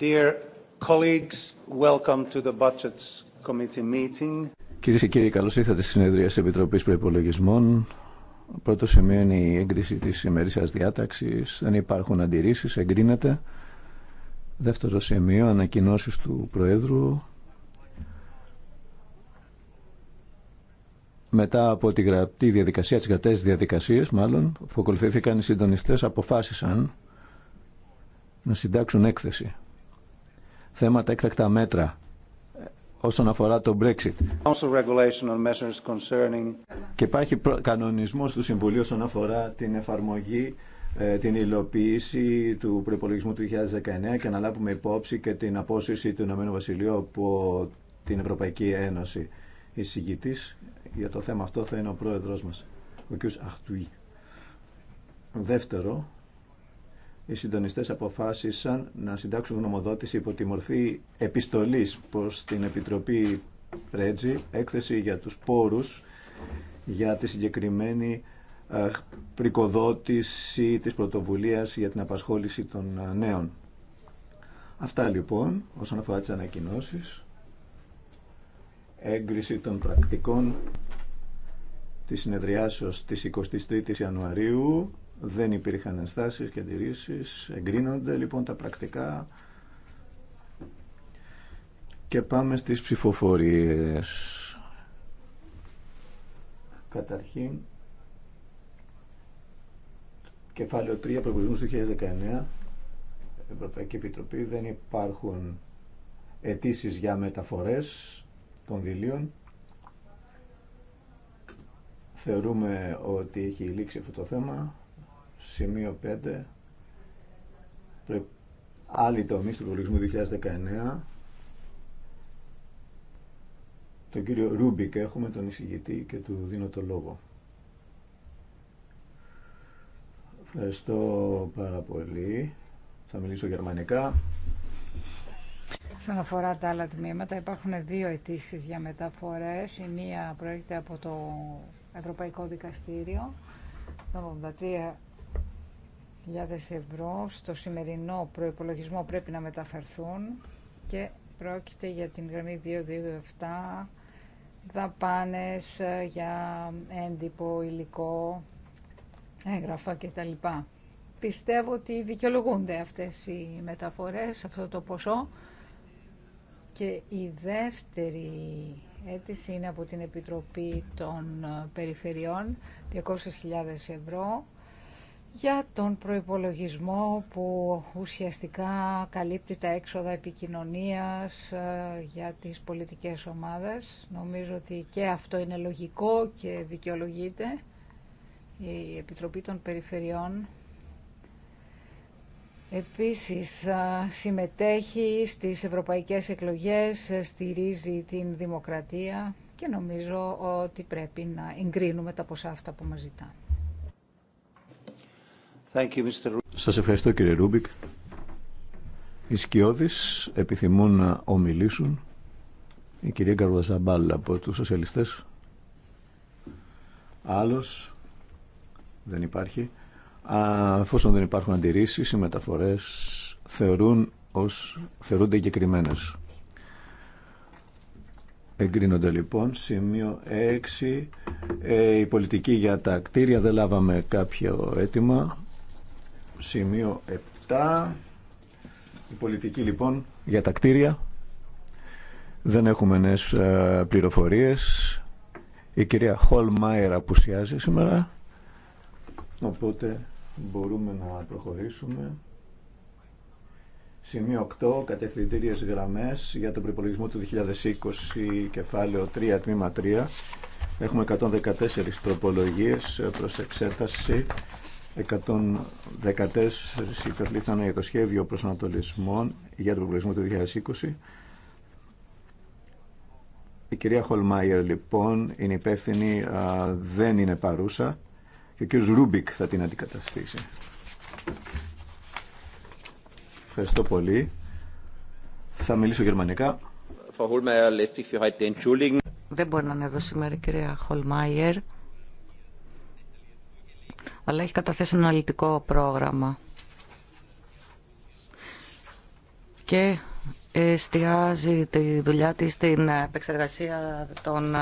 Dear colleagues, welcome to the Budgets Committee meeting. Κυρίες και κύριοι, καλώ ήρθατε στη συνεδρία τη Επιτροπή Προπολογισμών. Πρώτο σημείο είναι η έγκριση της ημερήσια διάταξη. Δεν υπάρχουν αντιρρήσει, εγκρίνεται. Δεύτερο σημείο, ανακοινώσει του Προέδρου. Μετά από τη γραπτή διαδικασία, τις γραπτές διαδικασίες μάλλον, που ακολουθήθηκαν οι συντονιστέ αποφάσισαν να συντάξουν έκθεση θέματα έκτακτα μέτρα ε, όσον αφορά το Brexit. Και υπάρχει κανονισμός του Συμβουλίου όσον αφορά την εφαρμογή, ε, την υλοποίηση του προπολογισμού του 2019 και να λάβουμε υπόψη και την απόσυρση του Ηνωμένου Βασιλείου από την Ευρωπαϊκή Ένωση. Η για το θέμα αυτό θα είναι ο πρόεδρος μας, ο κ. Αχτουή. Δεύτερο, οι συντονιστές αποφάσισαν να συντάξουν γνωμοδότηση υπό τη μορφή επιστολής προς την Επιτροπή Ρέτζη έκθεση για τους πόρους, για τη συγκεκριμένη ε, πρικοδότηση της πρωτοβουλίας για την απασχόληση των ε, νέων. Αυτά λοιπόν όσον αφορά τις ανακοινώσεις, έγκριση των πρακτικών της συνεδριάσεως της 23ης Ιανουαρίου δεν υπήρχαν ενστάσεις και αντιρρήσεις. Εγκρίνονται λοιπόν τα πρακτικά. Και πάμε στις ψηφοφορίες. Καταρχήν, κεφάλαιο 3 προπολογισμού του 2019, Ευρωπαϊκή Επιτροπή, δεν υπάρχουν αιτήσει για μεταφορές κονδυλίων. Θεωρούμε ότι έχει λήξει αυτό το θέμα. Σημείο 5. το άλλη τομή του προβλησμού 2019. Τον κύριο Ρούμπικ έχουμε τον εισηγητή και του δίνω το λόγο. Ευχαριστώ πάρα πολύ. Θα μιλήσω γερμανικά. Σαν αφορά τα άλλα τμήματα, υπάρχουν δύο αιτήσει για μεταφορές. Η μία προέρχεται από το Ευρωπαϊκό Δικαστήριο, το ευρώ στο σημερινό προϋπολογισμό πρέπει να μεταφερθούν και πρόκειται για την γραμμή 227 δαπάνες ε, για έντυπο υλικό, έγγραφα κτλ. Πιστεύω ότι δικαιολογούνται αυτές οι μεταφορές, αυτό το ποσό. Και η δεύτερη αίτηση είναι από την Επιτροπή των Περιφερειών, 200.000 ευρώ για τον προϋπολογισμό που ουσιαστικά καλύπτει τα έξοδα επικοινωνίας ε, για τις πολιτικές ομάδες. Νομίζω ότι και αυτό είναι λογικό και δικαιολογείται. Η Επιτροπή των Περιφερειών επίσης ε, συμμετέχει στις ευρωπαϊκές εκλογές, ε, στηρίζει την δημοκρατία και νομίζω ότι πρέπει να εγκρίνουμε τα ποσά αυτά που μας ζητάνε. Σας ευχαριστώ κύριε Ρούμπικ. Οι σκιώδεις επιθυμούν να ομιλήσουν. Η κυρία Καρουαζαμπάλ από τους σοσιαλιστές. Άλλος δεν υπάρχει. Αφόσον δεν υπάρχουν αντιρρήσεις, οι μεταφορές θεωρούν ως, θεωρούνται εγκεκριμένε. Εγκρίνονται λοιπόν. Σημείο 6. Ε, η πολιτική για τα κτίρια. Δεν λάβαμε κάποιο αίτημα. Σημείο 7. Η πολιτική λοιπόν για τα κτίρια. Δεν έχουμε νέες ε, πληροφορίες. Η κυρία Χολμάιρα απουσιάζει σήμερα. Οπότε μπορούμε να προχωρήσουμε. Σημείο 8. Κατευθυντήριες γραμμές για τον προπολογισμό του 2020 κεφάλαιο 3 τμήμα 3. Έχουμε 114 τροπολογίες προς εξέταση. 114 υπερλήφθανε για το σχέδιο προσανατολισμών για τον προπολογισμό του 2020. Η κυρία Χολμάιερ λοιπόν είναι υπεύθυνη, δεν είναι παρούσα και ο κύριος Ρούμπικ θα την αντικαταστήσει. Ευχαριστώ πολύ. Θα μιλήσω γερμανικά. Δεν μπορεί να είναι εδώ σήμερα η κυρία Χολμάιερ αλλά έχει καταθέσει ένα αναλυτικό πρόγραμμα. Και εστιάζει τη δουλειά της στην επεξεργασία των ε,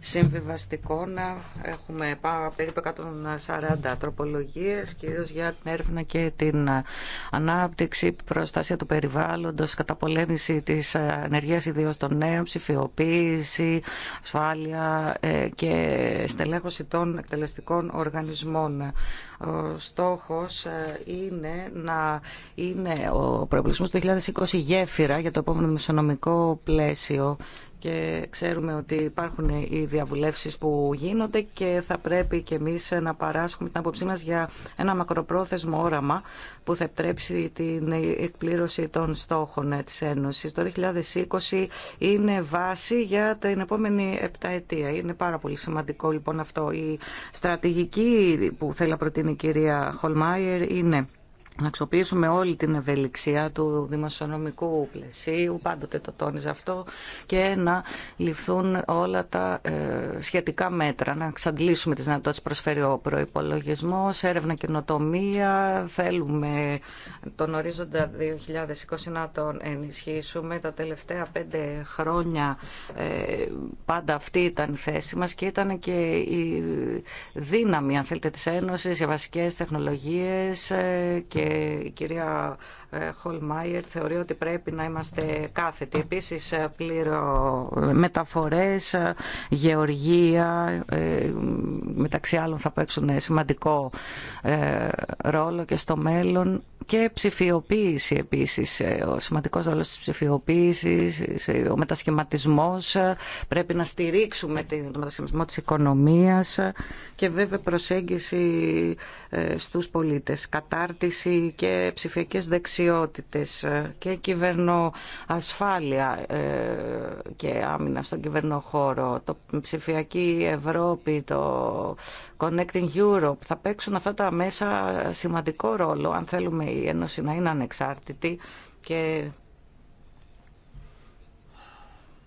συμβιβαστικών. Έχουμε περίπου 140 τροπολογίες, κυρίως για την έρευνα και την ε, ανάπτυξη, προστασία του περιβάλλοντος, καταπολέμηση της ενεργείας ιδίως των νέων, ψηφιοποίηση, ασφάλεια ε, και στελέχωση των εκτελεστικών οργανισμών. Ο στόχος είναι να είναι ο προεπλησμός του 2020 γέφυρα για το επόμενο μισονομικό πλαίσιο και ξέρουμε ότι υπάρχουν οι διαβουλεύσεις που γίνονται και θα πρέπει και εμείς να παράσχουμε την άποψή μας για ένα μακροπρόθεσμο όραμα που θα επιτρέψει την εκπλήρωση των στόχων της Ένωσης. Το 2020 είναι βάση για την επόμενη επταετία. Είναι πάρα πολύ σημαντικό λοιπόν αυτό. Η στρατηγική που θέλει να προτείνει η κυρία Χολμάιερ είναι να αξιοποιήσουμε όλη την ευελιξία του δημοσιονομικού πλαισίου, πάντοτε το τόνιζε αυτό, και να ληφθούν όλα τα ε, σχετικά μέτρα, να εξαντλήσουμε τις δυνατότητες προσφέρει ο προπολογισμό, έρευνα καινοτομία, θέλουμε τον ορίζοντα 2020 να τον ενισχύσουμε. Τα τελευταία πέντε χρόνια ε, πάντα αυτή ήταν η θέση μας και ήταν και η δύναμη, αν θέλετε, της Ένωσης, για βασικές τεχνολογίες ε, και η κυρία ε, Χολμάιερ θεωρεί ότι πρέπει να είμαστε κάθετοι. Επίσης ε, πλήρω ε, μεταφορές, γεωργία, μεταξύ άλλων θα παίξουν σημαντικό ρόλο και στο μέλλον και ψηφιοποίηση επίσης, ε, ο σημαντικός ρόλος της ψηφιοποίησης, ο μετασχηματισμός, ε, πρέπει να στηρίξουμε το μετασχηματισμό της οικονομίας και βέβαια προσέγγιση ε, στους πολίτες, κατάρτιση και ψηφιακές δεξιότητες και κυβερνοασφάλεια και άμυνα στον κυβερνοχώρο, το ψηφιακή Ευρώπη, το Connecting Europe, θα παίξουν αυτά τα μέσα σημαντικό ρόλο αν θέλουμε η Ένωση να είναι ανεξάρτητη και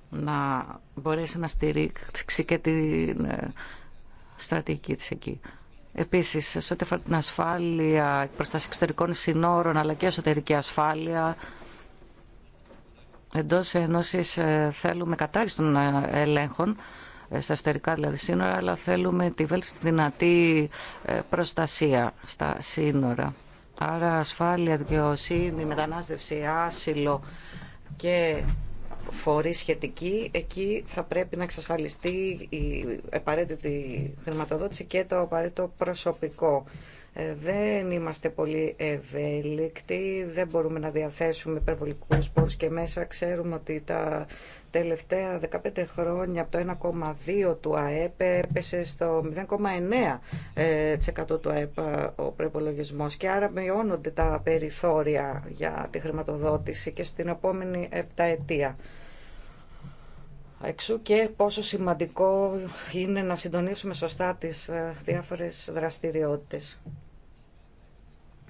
να μπορέσει να στηρίξει και την ε, στρατηγική της εκεί. Επίσης, σε ό,τι αφορά την ασφάλεια, προστασία εξωτερικών συνόρων, αλλά και εσωτερική ασφάλεια, εντός ενώσης ε, θέλουμε κατάργηση των ε, ελέγχων, στα εσωτερικά δηλαδή σύνορα, αλλά θέλουμε τη βέλτιστη δυνατή προστασία στα σύνορα. Άρα ασφάλεια, δικαιοσύνη, μετανάστευση, άσυλο και φορεί σχετική, εκεί θα πρέπει να εξασφαλιστεί η απαραίτητη χρηματοδότηση και το απαραίτητο προσωπικό. Ε, δεν είμαστε πολύ ευέλικτοι, δεν μπορούμε να διαθέσουμε υπερβολικούς πόρους και μέσα. Ξέρουμε ότι τα τελευταία 15 χρόνια από το 1,2 του ΑΕΠ έπεσε στο 0,9% ε, του ΑΕΠ ε, ο προπολογισμό και άρα μειώνονται τα περιθώρια για τη χρηματοδότηση και στην επόμενη επταετία. Εξού και πόσο σημαντικό είναι να συντονίσουμε σωστά τις ε, διάφορες δραστηριότητες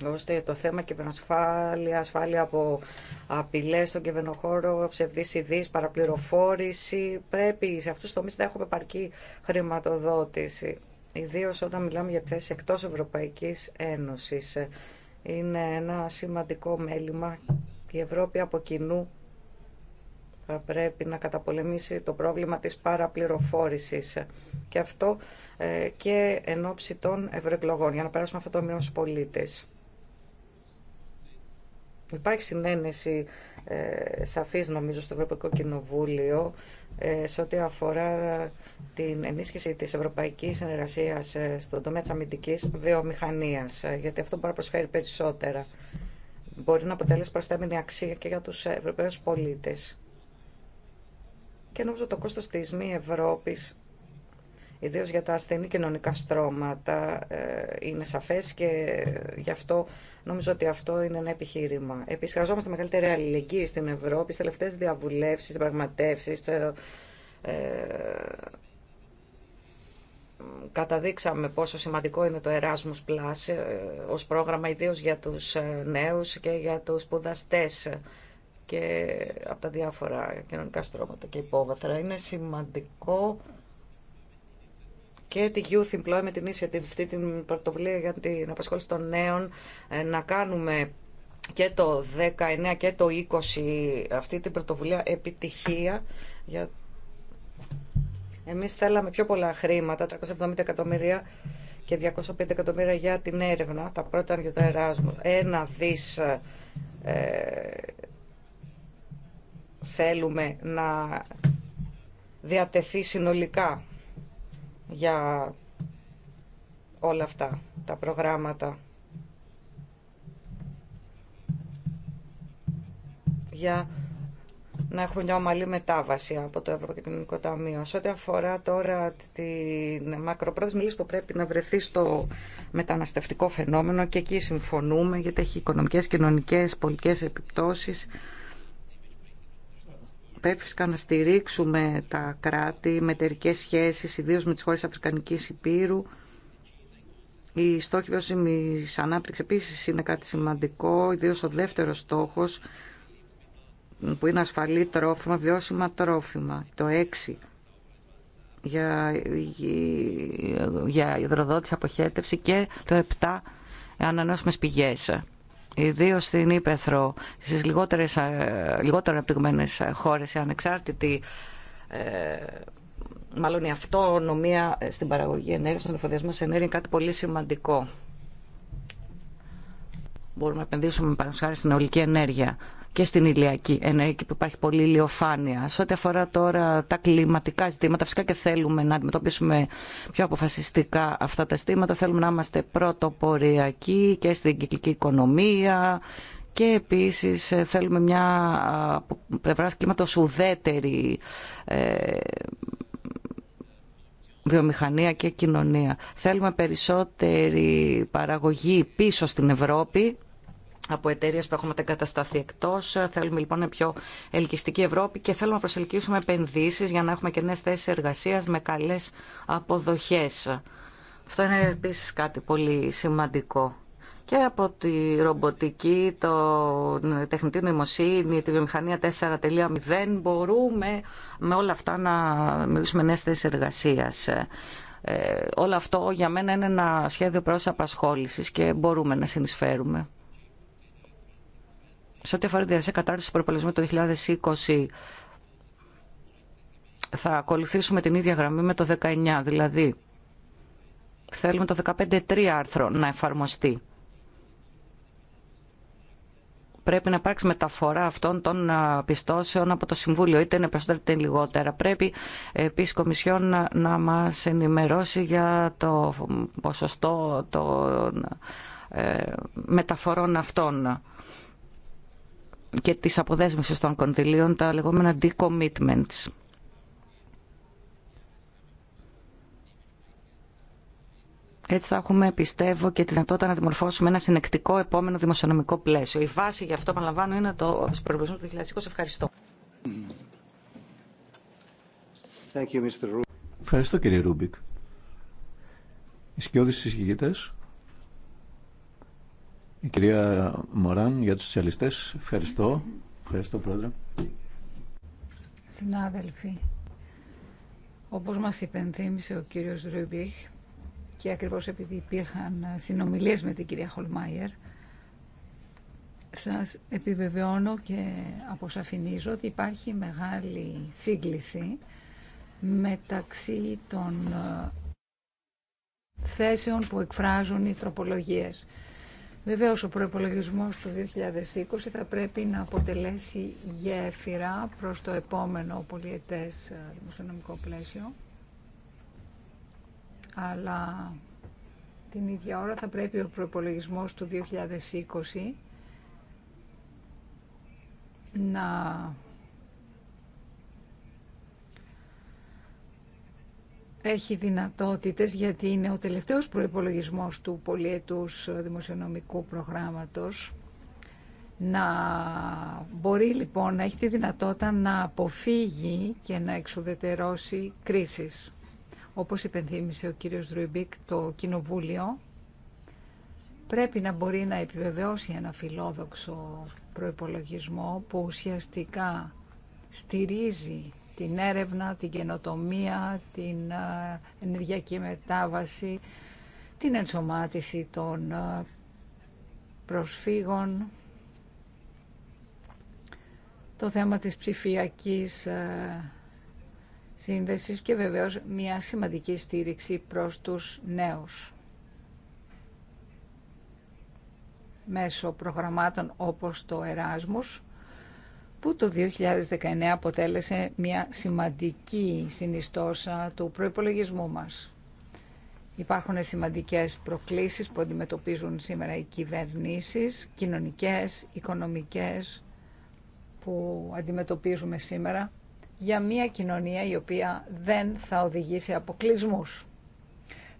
ώστε το θέμα κυβερνοσφάλεια, ασφάλεια από απειλέ στον κυβερνοχώρο, ψευδή ειδήσει, παραπληροφόρηση, πρέπει σε αυτού του τομεί να έχουμε παρκή χρηματοδότηση. Ιδίω όταν μιλάμε για επιθέσει εκτό Ευρωπαϊκή Ένωση. Είναι ένα σημαντικό μέλημα. Η Ευρώπη από κοινού θα πρέπει να καταπολεμήσει το πρόβλημα της παραπληροφόρησης. Και αυτό ε, και εν ώψη των ευρωεκλογών, για να περάσουμε αυτό το μήνυμα στους πολίτες. Υπάρχει συνένεση ε, σαφής νομίζω στο Ευρωπαϊκό Κοινοβούλιο ε, σε ό,τι αφορά την ενίσχυση της ευρωπαϊκής συνεργασίας ε, στον τομέα της αμυντικής βιομηχανίας, ε, γιατί αυτό μπορεί να προσφέρει περισσότερα. Μπορεί να αποτελέσει προστέμενη αξία και για τους ε, Ευρωπαίους πολίτες. Και νομίζω το κόστος της μη Ευρώπης ιδίως για τα ασθενή κοινωνικά στρώματα ε, είναι σαφές και γι' αυτό νομίζω ότι αυτό είναι ένα επιχείρημα. Επίσης, χρειαζόμαστε μεγαλύτερη αλληλεγγύη στην Ευρώπη, στις τελευταίες διαβουλεύσεις, πραγματεύσει ε, καταδείξαμε πόσο σημαντικό είναι το Erasmus Plus ε, ως πρόγραμμα ιδίως για τους νέους και για τους σπουδαστέ και από τα διάφορα κοινωνικά στρώματα και υπόβαθρα. Είναι σημαντικό και τη Youth Employment Initiative, αυτή την πρωτοβουλία για την απασχόληση των νέων, ε, να κάνουμε και το 19 και το 20 αυτή την πρωτοβουλία επιτυχία για εμείς θέλαμε πιο πολλά χρήματα, 370 εκατομμύρια και 205 εκατομμύρια για την έρευνα, τα πρώτα για το Εράσμο. Ένα δις ε, θέλουμε να διατεθεί συνολικά για όλα αυτά τα προγράμματα. για να έχουν μια ομαλή μετάβαση από το Ευρωπαϊκό Ταμείο. Σε ό,τι αφορά τώρα την μακροπρόθεσμη λύση που πρέπει να βρεθεί στο μεταναστευτικό φαινόμενο και εκεί συμφωνούμε γιατί έχει οικονομικές, κοινωνικές, πολιτικές επιπτώσεις επέπφυσκα να στηρίξουμε τα κράτη, με μετερικές σχέσεις, ιδίως με τις χώρες Αφρικανικής Υπήρου. Η στόχη βιώσιμη ανάπτυξη επίση είναι κάτι σημαντικό, ιδίω ο δεύτερο στόχος που είναι ασφαλή τρόφιμα, βιώσιμα τρόφιμα. Το 6 για, για υδροδότηση αποχέτευση και το 7 ανανεώσιμες πηγές. Ιδίω στην Ήπεθρο, στις λιγότερες, ε, λιγότερο αναπτυγμένες χώρες, η ανεξάρτητη ε, μάλλον η αυτονομία στην παραγωγή ενέργειας, στον εφοδιασμό σε ενέργεια είναι κάτι πολύ σημαντικό. Μπορούμε να επενδύσουμε, παραδείγματος στην ολική ενέργεια και στην ηλιακή ενέργεια που υπάρχει πολύ ηλιοφάνεια. Σε ό,τι αφορά τώρα τα κλιματικά ζητήματα, φυσικά και θέλουμε να αντιμετωπίσουμε πιο αποφασιστικά αυτά τα ζητήματα. Θέλουμε να είμαστε πρωτοποριακοί και στην κυκλική οικονομία και επίσης ε, θέλουμε μια πλευρά πλευράς κλίματος ουδέτερη ε, βιομηχανία και κοινωνία. Θέλουμε περισσότερη παραγωγή πίσω στην Ευρώπη από εταιρείε που έχουμε εγκατασταθεί εκτό. Θέλουμε λοιπόν μια πιο ελκυστική Ευρώπη και θέλουμε να προσελκύσουμε επενδύσει για να έχουμε και νέε θέσει εργασία με καλέ αποδοχέ. Αυτό είναι επίση κάτι πολύ σημαντικό. Και από τη ρομποτική, το τεχνητή νοημοσύνη, τη βιομηχανία 4.0 μπορούμε με όλα αυτά να μιλήσουμε νέε θέσει εργασία. Ε, ε, όλο αυτό για μένα είναι ένα σχέδιο προς απασχόλησης και μπορούμε να συνεισφέρουμε. Σε ό,τι αφορά τη διαδικασία κατάρτιση του προπολογισμού το 2020, θα ακολουθήσουμε την ίδια γραμμή με το 19, δηλαδή θέλουμε το 15.3 άρθρο να εφαρμοστεί. Πρέπει να υπάρξει μεταφορά αυτών των πιστώσεων από το Συμβούλιο, είτε είναι περισσότερο είτε είναι λιγότερα. Πρέπει επίση η Κομισιόν να μα ενημερώσει για το ποσοστό των ε, μεταφορών αυτών και της αποδέσμευσης των κονδυλίων, τα λεγόμενα decommitments. Έτσι θα έχουμε, πιστεύω, και τη δυνατότητα να δημορφώσουμε ένα συνεκτικό επόμενο δημοσιονομικό πλαίσιο. Η βάση για αυτό, παραλαμβάνω, είναι το προπολογισμό του 2020. Ευχαριστώ. Ευχαριστώ, κύριε Ρούμπικ. Οι σκιώδεις η κυρία Μωράν για τους σοσιαλιστές. Ευχαριστώ. Ευχαριστώ πρόεδρε. Συνάδελφοι, όπως μας υπενθύμησε ο κύριος Ρουμπίχ και ακριβώς επειδή υπήρχαν συνομιλίες με την κυρία Χολμάιερ, σας επιβεβαιώνω και αποσαφηνίζω ότι υπάρχει μεγάλη σύγκληση μεταξύ των ε, θέσεων που εκφράζουν οι τροπολογίες. Βεβαίως ο προϋπολογισμός του 2020 θα πρέπει να αποτελέσει γέφυρα προς το επόμενο πολιετές ε, δημοσιονομικό πλαίσιο. Αλλά την ίδια ώρα θα πρέπει ο προϋπολογισμός του 2020 να έχει δυνατότητες γιατί είναι ο τελευταίος προϋπολογισμός του πολιετούς δημοσιονομικού προγράμματος να μπορεί λοιπόν να έχει τη δυνατότητα να αποφύγει και να εξουδετερώσει κρίσεις. Όπως υπενθύμησε ο κύριος Ρουιμπίκ, το Κοινοβούλιο πρέπει να μπορεί να επιβεβαιώσει ένα φιλόδοξο προϋπολογισμό που ουσιαστικά στηρίζει την έρευνα, την καινοτομία, την ε, ενεργειακή μετάβαση, την ενσωμάτιση των ε, προσφύγων, το θέμα της ψηφιακής ε, σύνδεσης και βεβαίως μια σημαντική στήριξη προς τους νέους. Μέσω προγραμμάτων όπως το Εράσμους που το 2019 αποτέλεσε μια σημαντική συνιστόσα του προϋπολογισμού μας. Υπάρχουν σημαντικές προκλήσεις που αντιμετωπίζουν σήμερα οι κυβερνήσεις, κοινωνικές, οικονομικές, που αντιμετωπίζουμε σήμερα για μια κοινωνία η οποία δεν θα οδηγήσει αποκλεισμούς.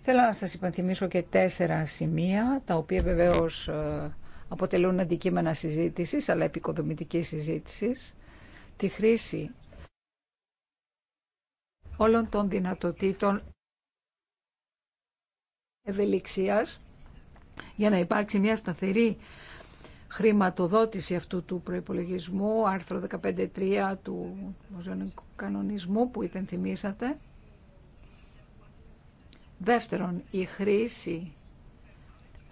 Θέλω να σας υπενθυμίσω και τέσσερα σημεία, τα οποία βεβαίως ε, αποτελούν αντικείμενα συζήτησης, αλλά επικοδομητική συζήτησης, τη χρήση όλων των δυνατοτήτων ευελιξίας για να υπάρξει μια σταθερή χρηματοδότηση αυτού του προϋπολογισμού, άρθρο 15.3 του Μοζονικού Κανονισμού που υπενθυμίσατε. Δεύτερον, η χρήση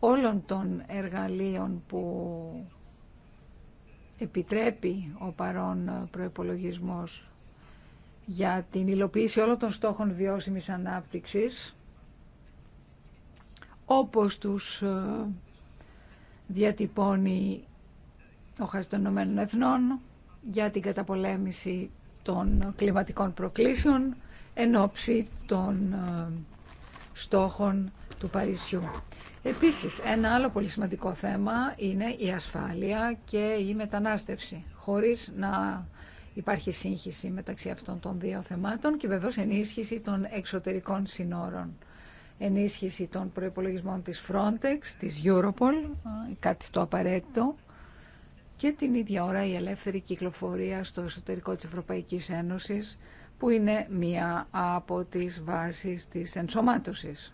όλων των εργαλείων που επιτρέπει ο παρόν προϋπολογισμός για την υλοποίηση όλων των στόχων βιώσιμης ανάπτυξης, όπως τους ε, διατυπώνει ο Χάρης Εθνών για την καταπολέμηση των κλιματικών προκλήσεων εν ώψη των ε, στόχων του Παρισιού. Επίσης, ένα άλλο πολύ σημαντικό θέμα είναι η ασφάλεια και η μετανάστευση, χωρίς να υπάρχει σύγχυση μεταξύ αυτών των δύο θεμάτων και βεβαίως ενίσχυση των εξωτερικών συνόρων. Ενίσχυση των προϋπολογισμών της Frontex, της Europol, κάτι το απαραίτητο, και την ίδια ώρα η ελεύθερη κυκλοφορία στο εσωτερικό της Ευρωπαϊκής Ένωσης, που είναι μία από τις βάσεις της ενσωμάτωσης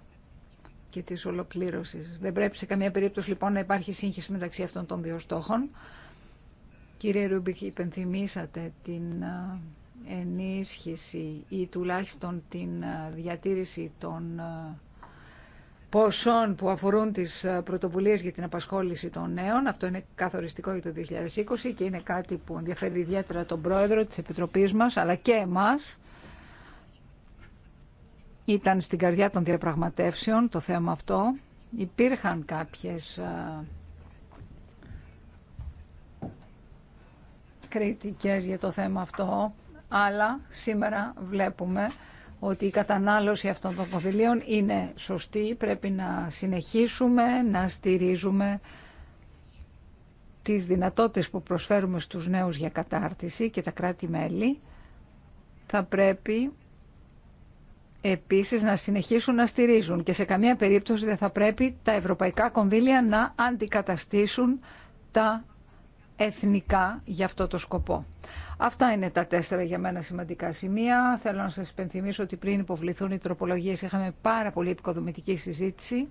και της ολοκλήρωσης. Δεν πρέπει σε καμία περίπτωση λοιπόν να υπάρχει σύγχυση μεταξύ αυτών των δύο στόχων. Κύριε Ρούμπικ, υπενθυμίσατε την ενίσχυση ή τουλάχιστον την διατήρηση των ποσών που αφορούν τις πρωτοβουλίες για την απασχόληση των νέων. Αυτό είναι καθοριστικό για το 2020 και είναι κάτι που ενδιαφέρει ιδιαίτερα τον Πρόεδρο της Επιτροπής μας, αλλά και εμάς. Ήταν στην καρδιά των διαπραγματεύσεων το θέμα αυτό. Υπήρχαν κάποιες ε, κριτικές για το θέμα αυτό, αλλά σήμερα βλέπουμε ότι η κατανάλωση αυτών των κονδυλίων είναι σωστή, πρέπει να συνεχίσουμε να στηρίζουμε τις δυνατότητες που προσφέρουμε στους νέους για κατάρτιση και τα κράτη-μέλη θα πρέπει επίσης να συνεχίσουν να στηρίζουν και σε καμία περίπτωση δεν θα πρέπει τα ευρωπαϊκά κονδύλια να αντικαταστήσουν τα εθνικά για αυτό το σκοπό. Αυτά είναι τα τέσσερα για μένα σημαντικά σημεία. Θέλω να σας υπενθυμίσω ότι πριν υποβληθούν οι τροπολογίες είχαμε πάρα πολύ επικοδομητική συζήτηση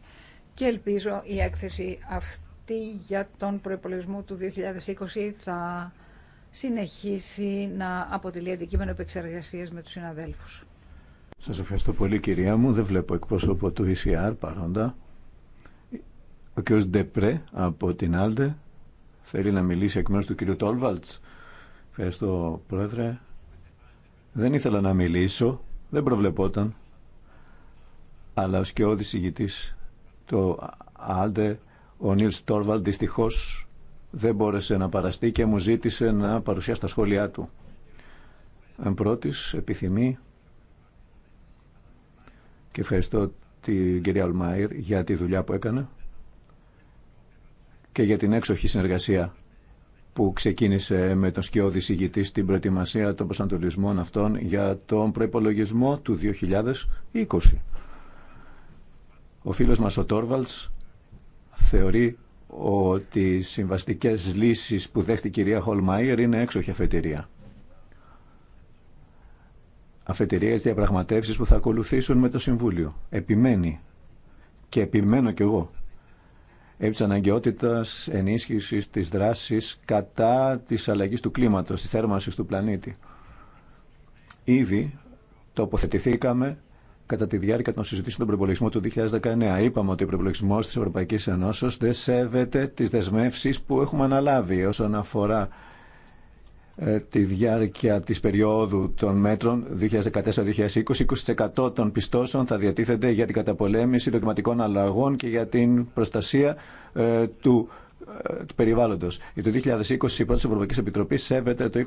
και ελπίζω η έκθεση αυτή για τον προϋπολογισμό του 2020 θα συνεχίσει να αποτελεί αντικείμενο επεξεργασίας με τους συναδέλφους. Σας ευχαριστώ πολύ κυρία μου. Δεν βλέπω εκπρόσωπο του ECR παρόντα. Ο κ. Ντεπρέ από την Άλντε θέλει να μιλήσει εκ μέρους του κ. Τόλβαλτς. Ευχαριστώ πρόεδρε. Δεν ήθελα να μιλήσω, δεν προβλεπόταν. Αλλά ο σκιώδης ηγητής του Άλντε, ο Νίλς Τόρβαλτ, δυστυχώς δεν μπόρεσε να παραστεί και μου ζήτησε να παρουσιάσει τα σχόλιά του. Εν πρώτης, επιθυμεί και ευχαριστώ την κυρία Αλμάιρ για τη δουλειά που έκανε και για την έξοχη συνεργασία που ξεκίνησε με τον σκιώδη συγητή στην προετοιμασία των προσανατολισμών αυτών για τον προϋπολογισμό του 2020. Ο φίλος μας ο Τόρβαλτς θεωρεί ότι οι συμβαστικές λύσεις που δέχτηκε η κυρία Ολμάιρ είναι έξοχη αφετηρία αφετηρίες διαπραγματεύσεις που θα ακολουθήσουν με το Συμβούλιο. Επιμένει και επιμένω κι εγώ επί αναγκαιότητα ενίσχυση ενίσχυσης της δράσης κατά της αλλαγής του κλίματος, της θέρμανσης του πλανήτη. Ήδη τοποθετηθήκαμε κατά τη διάρκεια των συζητήσεων του προπολογισμού του 2019. Είπαμε ότι ο προπολογισμό τη Ευρωπαϊκή Ενώσεω δεν σέβεται τι δεσμεύσει που έχουμε αναλάβει όσον αφορά ε, τη διάρκεια της περίοδου των μέτρων 2014-2020, 20% των πιστώσεων θα διατίθενται για την καταπολέμηση των κλιματικών αλλαγών και για την προστασία ε, του ε, του περιβάλλοντος. Για το 2020 η πρώτη της Ευρωπαϊκής σέβεται το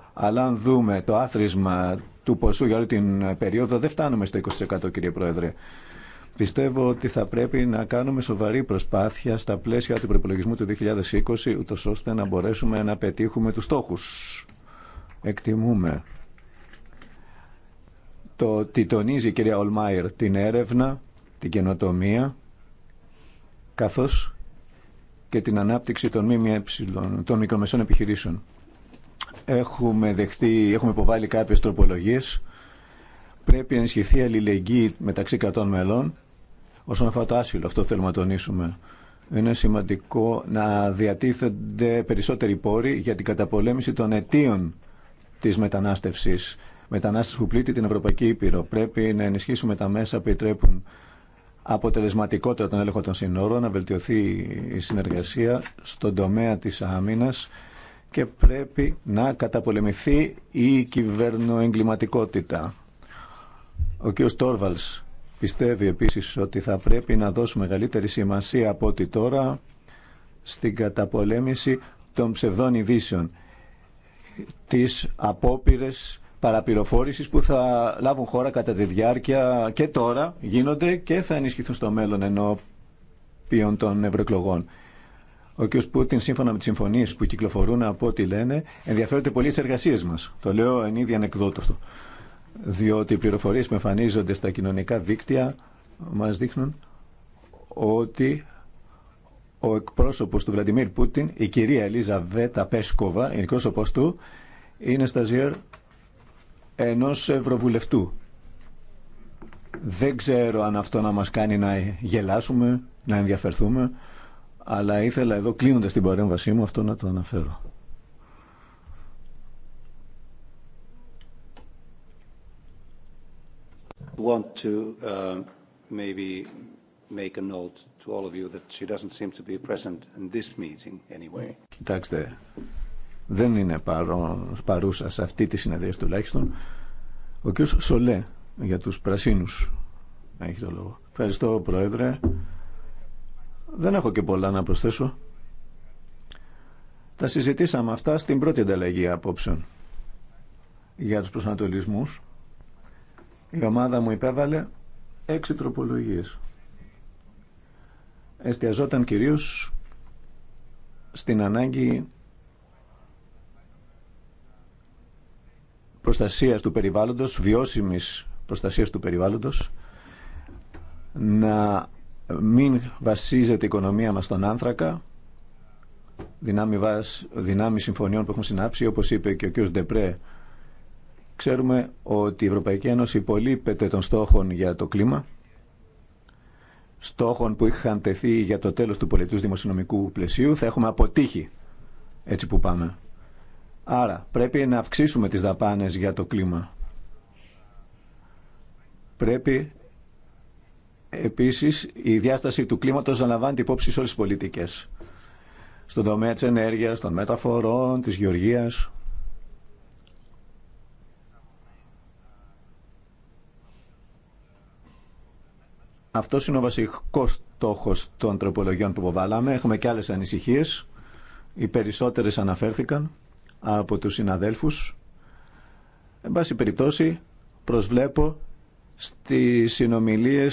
20%. Αλλά αν δούμε το άθροισμα του ποσού για όλη την περίοδο δεν φτάνουμε στο 20% κύριε Πρόεδρε. Πιστεύω ότι θα πρέπει να κάνουμε σοβαρή προσπάθεια στα πλαίσια του προπολογισμού του 2020, ούτως ώστε να μπορέσουμε να πετύχουμε τους στόχους. Εκτιμούμε το ότι τονίζει η κυρία Ολμάιρ την έρευνα, την καινοτομία, καθώς και την ανάπτυξη των ΜΜΕ, των μικρομεσών επιχειρήσεων. Έχουμε, δεχτεί, έχουμε υποβάλει κάποιες τροπολογίες πρέπει να ενισχυθεί η αλληλεγγύη μεταξύ κρατών μελών όσον αφορά το άσυλο. Αυτό θέλουμε να τονίσουμε. Είναι σημαντικό να διατίθενται περισσότεροι πόροι για την καταπολέμηση των αιτίων τη μετανάστευση. Μετανάστευση που πλήττει την Ευρωπαϊκή Ήπειρο. Πρέπει να ενισχύσουμε τα μέσα που επιτρέπουν αποτελεσματικότερα τον έλεγχο των συνόρων, να βελτιωθεί η συνεργασία στον τομέα της άμυνας και πρέπει να καταπολεμηθεί η κυβερνοεγκληματικότητα. Ο κ. Τόρβαλς πιστεύει επίσης ότι θα πρέπει να δώσουμε μεγαλύτερη σημασία από ό,τι τώρα στην καταπολέμηση των ψευδών ειδήσεων τις απόπειρες παραπληροφόρηση που θα λάβουν χώρα κατά τη διάρκεια και τώρα γίνονται και θα ενισχυθούν στο μέλλον ενώπιον των ευρωεκλογών. Ο κ. Πούτιν, σύμφωνα με τι συμφωνίε που κυκλοφορούν από ό,τι λένε, ενδιαφέρονται πολύ τι εργασίε μα. Το λέω εν είδη ανεκδότο διότι οι πληροφορίες που εμφανίζονται στα κοινωνικά δίκτυα μας δείχνουν ότι ο εκπρόσωπος του Βλαντιμίρ Πούτιν, η κυρία Ελίζα Βέτα Πέσκοβα, η εκπρόσωπος του, είναι σταζιέρ ενός ευρωβουλευτού. Δεν ξέρω αν αυτό να μας κάνει να γελάσουμε, να ενδιαφερθούμε, αλλά ήθελα εδώ κλείνοντας την παρέμβασή μου αυτό να το αναφέρω. want to um, maybe make a note to all of you that she doesn't seem to be present in this meeting anyway. Κοιτάξτε, δεν είναι παρόν, παρούσα σε αυτή τη συνεδρία τουλάχιστον. Ο κ. Σολέ για τους πρασίνους έχει το λόγο. Ευχαριστώ Πρόεδρε. Δεν έχω και πολλά να προσθέσω. Τα συζητήσαμε αυτά στην πρώτη ανταλλαγή απόψεων για τους προσανατολισμούς η ομάδα μου υπέβαλε έξι τροπολογίες. Εστιαζόταν κυρίως στην ανάγκη προστασίας του περιβάλλοντος, βιώσιμης προστασίας του περιβάλλοντος, να μην βασίζεται η οικονομία μας στον άνθρακα, δυνάμει, συμφωνιών που έχουμε συνάψει, όπως είπε και ο κ. Ντεπρέ, Ξέρουμε ότι η Ευρωπαϊκή Ένωση υπολείπεται των στόχων για το κλίμα, στόχων που είχαν τεθεί για το τέλος του πολιτικού δημοσιονομικού πλαισίου, θα έχουμε αποτύχει έτσι που πάμε. Άρα πρέπει να αυξήσουμε τις δαπάνες για το κλίμα. Πρέπει επίσης η διάσταση του κλίματος να λαμβάνει υπόψη σε όλες τις πολιτικές. Στον τομέα της ενέργειας, των μεταφορών, της γεωργίας, Αυτό είναι ο βασικό στόχο των τροπολογιών που αποβάλαμε. Έχουμε και άλλε ανησυχίε. Οι περισσότερε αναφέρθηκαν από του συναδέλφου. Εν πάση περιπτώσει, προσβλέπω στι συνομιλίε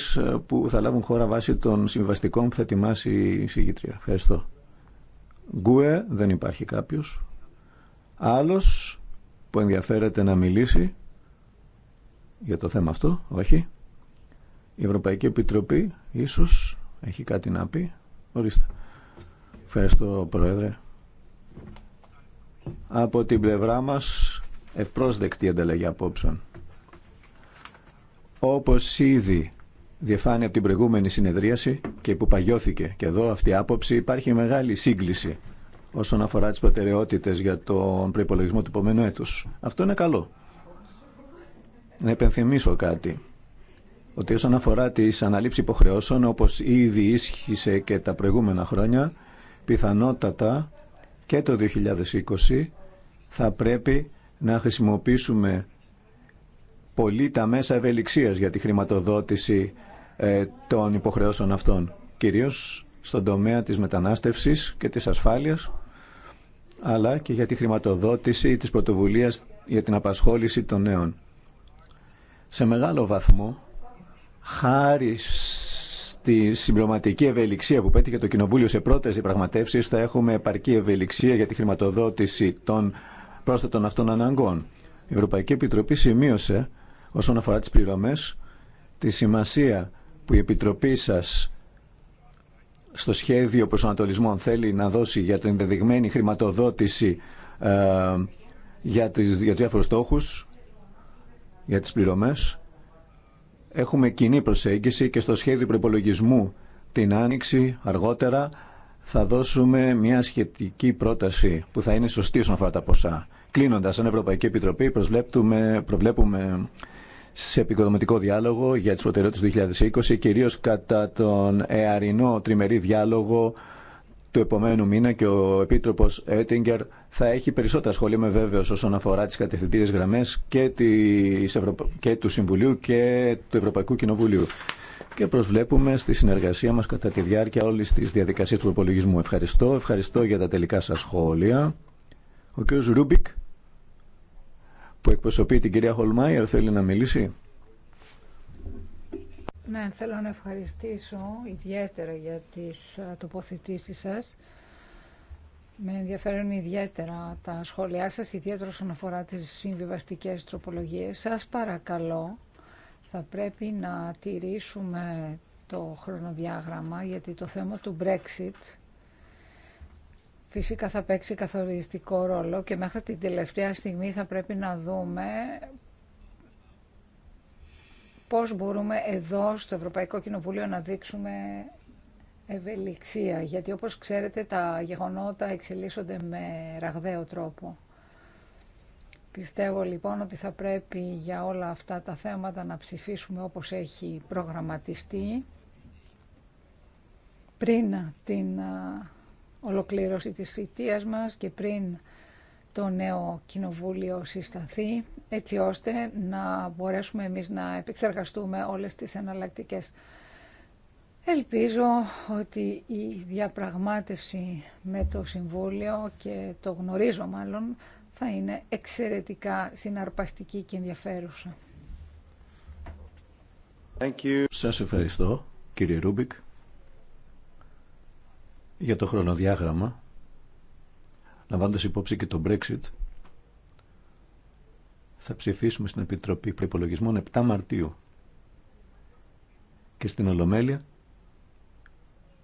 που θα λάβουν χώρα βάσει των συμβαστικών που θα ετοιμάσει η συγκήτρια. Ευχαριστώ. Γκουε, δεν υπάρχει κάποιο. Άλλο που ενδιαφέρεται να μιλήσει για το θέμα αυτό, όχι. Η Ευρωπαϊκή Επιτροπή ίσως έχει κάτι να πει. Ορίστε. Ευχαριστώ, Πρόεδρε. Από την πλευρά μας ευπρόσδεκτη ανταλλαγή απόψεων. Όπως ήδη διαφάνει από την προηγούμενη συνεδρίαση και που παγιώθηκε και εδώ αυτή η άποψη υπάρχει μεγάλη σύγκληση όσον αφορά τις προτεραιότητες για τον προϋπολογισμό του επόμενου έτους. Αυτό είναι καλό. Να επενθυμίσω κάτι ότι όσον αφορά τι αναλήψει υποχρεώσεων, όπως ήδη ίσχυσε και τα προηγούμενα χρόνια, πιθανότατα και το 2020 θα πρέπει να χρησιμοποιήσουμε πολύ τα μέσα ευελιξίας για τη χρηματοδότηση ε, των υποχρεώσεων αυτών, κυρίως στον τομέα της μετανάστευσης και της ασφάλειας, αλλά και για τη χρηματοδότηση της πρωτοβουλίας για την απασχόληση των νέων. Σε μεγάλο βαθμό Χάρη στη συμπληρωματική ευελιξία που πέτυχε το Κοινοβούλιο σε πρώτε διαπραγματεύσει, θα έχουμε επαρκή ευελιξία για τη χρηματοδότηση των πρόσθετων αυτών αναγκών. Η Ευρωπαϊκή Επιτροπή σημείωσε, όσον αφορά τι πληρωμές τη σημασία που η Επιτροπή σα στο σχέδιο προσανατολισμών θέλει να δώσει για την ενδεδειγμένη χρηματοδότηση ε, για, τις, για τους διάφορους στόχους, για τις πληρωμές. Έχουμε κοινή προσέγγιση και στο σχέδιο προπολογισμού την άνοιξη αργότερα θα δώσουμε μια σχετική πρόταση που θα είναι σωστή όσον αφορά τα ποσά. Κλείνοντας, σαν Ευρωπαϊκή Επιτροπή προβλέπουμε σε επικοδομητικό διάλογο για τις προτεραιότητες του 2020, κυρίως κατά τον εαρινό τριμερή διάλογο του επομένου μήνα και ο Επίτροπος Έτιγκερ θα έχει περισσότερα σχόλια, με βέβαιο, όσον αφορά τι κατευθυντήριε γραμμέ και, και του Συμβουλίου και του Ευρωπαϊκού Κοινοβουλίου. Και προσβλέπουμε στη συνεργασία μα κατά τη διάρκεια όλη τη διαδικασία του προπολογισμού. Ευχαριστώ. Ευχαριστώ για τα τελικά σα σχόλια. Ο κ. Ρούμπικ, που εκπροσωπεί την κυρία Χολμάιερ, θέλει να μιλήσει. Ναι, θέλω να ευχαριστήσω ιδιαίτερα για τις τοποθετήσεις σας. Με ενδιαφέρουν ιδιαίτερα τα σχόλιά σας, ιδιαίτερα όσον αφορά τις συμβιβαστικές τροπολογίες. Σας παρακαλώ, θα πρέπει να τηρήσουμε το χρονοδιάγραμμα, γιατί το θέμα του Brexit φυσικά θα παίξει καθοριστικό ρόλο και μέχρι την τελευταία στιγμή θα πρέπει να δούμε πώς μπορούμε εδώ στο Ευρωπαϊκό Κοινοβούλιο να δείξουμε ευελιξία, γιατί όπως ξέρετε τα γεγονότα εξελίσσονται με ραγδαίο τρόπο. Πιστεύω λοιπόν ότι θα πρέπει για όλα αυτά τα θέματα να ψηφίσουμε όπως έχει προγραμματιστεί πριν την ολοκλήρωση της θητείας μας και πριν το νέο κοινοβούλιο συσταθεί, έτσι ώστε να μπορέσουμε εμείς να επεξεργαστούμε όλες τις εναλλακτικές Ελπίζω ότι η διαπραγμάτευση με το Συμβούλιο και το γνωρίζω μάλλον θα είναι εξαιρετικά συναρπαστική και ενδιαφέρουσα. Thank you. Σας ευχαριστώ κύριε Ρούμπικ για το χρονοδιάγραμμα λαμβάνοντας υπόψη και το Brexit θα ψηφίσουμε στην Επιτροπή Προϋπολογισμών 7 Μαρτίου και στην Ολομέλεια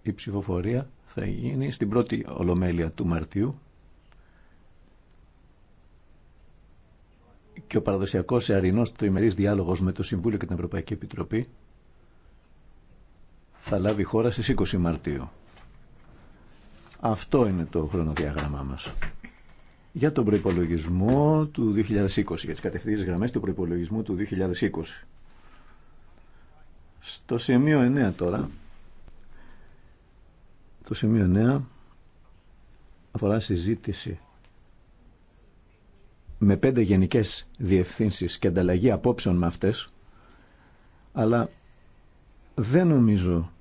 η ψηφοφορία θα γίνει στην πρώτη ολομέλεια του Μαρτίου και ο παραδοσιακός το ημερής διάλογος με το Συμβούλιο και την Ευρωπαϊκή Επιτροπή θα λάβει χώρα στις 20 Μαρτίου. Αυτό είναι το χρονοδιάγραμμά μας. Για τον προϋπολογισμό του 2020, για τις κατευθύνσεις γραμμές του προϋπολογισμού του 2020. Στο σημείο 9 τώρα, το σημείο 9 αφορά συζήτηση με πέντε γενικές διευθύνσεις και ανταλλαγή απόψεων με αυτές, αλλά δεν νομίζω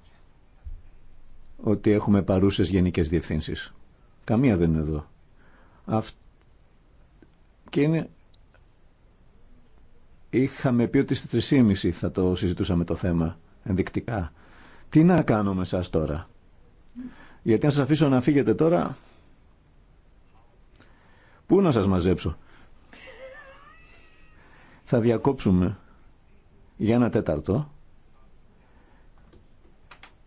ότι έχουμε παρούσες γενικές διευθύνσεις. Καμία δεν είναι εδώ. Και Είχαμε πει ότι στις 3.30 θα το συζητούσαμε το θέμα ενδεικτικά. Τι να κάνουμε σας τώρα. Γιατί αν σας αφήσω να φύγετε τώρα, πού να σας μαζέψω. Θα διακόψουμε για ένα τέταρτο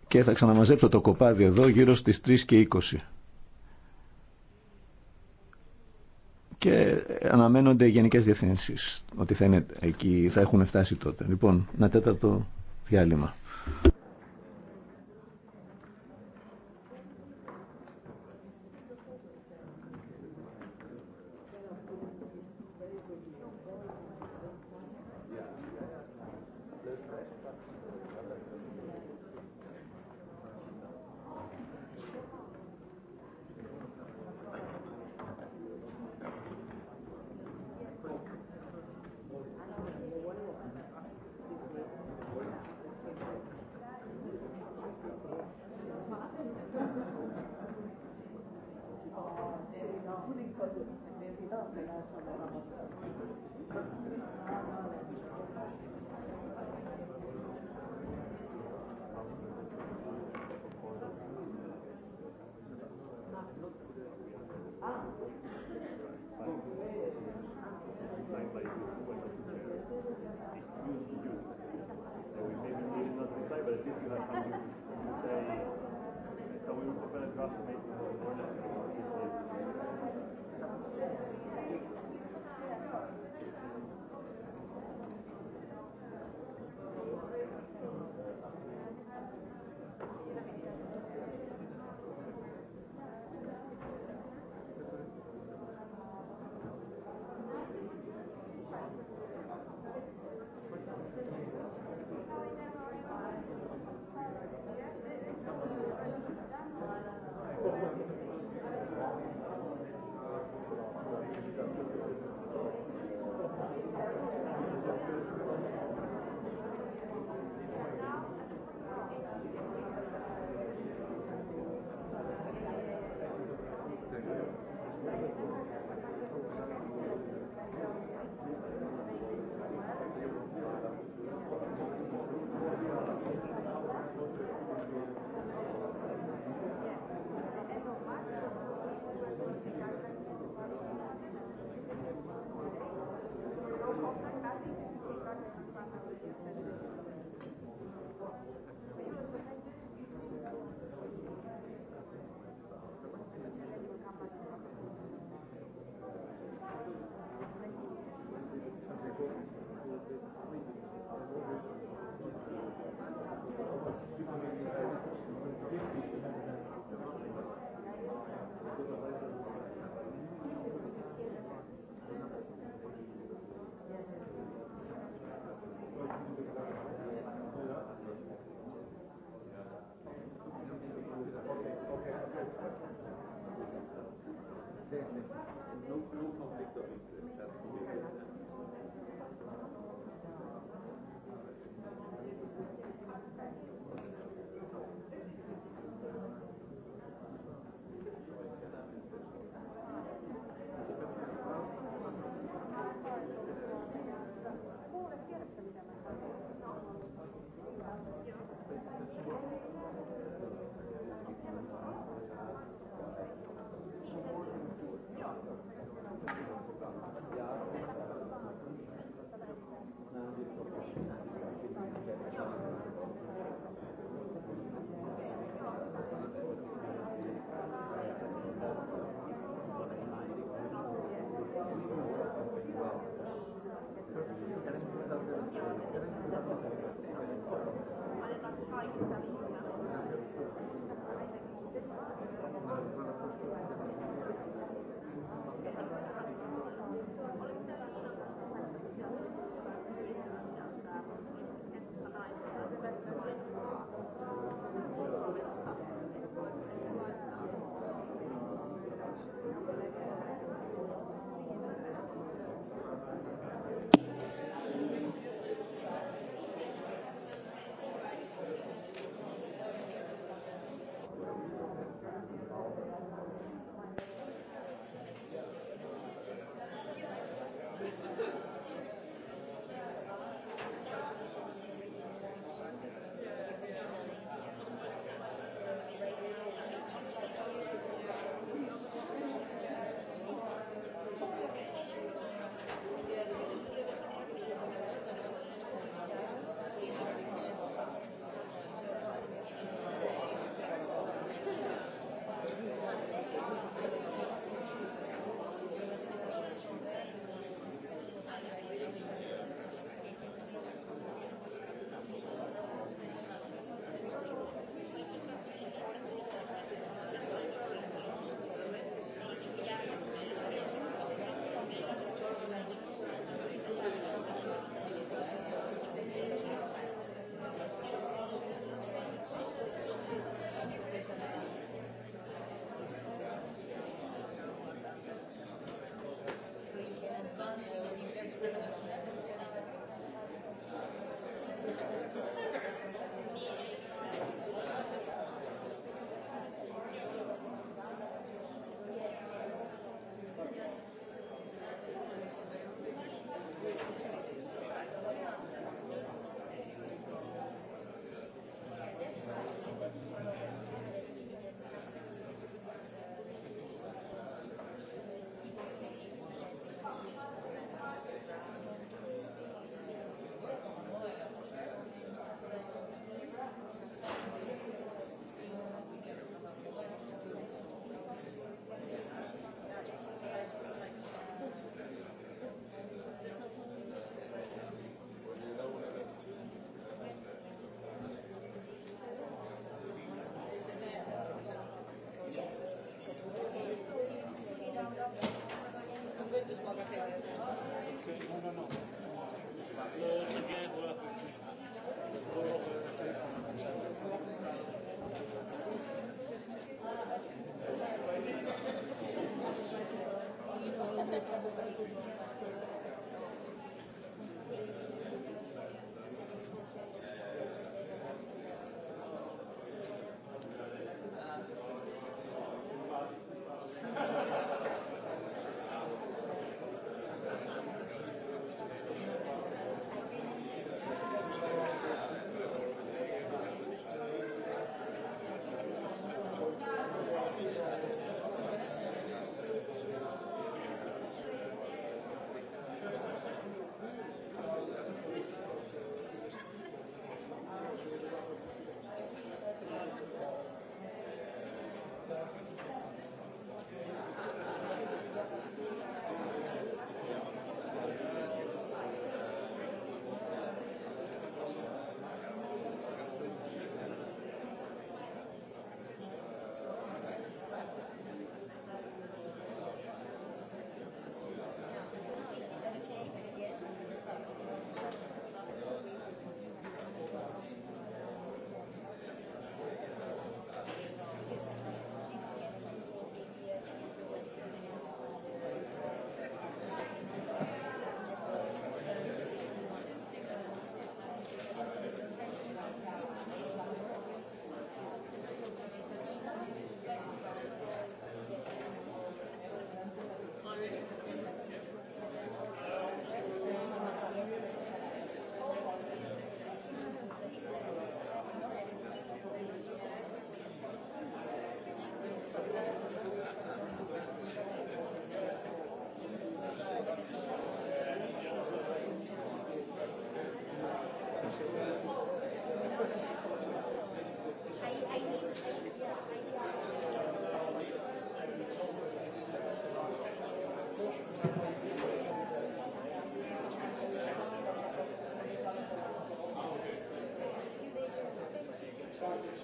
και θα ξαναμαζέψω το κοπάδι εδώ γύρω στις 3 και 20. Και αναμένονται γενικές διευθύνσεις ότι θα είναι εκεί, θα έχουν φτάσει τότε. Λοιπόν, ένα τέταρτο διάλειμμα.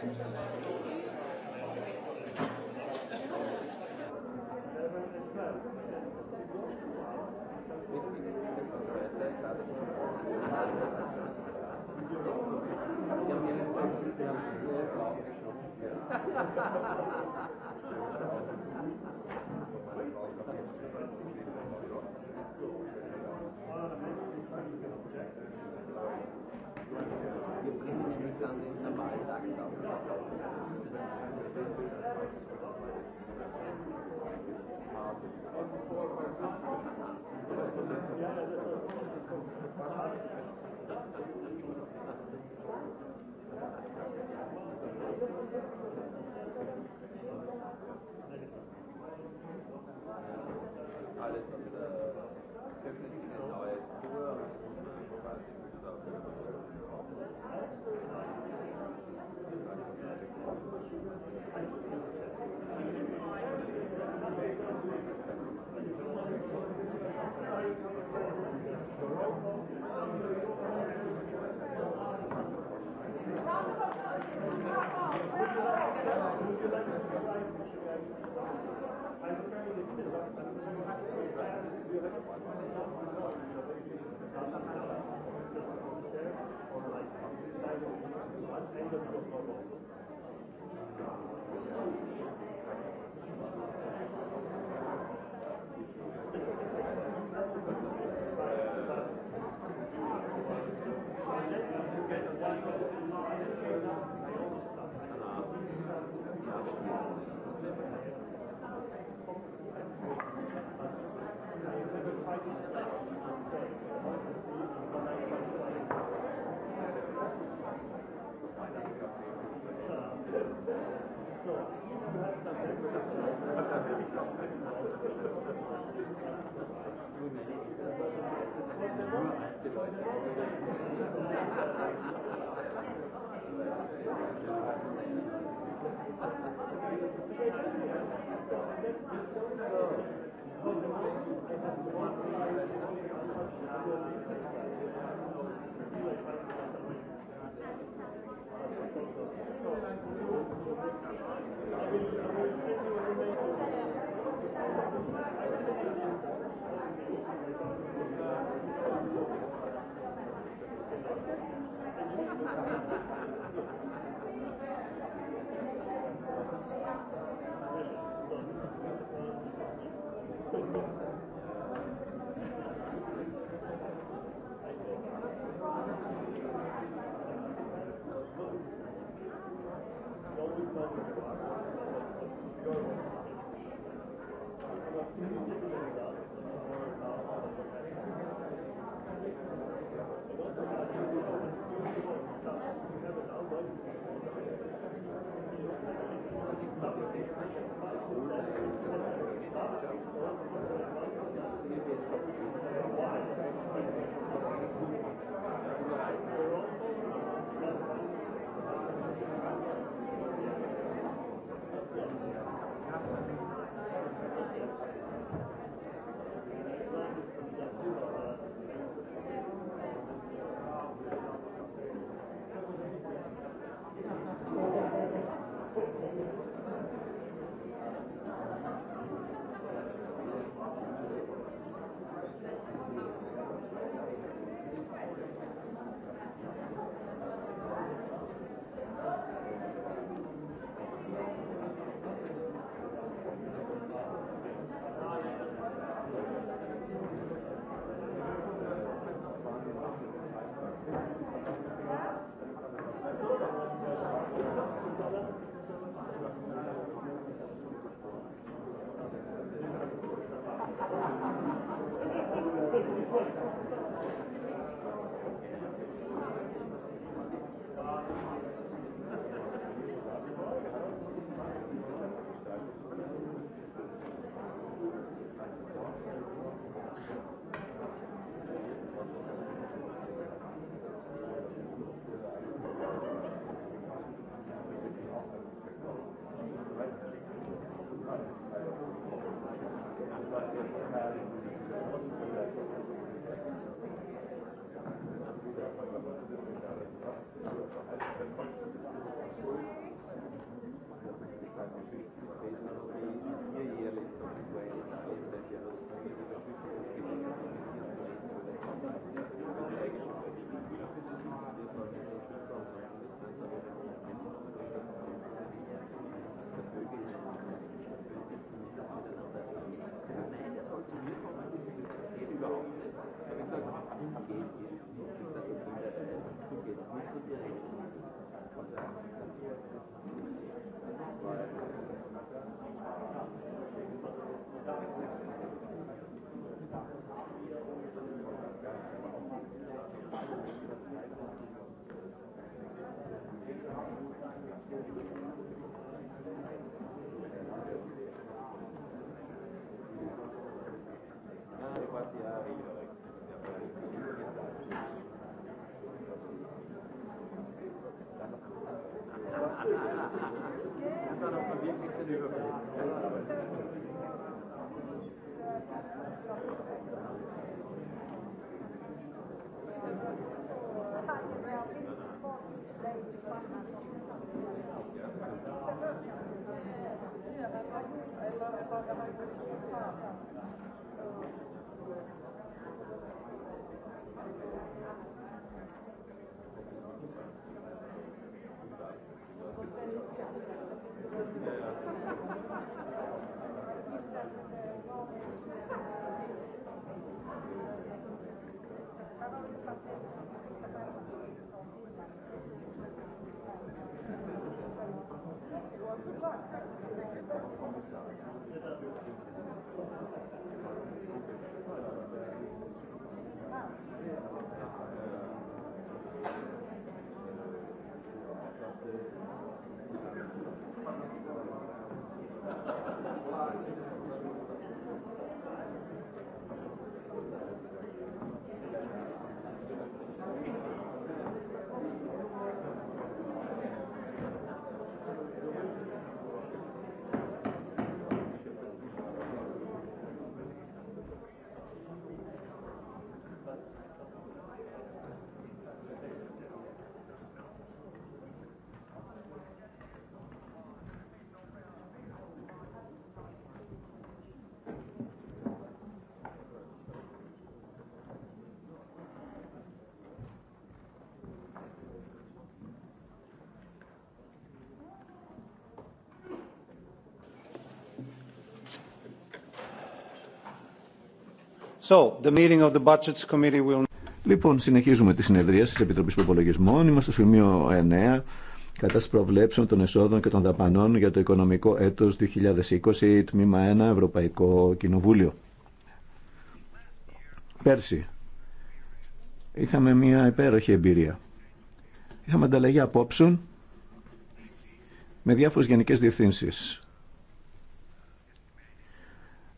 Ευχαριστώ feel Λοιπόν, συνεχίζουμε τη συνεδρία τη Επιτροπή Προπολογισμών. Είμαστε στο σημείο 9, κατάσταση προβλέψεων των εσόδων και των δαπανών για το οικονομικό έτος 2020, τμήμα 1, Ευρωπαϊκό Κοινοβούλιο. Πέρσι είχαμε μια υπέροχη εμπειρία. Είχαμε ανταλλαγή απόψεων με διάφορες γενικές διευθύνσεις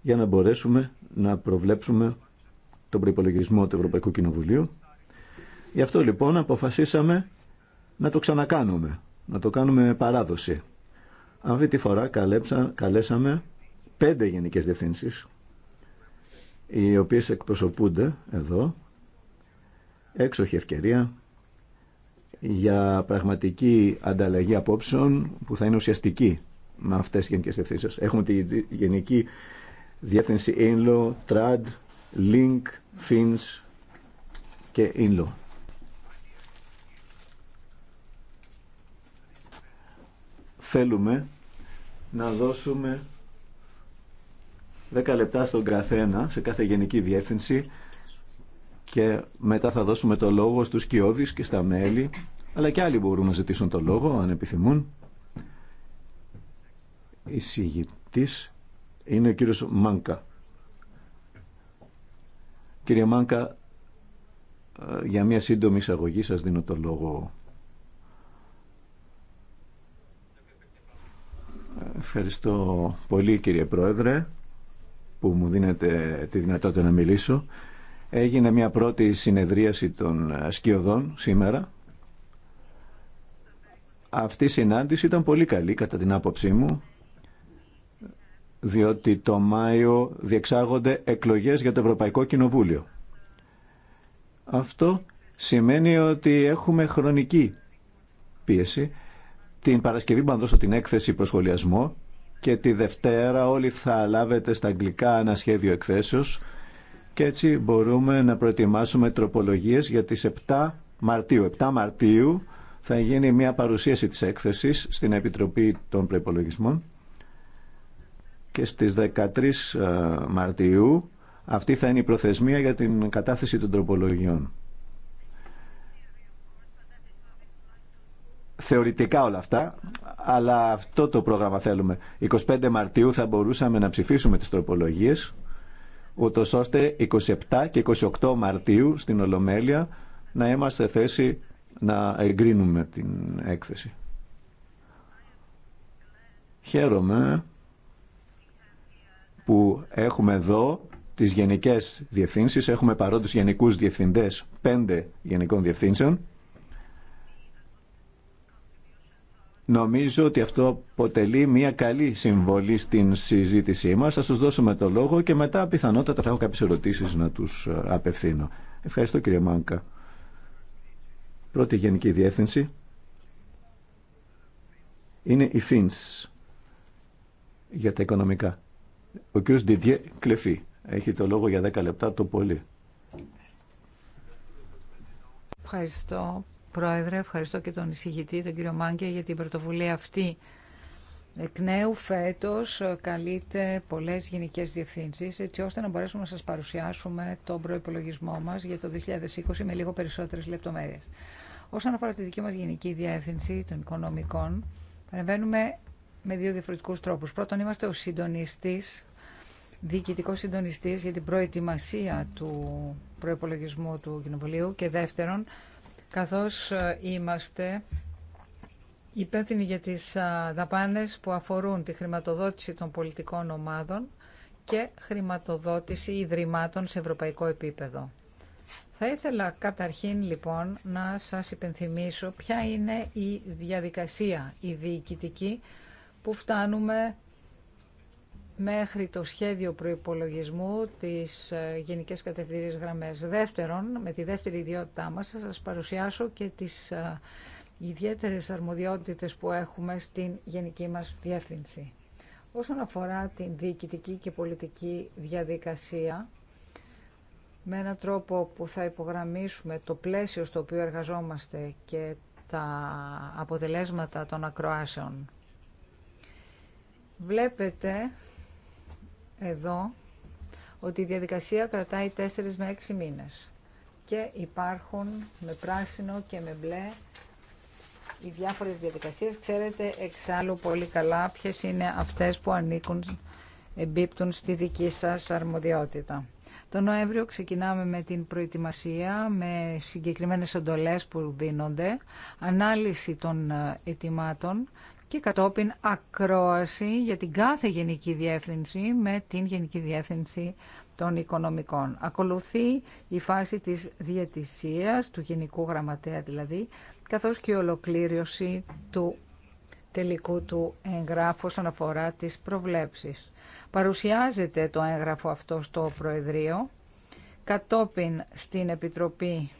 για να μπορέσουμε να προβλέψουμε τον προϋπολογισμό του Ευρωπαϊκού Κοινοβουλίου. Γι' αυτό λοιπόν αποφασίσαμε να το ξανακάνουμε, να το κάνουμε παράδοση. Αυτή τη φορά καλέψα, καλέσαμε πέντε γενικές διευθύνσεις, οι οποίες εκπροσωπούνται εδώ, έξοχη ευκαιρία για πραγματική ανταλλαγή απόψεων που θα είναι ουσιαστική με αυτές τις γενικές διευθύνσεις. Έχουμε τη Γενική διεύθυνση Inlo, Trad, Link, Fins και Inlo. Θέλουμε να δώσουμε 10 λεπτά στον καθένα, σε κάθε γενική διεύθυνση και μετά θα δώσουμε το λόγο στους κοιόδης και στα μέλη, αλλά και άλλοι μπορούν να ζητήσουν το λόγο αν επιθυμούν. Η είναι ο κύριος Μάνκα. Κύριε Μάνκα, ε, για μια σύντομη εισαγωγή σας δίνω το λόγο. Ευχαριστώ πολύ κύριε Πρόεδρε που μου δίνετε τη δυνατότητα να μιλήσω. Έγινε μια πρώτη συνεδρίαση των σκιωδών σήμερα. Αυτή η συνάντηση ήταν πολύ καλή κατά την άποψή μου διότι το Μάιο διεξάγονται εκλογές για το Ευρωπαϊκό Κοινοβούλιο. Αυτό σημαίνει ότι έχουμε χρονική πίεση. Την Παρασκευή που δώσω την έκθεση προσχολιασμό και τη Δευτέρα όλοι θα λάβετε στα αγγλικά ένα σχέδιο εκθέσεως και έτσι μπορούμε να προετοιμάσουμε τροπολογίες για τις 7 Μαρτίου. 7 Μαρτίου θα γίνει μια παρουσίαση της έκθεσης στην Επιτροπή των Προϋπολογισμών και στις 13 ε, Μαρτιού αυτή θα είναι η προθεσμία για την κατάθεση των τροπολογιών. Θεωρητικά όλα αυτά, αλλά αυτό το πρόγραμμα θέλουμε. 25 Μαρτίου θα μπορούσαμε να ψηφίσουμε τις τροπολογίες, ούτως ώστε 27 και 28 Μαρτίου στην Ολομέλεια να είμαστε θέση να εγκρίνουμε την έκθεση. Χαίρομαι που έχουμε εδώ τις γενικές διευθύνσει. Έχουμε παρόντου γενικούς διευθυντέ πέντε γενικών διευθύνσεων. Νομίζω ότι αυτό αποτελεί μια καλή συμβολή στην συζήτησή μα. Θα σα δώσουμε το λόγο και μετά πιθανότατα θα έχω κάποιες ερωτήσεις να τους ε, απευθύνω. Ευχαριστώ κύριε Μάνκα. Πρώτη γενική διεύθυνση είναι η ΦΙΝΣ για τα οικονομικά. Ο κ. Διδιέ Κλεφή έχει το λόγο για 10 λεπτά το πολύ. Ευχαριστώ, Πρόεδρε. Ευχαριστώ και τον εισηγητή, τον κύριο Μάγκια, για την πρωτοβουλία αυτή. Εκ νέου φέτος καλείται πολλές γενικές διευθύνσεις έτσι ώστε να μπορέσουμε να σας παρουσιάσουμε τον προϋπολογισμό μας για το 2020 με λίγο περισσότερες λεπτομέρειες. Όσον αφορά τη δική μας γενική διεύθυνση των οικονομικών, παρεμβαίνουμε με δύο διαφορετικούς τρόπους. Πρώτον, είμαστε ο συντονιστής, διοικητικός συντονιστής για την προετοιμασία του προϋπολογισμού του Κοινοβουλίου και δεύτερον, καθώς ε, είμαστε υπεύθυνοι για τις ε, δαπάνες που αφορούν τη χρηματοδότηση των πολιτικών ομάδων και χρηματοδότηση ιδρυμάτων σε ευρωπαϊκό επίπεδο. Θα ήθελα καταρχήν λοιπόν να σας υπενθυμίσω ποια είναι η διαδικασία η διοικητική που φτάνουμε μέχρι το σχέδιο προϋπολογισμού της ε, Γενικές κατευθύνσεις Γραμμές. Δεύτερον, με τη δεύτερη ιδιότητά μας θα σας παρουσιάσω και τις ε, ιδιαίτερες αρμοδιότητες που έχουμε στην γενική μας διεύθυνση. Όσον αφορά την διοικητική και πολιτική διαδικασία, με έναν τρόπο που θα υπογραμμίσουμε το πλαίσιο στο οποίο εργαζόμαστε και τα αποτελέσματα των ακροάσεων Βλέπετε εδώ ότι η διαδικασία κρατάει 4 με 6 μήνες και υπάρχουν με πράσινο και με μπλε οι διάφορες διαδικασίες. Ξέρετε εξάλλου πολύ καλά ποιες είναι αυτές που ανήκουν, εμπίπτουν στη δική σας αρμοδιότητα. Το Νοέμβριο ξεκινάμε με την προετοιμασία, με συγκεκριμένες οντολές που δίνονται, ανάλυση των ε, ετοιμάτων, και κατόπιν ακρόαση για την κάθε Γενική Διεύθυνση με την Γενική Διεύθυνση των Οικονομικών. Ακολουθεί η φάση της διατησίας του Γενικού Γραμματέα δηλαδή, καθώς και η ολοκλήρωση του τελικού του εγγράφου όσον αφορά τις προβλέψεις. Παρουσιάζεται το έγγραφο αυτό στο Προεδρείο, κατόπιν στην Επιτροπή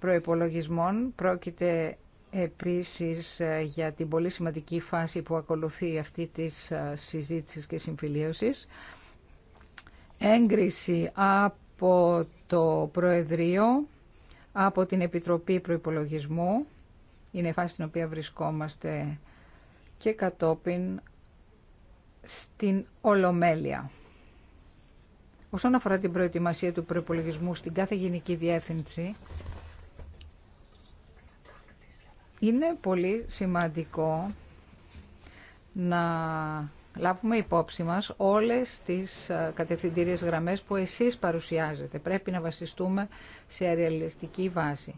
Προϋπολογισμών πρόκειται επίσης ε, για την πολύ σημαντική φάση που ακολουθεί αυτή της ε, συζήτησης και συμφιλίωσης. Έγκριση από το Προεδρείο, από την Επιτροπή Προϋπολογισμού, είναι η φάση στην οποία βρισκόμαστε και κατόπιν στην Ολομέλεια. Όσον αφορά την προετοιμασία του προϋπολογισμού στην κάθε γενική διεύθυνση, είναι πολύ σημαντικό να λάβουμε υπόψη μας όλες τις ε, κατευθυντήριες γραμμές που εσείς παρουσιάζετε. Πρέπει να βασιστούμε σε αρεαλιστική βάση.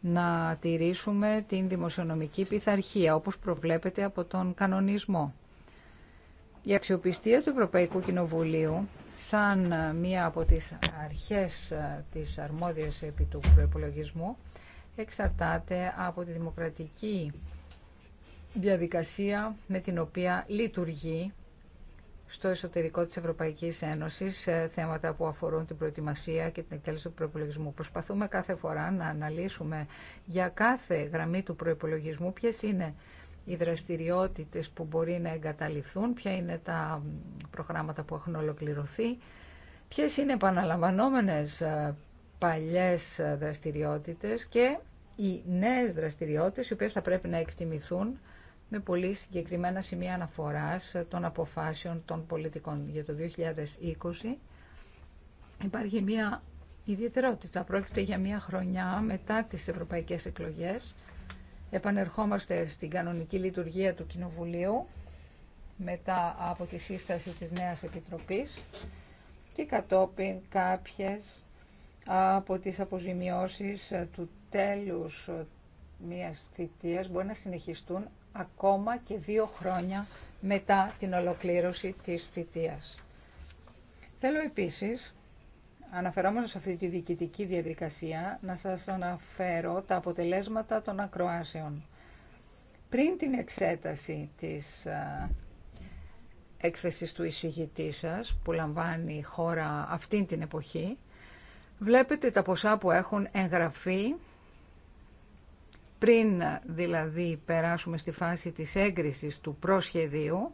Να τηρήσουμε την δημοσιονομική πειθαρχία, όπως προβλέπεται από τον κανονισμό. Η αξιοπιστία του Ευρωπαϊκού Κοινοβουλίου, σαν μία από τις αρχές ε, της αρμόδιας επί του προϋπολογισμού, εξαρτάται από τη δημοκρατική διαδικασία με την οποία λειτουργεί στο εσωτερικό της Ευρωπαϊκής Ένωσης ε, θέματα που αφορούν την προετοιμασία και την εκτέλεση του προϋπολογισμού. Προσπαθούμε κάθε φορά να αναλύσουμε για κάθε γραμμή του προϋπολογισμού ποιες είναι οι δραστηριότητες που μπορεί να εγκαταληφθούν, ποια είναι τα προγράμματα που έχουν ολοκληρωθεί, ποιες είναι επαναλαμβανόμενες ε, παλιές δραστηριότητες και οι νέες δραστηριότητες οι οποίες θα πρέπει να εκτιμηθούν με πολύ συγκεκριμένα σημεία αναφοράς των αποφάσεων των πολιτικών για το 2020. Υπάρχει μια ιδιαιτερότητα. Πρόκειται για μια χρονιά μετά τις ευρωπαϊκές εκλογές. Επανερχόμαστε στην κανονική λειτουργία του Κοινοβουλίου μετά από τη σύσταση της νέας Επιτροπής και κατόπιν κάποιες από τις αποζημιώσεις ε, του τέλους ε, μιας θητείας μπορεί να συνεχιστούν ακόμα και δύο χρόνια μετά την ολοκλήρωση της θητείας. Θέλω επίσης, αναφερόμενος σε αυτή τη διοικητική διαδικασία, να σας αναφέρω τα αποτελέσματα των ακροάσεων. Πριν την εξέταση της ε, έκθεσης του εισηγητή σας, που λαμβάνει χώρα αυτήν την εποχή, Βλέπετε τα ποσά που έχουν εγγραφεί πριν δηλαδή περάσουμε στη φάση της έγκρισης του προσχεδίου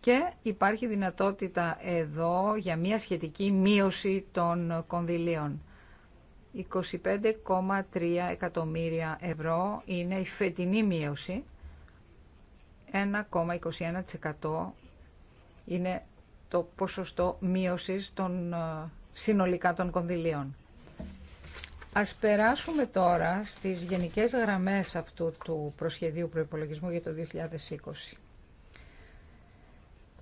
και υπάρχει δυνατότητα εδώ για μια σχετική μείωση των κονδυλίων. 25,3 εκατομμύρια ευρώ είναι η φετινή μείωση. 1,21% είναι το ποσοστό μείωσης των ε, συνολικά των κονδυλίων. Ας περάσουμε τώρα στις γενικές γραμμές αυτού του προσχεδίου προϋπολογισμού για το 2020.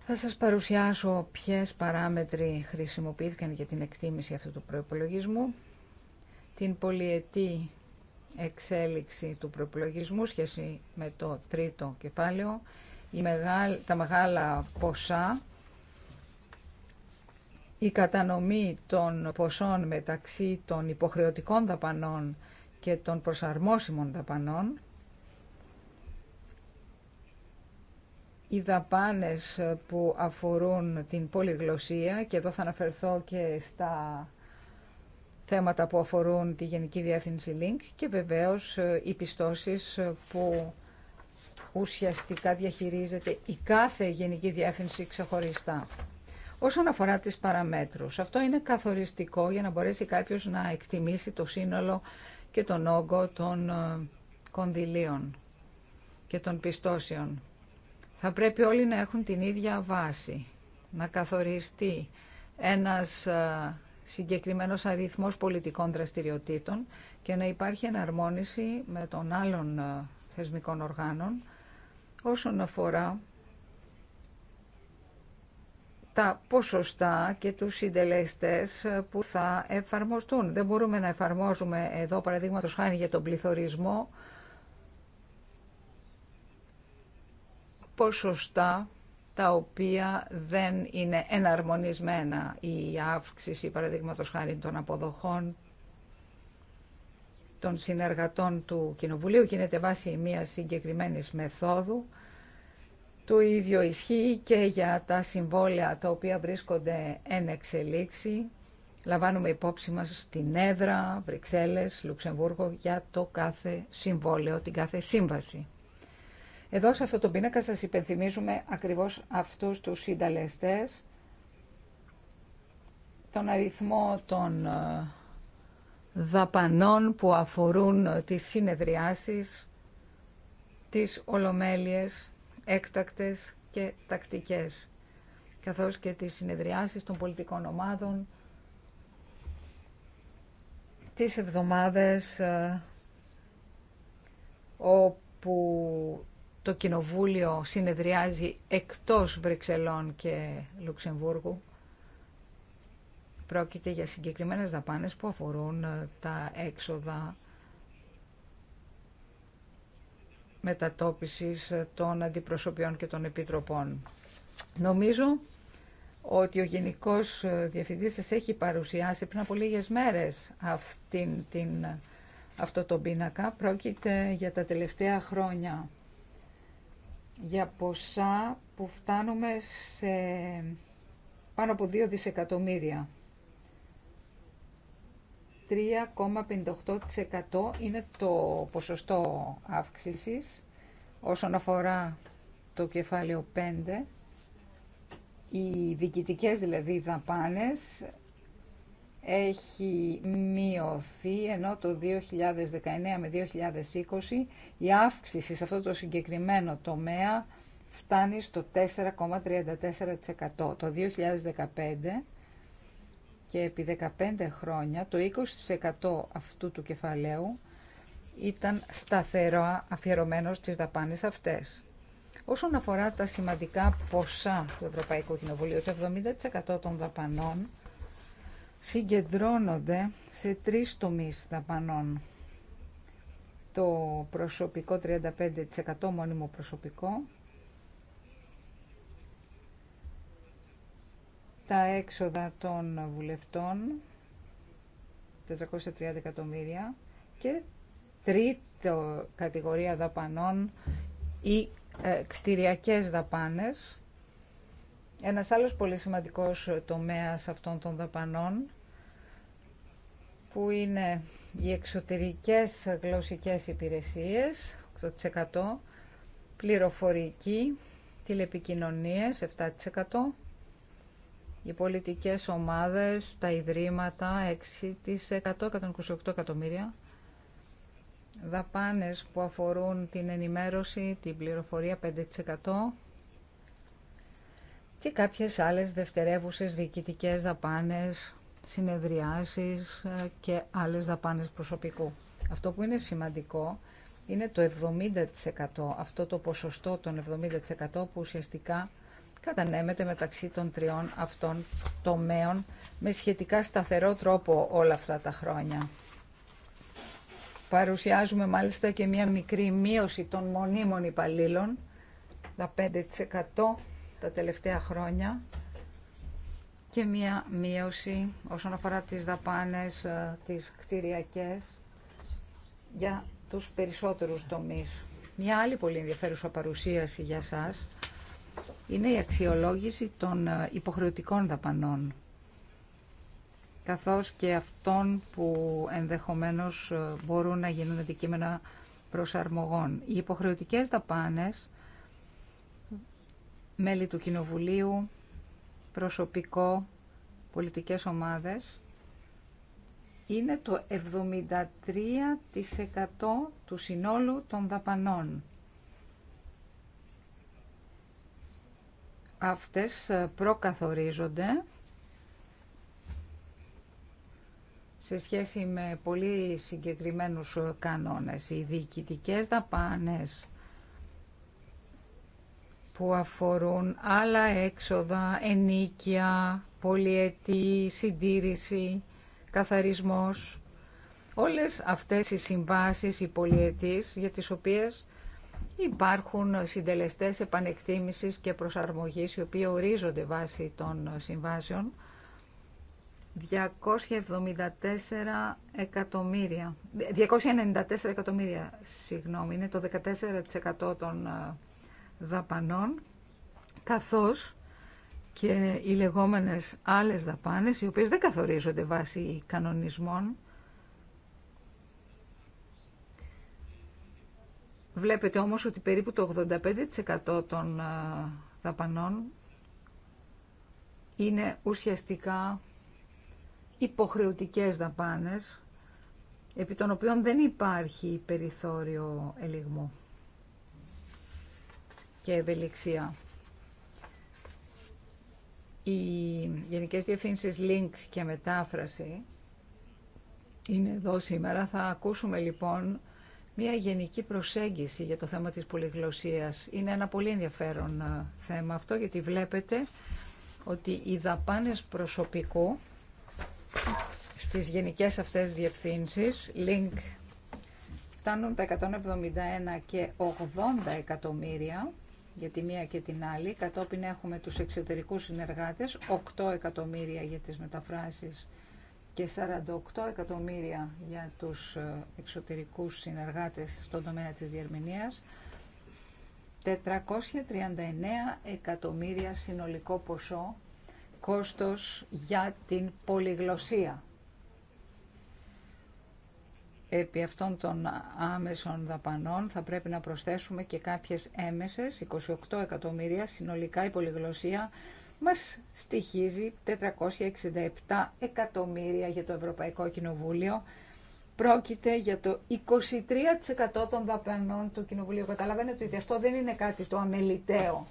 Θα σας παρουσιάσω ποιες παράμετροι χρησιμοποιήθηκαν για την εκτίμηση αυτού του προϋπολογισμού, την πολυετή εξέλιξη του προϋπολογισμού σχέση με το τρίτο κεφάλαιο, η τα μεγάλα ποσά η κατανομή των ποσών μεταξύ των υποχρεωτικών δαπανών και των προσαρμόσιμων δαπανών, οι δαπάνες που αφορούν την πολυγλωσία, και εδώ θα αναφερθώ και στα θέματα που αφορούν τη Γενική Διεύθυνση Link και βεβαίως ε, οι πιστώσεις που ουσιαστικά διαχειρίζεται η κάθε Γενική Διεύθυνση ξεχωριστά. Όσον αφορά τις παραμέτρους, αυτό είναι καθοριστικό για να μπορέσει κάποιος να εκτιμήσει το σύνολο και τον όγκο των ε, κονδυλίων και των πιστώσεων. Θα πρέπει όλοι να έχουν την ίδια βάση, να καθοριστεί ένας ε, συγκεκριμένος αριθμός πολιτικών δραστηριοτήτων και να υπάρχει εναρμόνιση με των άλλων ε, θεσμικών οργάνων όσον αφορά τα ποσοστά και τους συντελεστές που θα εφαρμοστούν. Δεν μπορούμε να εφαρμόζουμε εδώ, παραδείγματο χάρη για τον πληθωρισμό, ποσοστά τα οποία δεν είναι εναρμονισμένα. Η αύξηση, παραδείγματο χάρη των αποδοχών των συνεργατών του Κοινοβουλίου γίνεται βάσει μια συγκεκριμένης μεθόδου το ίδιο ισχύει και για τα συμβόλαια τα οποία βρίσκονται εν εξελίξη. Λαμβάνουμε υπόψη μας την έδρα, Βρυξέλλες, Λουξεμβούργο για το κάθε συμβόλαιο, την κάθε σύμβαση. Εδώ σε αυτό το πίνακα σας υπενθυμίζουμε ακριβώς αυτούς τους συνταλλεστές. τον αριθμό των ε, δαπανών που αφορούν τις συνεδριάσεις, τις ολομέλειες, έκτακτες και τακτικές, καθώς και τις συνεδριάσεις των πολιτικών ομάδων τις εβδομάδες ε, όπου το Κοινοβούλιο συνεδριάζει εκτός Βρυξελών και Λουξεμβούργου. Πρόκειται για συγκεκριμένες δαπάνες που αφορούν ε, τα έξοδα μετατόπισης των αντιπροσωπιών και των επιτροπών. Νομίζω ότι ο Γενικός Διευθυντής σας έχει παρουσιάσει πριν από λίγες μέρες αυτήν την, αυτό το πίνακα. Πρόκειται για τα τελευταία χρόνια. Για ποσά που φτάνουμε σε πάνω από 2 δισεκατομμύρια 3,58% είναι το ποσοστό αύξησης όσον αφορά το κεφάλαιο 5. Οι διοικητικές δηλαδή δαπάνες έχει μειωθεί ενώ το 2019 με 2020 η αύξηση σε αυτό το συγκεκριμένο τομέα φτάνει στο 4,34%. Το 2015 και επί 15 χρόνια το 20% αυτού του κεφαλαίου ήταν σταθερό αφιερωμένο στις δαπάνες αυτές. Όσον αφορά τα σημαντικά ποσά του Ευρωπαϊκού Κοινοβουλίου, το 70% των δαπανών συγκεντρώνονται σε τρεις τομείς δαπανών. Το προσωπικό 35% μόνιμο προσωπικό, τα έξοδα των βουλευτών, 430 εκατομμύρια, και τρίτο κατηγορία δαπανών, οι ε, κτηριακές δαπάνες. Ένας άλλος πολύ σημαντικός τομέας αυτών των δαπανών, που είναι οι εξωτερικές γλωσσικές υπηρεσίες, 8%, πληροφορική, τηλεπικοινωνίες, 7%, οι πολιτικές ομάδες, τα ιδρύματα, 6% 128 εκατομμύρια. Δαπάνες που αφορούν την ενημέρωση, την πληροφορία 5% και κάποιες άλλες δευτερεύουσες διοικητικές δαπάνες, συνεδριάσεις ε, και άλλες δαπάνες προσωπικού. Αυτό που είναι σημαντικό είναι το 70%, αυτό το ποσοστό των 70% που ουσιαστικά κατανέμεται μεταξύ των τριών αυτών τομέων με σχετικά σταθερό τρόπο όλα αυτά τα χρόνια. Παρουσιάζουμε μάλιστα και μια μικρή μείωση των μονίμων υπαλλήλων, τα 5% τα τελευταία χρόνια και μια μείωση όσον αφορά τις δαπάνες, ε, τις κτηριακές για τους περισσότερους τομείς. Μια άλλη πολύ ενδιαφέρουσα παρουσίαση για σας είναι η αξιολόγηση των ε, υποχρεωτικών δαπανών καθώς και αυτών που ενδεχομένως ε, μπορούν να γίνουν αντικείμενα προσαρμογών. Οι υποχρεωτικές δαπάνες, μέλη του Κοινοβουλίου, προσωπικό, πολιτικές ομάδες, είναι το 73% του συνόλου των δαπανών. αυτές ε, προκαθορίζονται σε σχέση με πολύ συγκεκριμένους κανόνες. Οι διοικητικές δαπάνες που αφορούν άλλα έξοδα, ενίκια, πολυετή, συντήρηση, καθαρισμός. Όλες αυτές οι συμβάσεις, οι πολυετής, για τις οποίες Υπάρχουν συντελεστές επανεκτίμηση και προσαρμογής οι οποίοι ορίζονται βάσει των συμβάσεων. 274 εκατομμύρια, 294 εκατομμύρια, συγγνώμη, είναι το 14% των ε, δαπανών, καθώς και οι λεγόμενες άλλες δαπάνες, οι οποίες δεν καθορίζονται βάσει κανονισμών, Βλέπετε όμως ότι περίπου το 85% των ε, δαπανών είναι ουσιαστικά υποχρεωτικές δαπάνες, επί των οποίων δεν υπάρχει περιθώριο ελιγμού και ευελιξία. Οι Γενικές Διευθύνσεις Link και Μετάφραση είναι εδώ σήμερα. Θα ακούσουμε λοιπόν μια γενική προσέγγιση για το θέμα της πολυγλωσσίας είναι ένα πολύ ενδιαφέρον ε, θέμα αυτό γιατί βλέπετε ότι οι δαπάνες προσωπικού στις γενικές αυτές διευθύνσεις, link, φτάνουν τα 171 και 80 εκατομμύρια για τη μία και την άλλη. Κατόπιν έχουμε τους εξωτερικούς συνεργάτες, 8 εκατομμύρια για τις μεταφράσεις και 48 εκατομμύρια για τους ε, εξωτερικούς συνεργάτες στον τομέα της διερμηνίας, 439 εκατομμύρια συνολικό ποσό κόστος για την πολυγλωσία. Επί αυτών των άμεσων δαπανών θα πρέπει να προσθέσουμε και κάποιες έμεσες, 28 εκατομμύρια συνολικά η πολυγλωσία μας στοιχίζει 467 εκατομμύρια για το Ευρωπαϊκό Κοινοβούλιο. Πρόκειται για το 23% των δαπανών του Κοινοβουλίου. Καταλαβαίνετε ότι αυτό δεν είναι κάτι το αμεληταίο.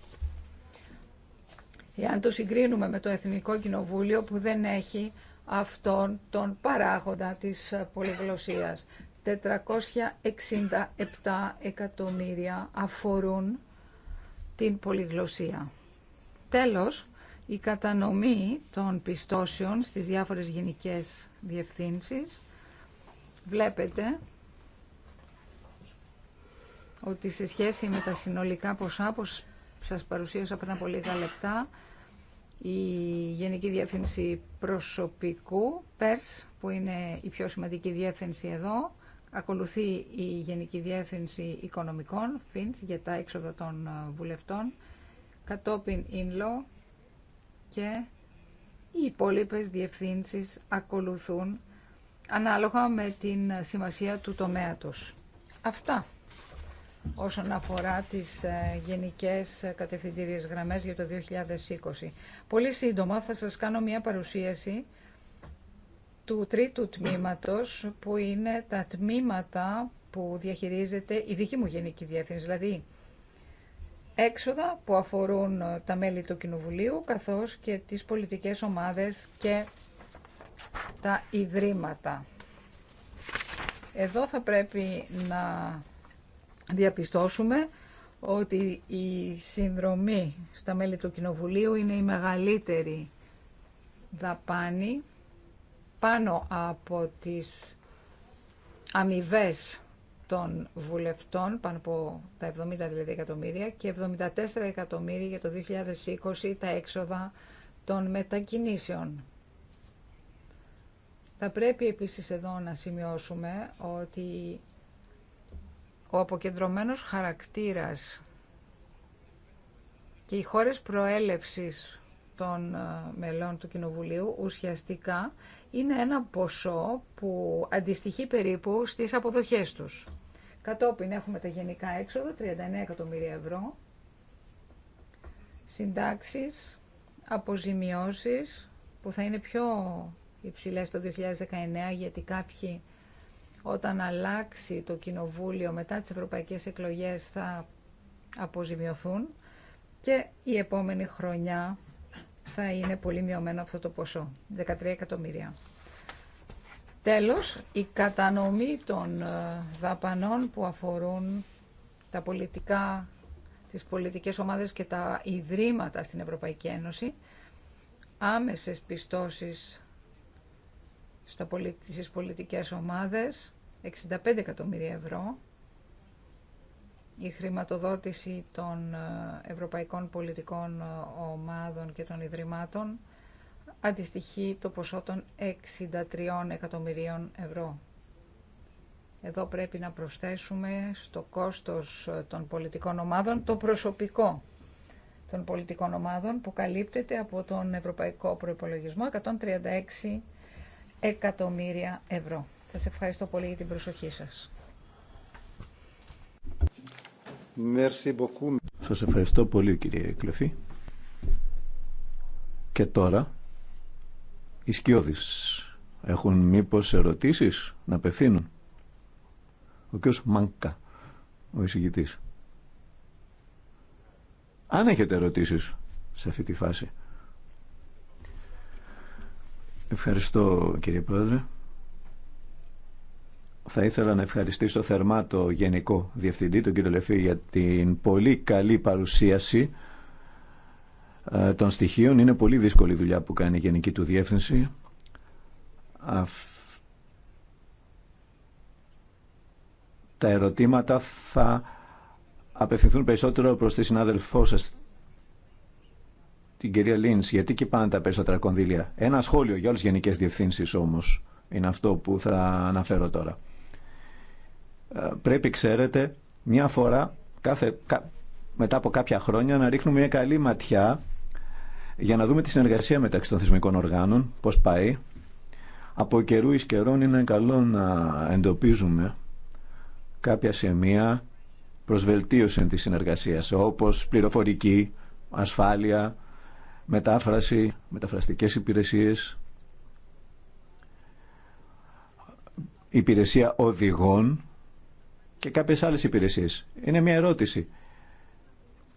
Εάν το συγκρίνουμε με το Εθνικό Κοινοβούλιο που δεν έχει αυτόν τον παράγοντα της πολυγλωσίας. 467 εκατομμύρια αφορούν την πολυγλωσία. Τέλος, η κατανομή των πιστώσεων στις διάφορες γενικές διευθύνσεις βλέπετε ότι σε σχέση με τα συνολικά ποσά, όπως σας παρουσίασα πριν από λίγα λεπτά, η Γενική Διεύθυνση Προσωπικού, ΠΕΡΣ, που είναι η πιο σημαντική διεύθυνση εδώ, ακολουθεί η Γενική Διεύθυνση Οικονομικών, ΦΙΝΣ, για τα έξοδα των ε, βουλευτών, κατόπιν ΙΝΛΟ, και οι υπόλοιπες διευθύνσεις ακολουθούν ανάλογα με την σημασία του τομέα τους. Αυτά όσον αφορά τις ε, γενικές κατευθυντήριες γραμμές για το 2020. Πολύ σύντομα θα σας κάνω μια παρουσίαση του τρίτου τμήματος που είναι τα τμήματα που διαχειρίζεται η δική μου γενική διεύθυνση, δηλαδή έξοδα που αφορούν ε, τα μέλη του Κοινοβουλίου καθώς και τις πολιτικές ομάδες και τα ιδρύματα. Εδώ θα πρέπει να διαπιστώσουμε ότι η συνδρομή στα μέλη του Κοινοβουλίου είναι η μεγαλύτερη δαπάνη πάνω από τις αμοιβέ των βουλευτών, πάνω από τα 70 δηλαδή εκατομμύρια και 74 εκατομμύρια για το 2020 τα έξοδα των μετακινήσεων. Θα πρέπει επίσης εδώ να σημειώσουμε ότι ο αποκεντρωμένος χαρακτήρας και οι χώρες προέλευσης των ε, μελών του Κοινοβουλίου ουσιαστικά είναι ένα ποσό που αντιστοιχεί περίπου στις αποδοχές τους. Κατόπιν έχουμε τα γενικά έξοδα, 39 εκατομμύρια ευρώ, συντάξεις, αποζημιώσεις που θα είναι πιο υψηλές το 2019 γιατί κάποιοι όταν αλλάξει το κοινοβούλιο μετά τις ευρωπαϊκές εκλογές θα αποζημιωθούν και η επόμενη χρονιά θα είναι πολύ μειωμένο αυτό το ποσό, 13 εκατομμύρια. Τέλος, η κατανομή των ε, δαπανών που αφορούν τα πολιτικά, τις πολιτικές ομάδες και τα ιδρύματα στην Ευρωπαϊκή Ένωση, άμεσες πιστώσεις στα στις πολιτικές ομάδες, 65 εκατομμύρια ευρώ, η χρηματοδότηση των ε, ευρωπαϊκών πολιτικών ε, ομάδων και των ιδρυμάτων αντιστοιχεί το ποσό των 63 εκατομμυρίων ευρώ. Εδώ πρέπει να προσθέσουμε στο κόστος ε, των πολιτικών ομάδων το προσωπικό των πολιτικών ομάδων που καλύπτεται από τον Ευρωπαϊκό Προϋπολογισμό 136 εκατομμύρια ευρώ. Σας ευχαριστώ πολύ για την προσοχή σας. Σας ευχαριστώ πολύ κύριε Κλεφή. Και τώρα, οι σκιώδεις έχουν μήπως ερωτήσεις να απευθύνουν. Ο κ. Μανκά, ο εισηγητής. Αν έχετε ερωτήσεις σε αυτή τη φάση. Ευχαριστώ κύριε Πρόεδρε. Θα ήθελα να ευχαριστήσω θερμά το Γενικό Διευθυντή, τον κύριο Λεφή, για την πολύ καλή παρουσίαση ε, των στοιχείων. Είναι πολύ δύσκολη δουλειά που κάνει η Γενική του Διεύθυνση. Τα ερωτήματα θα απευθυνθούν περισσότερο προς τη συνάδελφό σας, την κυρία Λίνς, γιατί και πάνε τα περισσότερα κονδύλια. Ένα σχόλιο για όλες τις γενικές διευθύνσεις όμως είναι αυτό που θα αναφέρω τώρα. Ε, πρέπει, ξέρετε, μια φορά κάθε, μετά από κάποια χρόνια να ρίχνουμε μια καλή ματιά για να δούμε τη συνεργασία μεταξύ των θεσμικών οργάνων, πώς πάει. Από καιρού εις καιρών είναι καλό να εντοπίζουμε κάποια σημεία προσβελτίωση βελτίωση της συνεργασίας, όπως πληροφορική, ασφάλεια, μετάφραση, μεταφραστικές υπηρεσίες, υπηρεσία οδηγών και κάποιε άλλε υπηρεσίε. Είναι μια ερώτηση.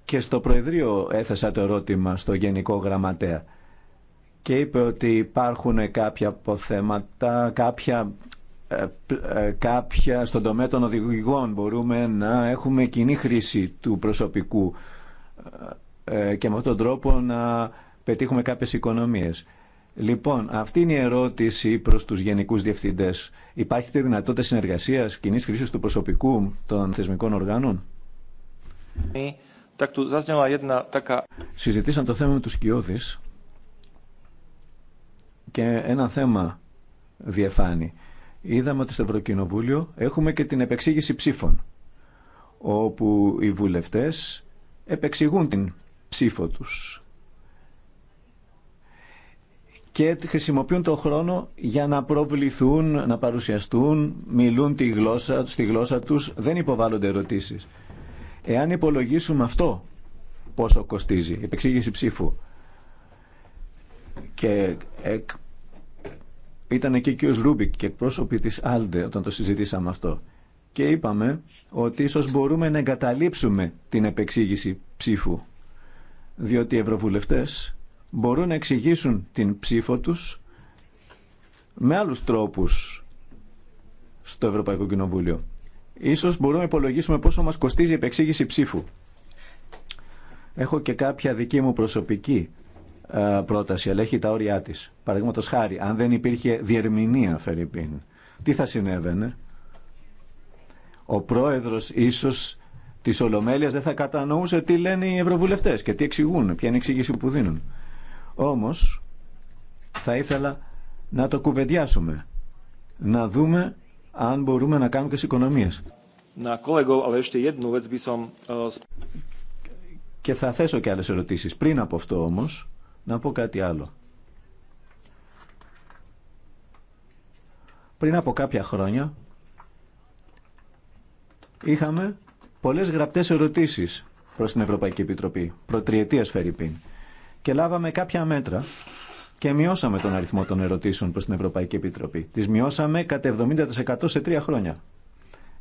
Και στο Προεδρείο έθεσα το ερώτημα στο Γενικό Γραμματέα και είπε ότι υπάρχουν κάποια αποθέματα, κάποια, ε, ε, κάποια στον τομέα των οδηγών μπορούμε να έχουμε κοινή χρήση του προσωπικού ε, και με αυτόν τον τρόπο να πετύχουμε κάποιες οικονομίες. Λοιπόν, αυτή είναι η ερώτηση προ του γενικού διευθυντέ. Υπάρχει τη δυνατότητα συνεργασία κοινή χρήση του προσωπικού των θεσμικών οργάνων. Συζητήσαμε το θέμα με του Κιώδη και ένα θέμα διεφάνει. Είδαμε ότι στο Ευρωκοινοβούλιο έχουμε και την επεξήγηση ψήφων, όπου οι βουλευτές επεξηγούν την ψήφο τους και χρησιμοποιούν το χρόνο για να προβληθούν, να παρουσιαστούν, μιλούν τη γλώσσα, στη γλώσσα τους, δεν υποβάλλονται ερωτήσεις. Εάν υπολογίσουμε αυτό, πόσο κοστίζει, η επεξήγηση ψήφου, και εκ... ήταν εκεί και ο Ρούμπικ και εκπρόσωποι της Άλντε όταν το συζητήσαμε αυτό και είπαμε ότι ίσως μπορούμε να εγκαταλείψουμε την επεξήγηση ψήφου διότι οι ευρωβουλευτές μπορούν να εξηγήσουν την ψήφο τους με άλλους τρόπους στο Ευρωπαϊκό Κοινοβούλιο. Ίσως μπορούμε να υπολογίσουμε πόσο μας κοστίζει η επεξήγηση ψήφου. Έχω και κάποια δική μου προσωπική ε, πρόταση, αλλά έχει τα όρια της. Παραδείγματο χάρη, αν δεν υπήρχε διερμηνία, Φερρυπίν, τι θα συνέβαινε. Ο πρόεδρος ίσως της Ολομέλειας δεν θα κατανοούσε τι λένε οι ευρωβουλευτές και τι εξηγούν, ποια είναι η εξήγηση που δίνουν. Όμως θα ήθελα να το κουβεντιάσουμε, να δούμε αν μπορούμε να κάνουμε και στις οικονομίες. Ε, και θα θέσω και άλλες ερωτήσεις. Πριν από αυτό όμως, να πω κάτι άλλο. Πριν από κάποια χρόνια, είχαμε πολλές γραπτές ερωτήσεις προς την Ευρωπαϊκή Επιτροπή, προτριετίας Φερρυπίν και λάβαμε κάποια μέτρα και μειώσαμε τον αριθμό των ερωτήσεων προς την Ευρωπαϊκή Επιτροπή. Τις μειώσαμε κατά 70% σε τρία χρόνια.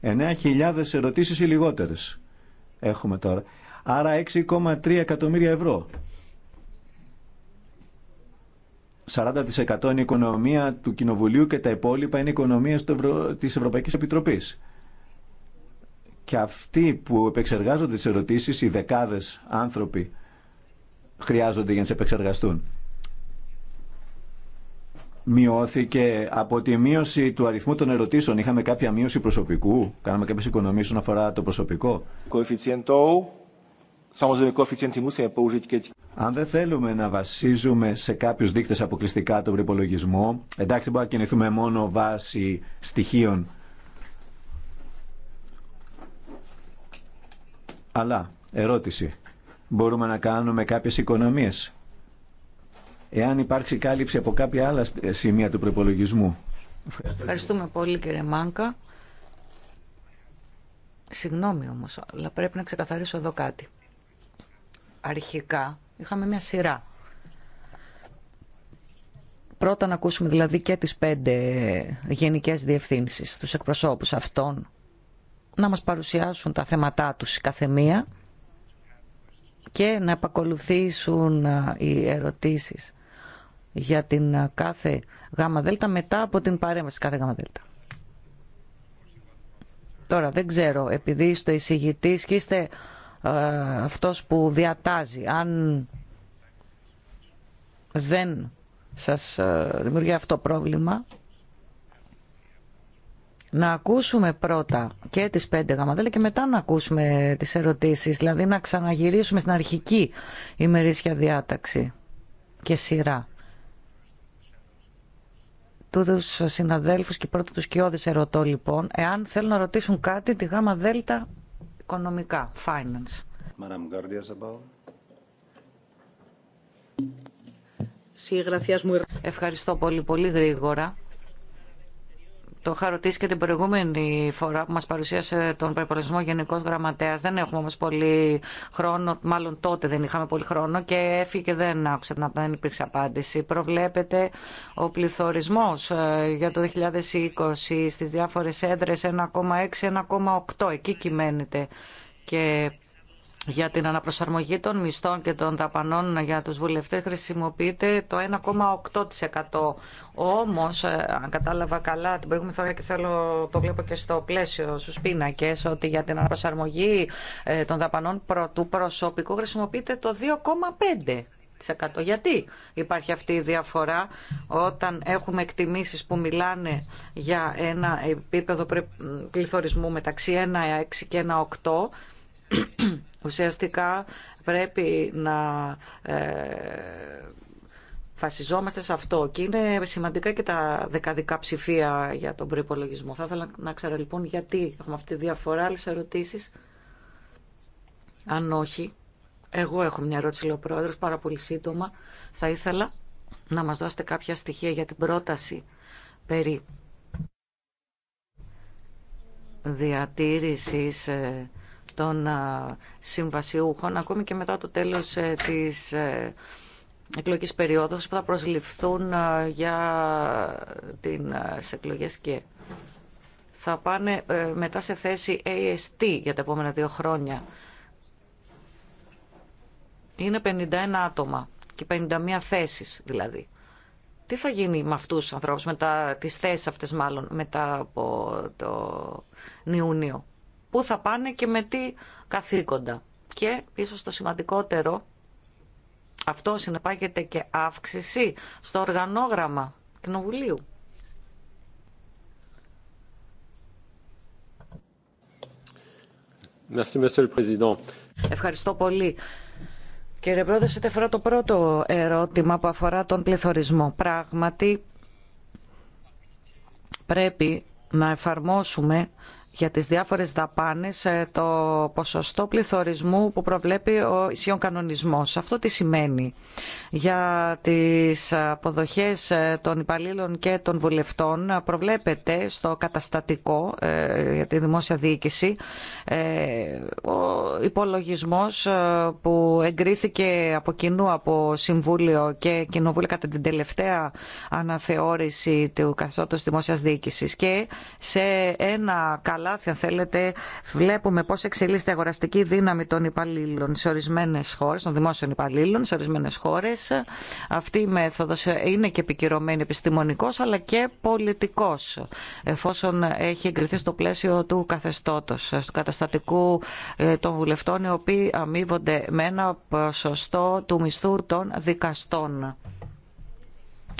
9.000 ερωτήσεις ή λιγότερες έχουμε τώρα. Άρα 6,3 εκατομμύρια ευρώ. 40% είναι η οικονομία του Κοινοβουλίου και τα υπόλοιπα είναι η οικονομία της Ευρωπαϊκής Επιτροπής. Και αυτοί που επεξεργάζονται τις ερωτήσεις, οι δεκάδες άνθρωποι χρειάζονται για να σε επεξεργαστούν. Μειώθηκε από τη μείωση του αριθμού των ερωτήσεων. Είχαμε κάποια μείωση προσωπικού. Κάναμε κάποιε οικονομίε όσον αφορά το προσωπικό. Αν δεν θέλουμε να βασίζουμε σε κάποιου δείκτε αποκλειστικά τον προπολογισμό, εντάξει, μπορούμε να κινηθούμε μόνο βάσει στοιχείων. Αλλά, ερώτηση μπορούμε να κάνουμε κάποιες οικονομίες. Εάν υπάρξει κάλυψη από κάποια άλλα ε, σημεία του προπολογισμού. Ευχαριστούμε. πολύ κύριε Μάνκα. Συγγνώμη όμως, αλλά πρέπει να ξεκαθαρίσω εδώ κάτι. Αρχικά είχαμε μια σειρά. Πρώτα να ακούσουμε δηλαδή και τις πέντε γενικές διευθύνσεις, τους εκπροσώπους αυτών, να μας παρουσιάσουν τα θέματά τους καθεμία και να επακολουθήσουν οι ερωτήσεις για την κάθε γάμα δέλτα μετά από την παρέμβαση κάθε γάμα δέλτα. Τώρα δεν ξέρω, επειδή είστε εισηγητής και είστε αυτός που διατάζει, αν δεν σας δημιουργεί αυτό πρόβλημα, να ακούσουμε πρώτα και τις πέντε γαμαδέλα και μετά να ακούσουμε τις ερωτήσεις, δηλαδή να ξαναγυρίσουμε στην αρχική ημερήσια διάταξη και σειρά. Τούτους συναδέλφους και πρώτα τους κοιόδες ερωτώ λοιπόν, εάν θέλουν να ρωτήσουν κάτι τη γάμα δέλτα οικονομικά, finance. Ευχαριστώ πολύ, πολύ γρήγορα. Το είχα ρωτήσει και την προηγούμενη φορά που μας παρουσίασε τον προπολογισμό Γενικός Γραμματέα. Δεν έχουμε όμω πολύ χρόνο, μάλλον τότε δεν είχαμε πολύ χρόνο και έφυγε και δεν άκουσα να δεν υπήρξε απάντηση. Προβλέπεται ο πληθωρισμό ε, για το 2020 στις διαφορες έδρε έδρες 1,6-1,8. Εκεί κυμαίνεται. Και για την αναπροσαρμογή των μισθών και των δαπανών για τους βουλευτές χρησιμοποιείται το 1,8%. Όμως, ε, αν κατάλαβα καλά την προηγούμενη φορά και θέλω το βλέπω και στο πλαίσιο στους πίνακες, ότι για την αναπροσαρμογή ε, των δαπανών του προσωπικού χρησιμοποιείται το 2,5%. Γιατί υπάρχει αυτή η διαφορά όταν έχουμε εκτιμήσεις που μιλάνε για ένα επίπεδο πληθωρισμού μεταξύ 1,6 και 1,8 Ουσιαστικά πρέπει να φασιζόμαστε ε, σε αυτό και είναι σημαντικά και τα δεκαδικά ψηφία για τον προϋπολογισμό. Θα ήθελα να ξέρω λοιπόν γιατί έχουμε αυτή τη διαφορά. Άλλες ερωτήσεις. Αν όχι, εγώ έχω μια ερώτηση, λέει ο Πρόεδρος, πάρα πολύ σύντομα. Θα ήθελα να μας δώσετε κάποια στοιχεία για την πρόταση περί διατήρησης ε, των συμβασιούχων, ακόμη και μετά το τέλος ε, της ε, εκλογικής περίοδου που θα προσληφθούν για τις εκλογές και θα πάνε ε, μετά σε θέση AST για τα επόμενα δύο χρόνια. Είναι 51 άτομα και 51 θέσεις δηλαδή. Τι θα γίνει με αυτούς τους ανθρώπους, μετά τα, τις θέσεις αυτές μάλλον, μετά από το Ιούνιο πού θα πάνε και με τι καθήκοντα. Και ίσως το σημαντικότερο, αυτό συνεπάγεται και αύξηση στο οργανόγραμμα Κοινοβουλίου. Ευχαριστώ πολύ. Κύριε Πρόεδρε, σε το πρώτο ερώτημα που αφορά τον πληθωρισμό. Πράγματι, πρέπει να εφαρμόσουμε για τις διάφορες δαπάνες ε, το ποσοστό πληθωρισμού που προβλέπει ο ισιών κανονισμός. Αυτό τι σημαίνει για τις αποδοχές ε, των υπαλλήλων και των βουλευτών προβλέπεται στο καταστατικό ε, για τη δημόσια διοίκηση ο υπολογισμός που εγκρίθηκε από κοινού από Συμβούλιο και Κοινοβούλιο κατά την τελευταία αναθεώρηση του καθεστώτος δημόσιας διοίκησης και σε ένα καλό αλλά αν θέλετε, βλέπουμε πώ εξελίσσεται η αγοραστική δύναμη των υπαλλήλων σε ορισμένε χώρε, των δημόσιων υπαλλήλων σε ορισμένε χώρε. Αυτή η μέθοδο είναι και επικυρωμένη επιστημονικό αλλά και πολιτικό, εφόσον έχει εγκριθεί στο πλαίσιο του καθεστώτος, του καταστατικού ε, των βουλευτών, οι οποίοι αμείβονται με ένα ποσοστό του μισθού των δικαστών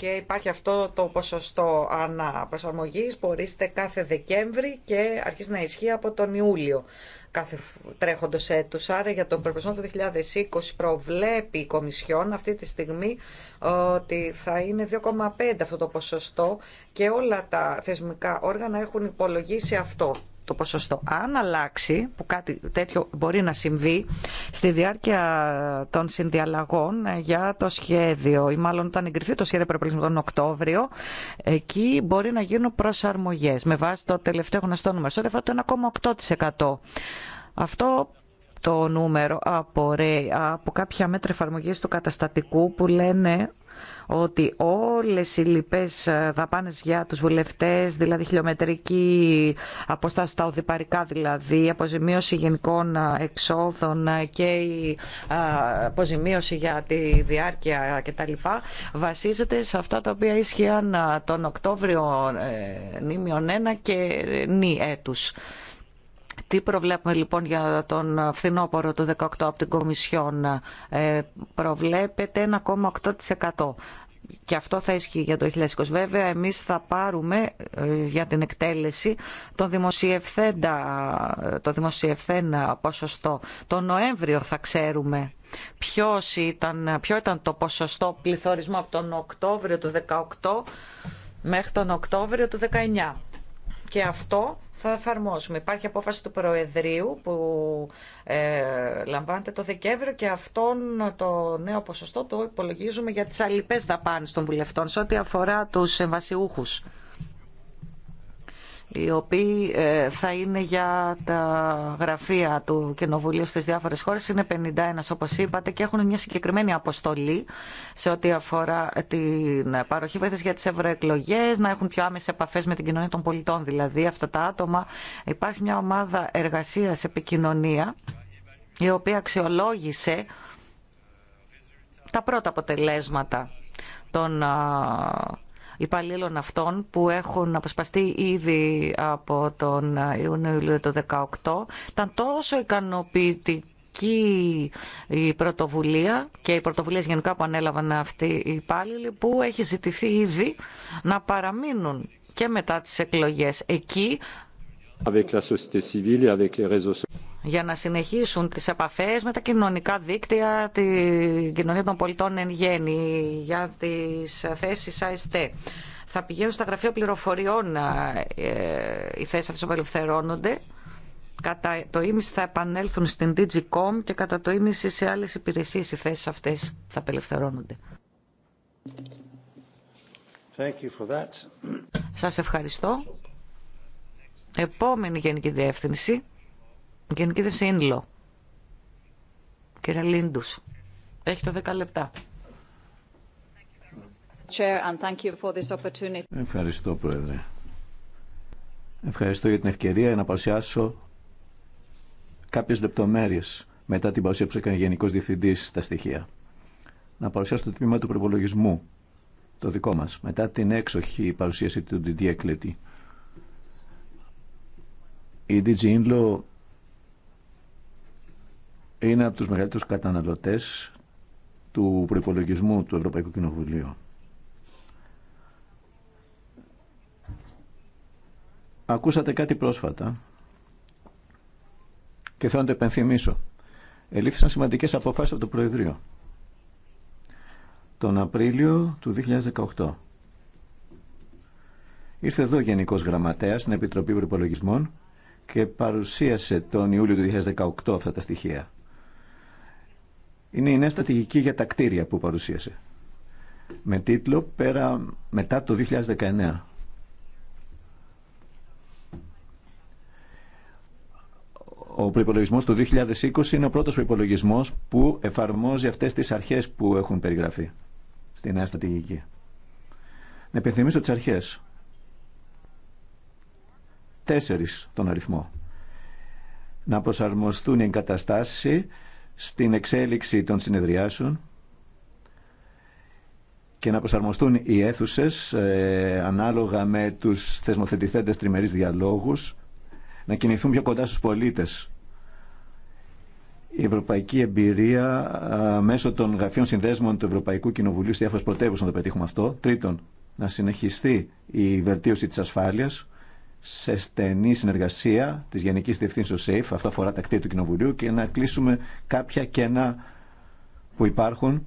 και υπάρχει αυτό το ποσοστό αναπροσαρμογής που ορίζεται κάθε Δεκέμβρη και αρχίζει να ισχύει από τον Ιούλιο κάθε τρέχοντος έτους. Άρα για τον προπλησμό του 2020 προβλέπει η Κομισιόν αυτή τη στιγμή ε, ότι θα είναι 2,5 αυτό το ποσοστό και όλα τα θεσμικά όργανα έχουν υπολογίσει αυτό το ποσοστό. Αν αλλάξει, που κάτι τέτοιο μπορεί να συμβεί, στη διάρκεια των συνδιαλλαγών ε, για το σχέδιο, ή μάλλον όταν εγκριθεί το σχέδιο περιπολισμού τον Οκτώβριο, εκεί μπορεί να γίνουν προσαρμογέ. με βάση το τελευταίο γνωστό νούμερο. Στο δεύτερο το 1,8%. Αυτό το νούμερο απορρέει από κάποια μέτρα εφαρμογή του καταστατικού που λένε ότι όλες οι λοιπές ε, δαπάνες για τους βουλευτές, δηλαδή χιλιομετρική αποστάση τα οδηπαρικά δηλαδή, αποζημίωση γενικών ε, εξόδων ε, και η αποζημίωση για τη διάρκεια κτλ. βασίζεται σε αυτά τα οποία ίσχυαν τον Οκτώβριο νήμιον 1 και νη έτους. Τι προβλέπουμε λοιπόν για τον φθινόπωρο του 18 από την Κομισιόν. Ε, προβλέπεται 1,8% και αυτό θα ισχύει για το 2020. Βέβαια, εμείς θα πάρουμε ε, για την εκτέλεση το το δημοσιευθένα ποσοστό. Το Νοέμβριο θα ξέρουμε ποιος ήταν, ποιο ήταν το ποσοστό πληθωρισμού από τον Οκτώβριο του 2018 μέχρι τον Οκτώβριο του 2019. Και αυτό θα εφαρμόσουμε. Υπάρχει απόφαση του Προεδρείου που ε, λαμβάνεται το Δεκέμβριο και αυτόν το νέο ποσοστό το υπολογίζουμε για τις αλληλεπές δαπάνες των βουλευτών σε ό,τι αφορά τους εμβασιούχους οι οποίοι ε, θα είναι για τα γραφεία του Κοινοβουλίου στις διάφορες χώρες. Είναι 51 όπως είπατε και έχουν μια συγκεκριμένη αποστολή σε ό,τι αφορά την παροχή βοήθειας για τις ευρωεκλογέ, να έχουν πιο άμεσες επαφές με την κοινωνία των πολιτών δηλαδή αυτά τα άτομα. Υπάρχει μια ομάδα εργασίας επικοινωνία η οποία αξιολόγησε τα πρώτα αποτελέσματα των υπαλλήλων αυτών που έχουν αποσπαστεί ήδη από τον Ιούνιο του 2018. Ήταν τόσο ικανοποιητική η πρωτοβουλία και οι πρωτοβουλίες γενικά που ανέλαβαν αυτοί οι υπάλληλοι που έχει ζητηθεί ήδη να παραμείνουν και μετά τις εκλογές εκεί για να συνεχίσουν τις επαφές με τα κοινωνικά δίκτυα, την κοινωνία των πολιτών εν γέννη, για τις θέσεις ΑΕΣΤΕ. Θα πηγαίνουν στα γραφεία πληροφοριών ε, οι θέσεις αυτές που απελευθερώνονται. Κατά το ίμιση θα επανέλθουν στην Digicom και κατά το ίμιση σε άλλες υπηρεσίες οι θέσεις αυτές θα απελευθερώνονται. Thank Σας ευχαριστώ. Επόμενη Γενική Διεύθυνση, Γενική Διεύθυνση Ίνλο. Κύριε Λίντους, έχετε 10 λεπτά. Ευχαριστώ, Πρόεδρε. Ευχαριστώ για την ευκαιρία να παρουσιάσω κάποιες λεπτομέρειες μετά την παρουσία που έκανε Γενικό Διευθυντή στα στοιχεία. Να παρουσιάσω το τμήμα του προπολογισμού, το δικό μας, μετά την έξοχη παρουσίαση του Didier η DG Inlo είναι από τους μεγαλύτερους καταναλωτές του προϋπολογισμού του Ευρωπαϊκού Κοινοβουλίου. Ακούσατε κάτι πρόσφατα και θέλω να το επενθυμίσω. Ελήφθησαν σημαντικές αποφάσεις από το Προεδρείο τον Απρίλιο του 2018. Ήρθε εδώ Γενικός Γραμματέας στην Επιτροπή Προπολογισμών και παρουσίασε τον Ιούλιο του 2018 αυτά τα στοιχεία. Είναι η νέα στρατηγική για τα κτίρια που παρουσίασε. Με τίτλο πέρα μετά το 2019. Ο προπολογισμό του 2020 είναι ο πρώτος προπολογισμό που εφαρμόζει αυτές τις αρχές που έχουν περιγραφεί στη νέα στρατηγική. Να υπενθυμίσω τις αρχές τέσσερις τον αριθμό. Να προσαρμοστούν οι εγκαταστάσεις στην εξέλιξη των συνεδριάσεων και να προσαρμοστούν οι αίθουσες ε, ανάλογα με τους θεσμοθετηθέντες τριμερείς διαλόγους, να κινηθούν πιο κοντά στους πολίτες. Η ευρωπαϊκή εμπειρία ε, μέσω των γραφείων συνδέσμων του Ευρωπαϊκού Κοινοβουλίου στη διάφορε να το πετύχουμε αυτό. Τρίτον, να συνεχιστεί η βελτίωση της ασφάλειας σε στενή συνεργασία τη Γενική Διευθύνσεως ΣΕΙΦ, αυτό αφορά τα κτίρια του Κοινοβουλίου, και να κλείσουμε κάποια κενά που υπάρχουν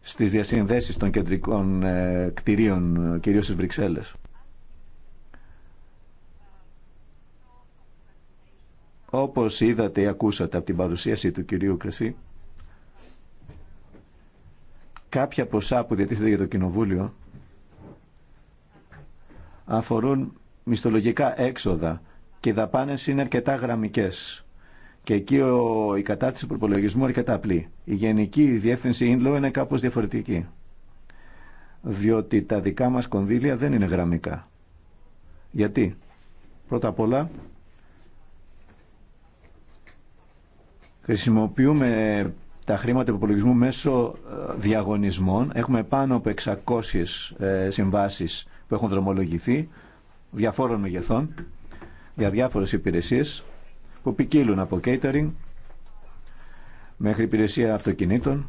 στις διασυνδέσεις των κεντρικών ε, κτηρίων, κυρίως στις Βρυξέλλες. Όπως είδατε ή ακούσατε από την παρουσίαση του κυρίου Κρεσί, κάποια ποσά που διατίθεται για το Κοινοβούλιο αφορούν μισθολογικά έξοδα και οι δαπάνε είναι αρκετά γραμμικέ. Και εκεί ο, η κατάρτιση του προπολογισμού είναι αρκετά απλή. Η γενική διεύθυνση law είναι κάπω διαφορετική. Διότι τα δικά μας κονδύλια δεν είναι γραμμικά. Γιατί. Πρώτα απ' όλα χρησιμοποιούμε τα χρήματα του υπολογισμού μέσω ε, διαγωνισμών. Έχουμε πάνω από 600 ε, συμβάσεις που έχουν δρομολογηθεί διαφόρων μεγεθών για διάφορες υπηρεσίες που ποικίλουν από catering μέχρι υπηρεσία αυτοκινήτων,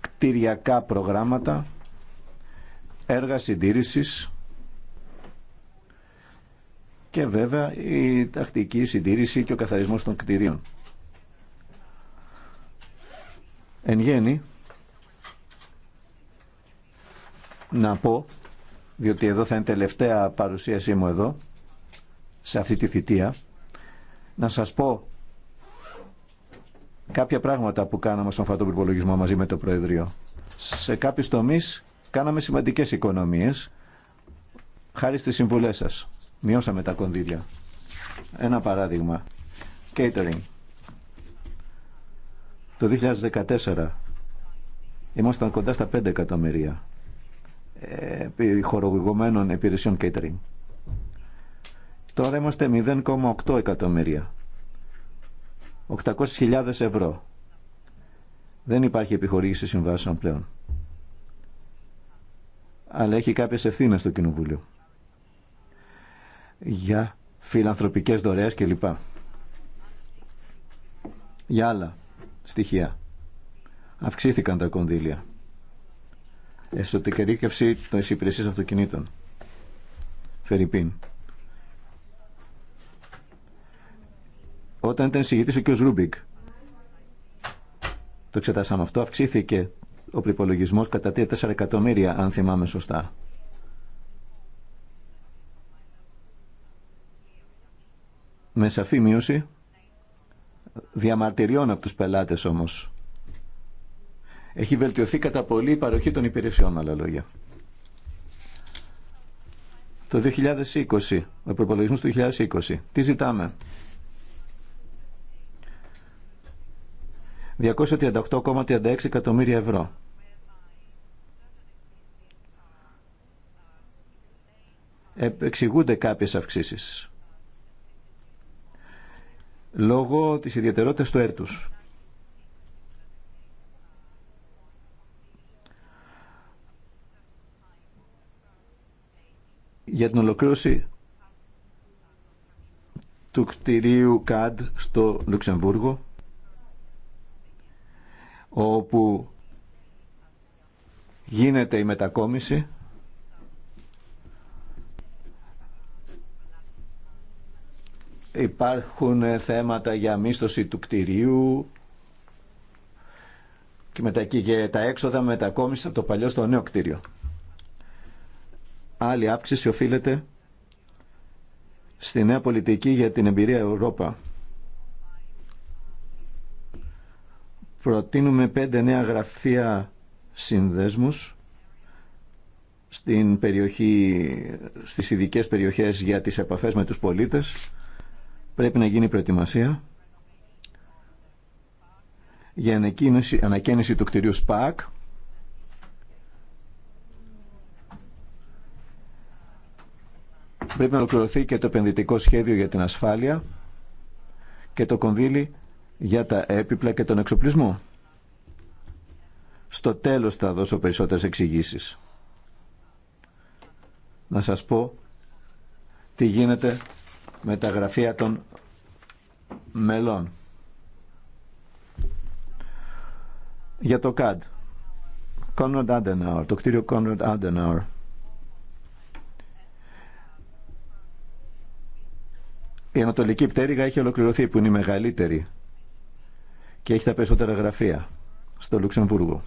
κτηριακά προγράμματα, έργα συντήρησης και βέβαια η τακτική συντήρηση και ο καθαρισμός των κτηρίων. Εν να πω, διότι εδώ θα είναι τελευταία παρουσίασή μου εδώ, σε αυτή τη θητεία, να σας πω κάποια πράγματα που κάναμε στον φατοπυρπολογισμό μαζί με το Προεδρείο. Σε κάποιους τομείς κάναμε σημαντικές οικονομίες, χάρη στις συμβουλές σας. Μειώσαμε τα κονδύλια. Ένα παράδειγμα. Catering. Το 2014 ήμασταν κοντά στα 5 εκατομμυρία χορηγουμένων υπηρεσιών catering. Τώρα είμαστε 0,8 εκατομμύρια. 800.000 ευρώ. Δεν υπάρχει επιχορήγηση συμβάσεων πλέον. Αλλά έχει κάποιες ευθύνες στο Κοινοβούλιο. Για φιλανθρωπικές δωρεές κλπ. Για άλλα στοιχεία. Αυξήθηκαν τα κονδύλια εσωτερικεύση των υπηρεσίες αυτοκινήτων. Φερρυπίν. Όταν ήταν συγγητής ο κ. Ρούμπικ, το εξετάσαμε αυτό, αυξήθηκε ο προπολογισμό κατά 3-4 εκατομμύρια, αν θυμάμαι σωστά. Με σαφή μείωση διαμαρτυριών από τους πελάτες όμως έχει βελτιωθεί κατά πολύ η παροχή των υπηρεσιών, με άλλα λόγια. Το 2020, ο προπολογισμό του 2020, τι ζητάμε. 238,36 εκατομμύρια ευρώ. εξηγούνται κάποιες αυξήσεις λόγω της ιδιαιτερότητας του έρτους. για την ολοκλήρωση του κτηρίου ΚΑΝΤ στο Λουξεμβούργο όπου γίνεται η μετακόμιση υπάρχουν θέματα για μίσθωση του κτηρίου και, μετα... και τα έξοδα μετακόμιση από το παλιό στο νέο κτίριο. Άλλη αύξηση οφείλεται στη νέα πολιτική για την εμπειρία Ευρώπα. Προτείνουμε πέντε νέα γραφεία συνδέσμους στην περιοχή, στις ειδικέ περιοχές για τις επαφές με τους πολίτες. Πρέπει να γίνει προετοιμασία για ανακαίνιση του κτηρίου ΣΠΑΚ Πρέπει να ολοκληρωθεί και το επενδυτικό σχέδιο για την ασφάλεια και το κονδύλι για τα έπιπλα και τον εξοπλισμό. Στο τέλος θα δώσω περισσότερες εξηγήσει. Να σας πω τι γίνεται με τα γραφεία των μελών. Για το CAD. Conrad το κτίριο Conrad Adenauer. Η Ανατολική Πτέρυγα έχει ολοκληρωθεί που είναι η μεγαλύτερη και έχει τα περισσότερα γραφεία στο Λουξεμβούργο.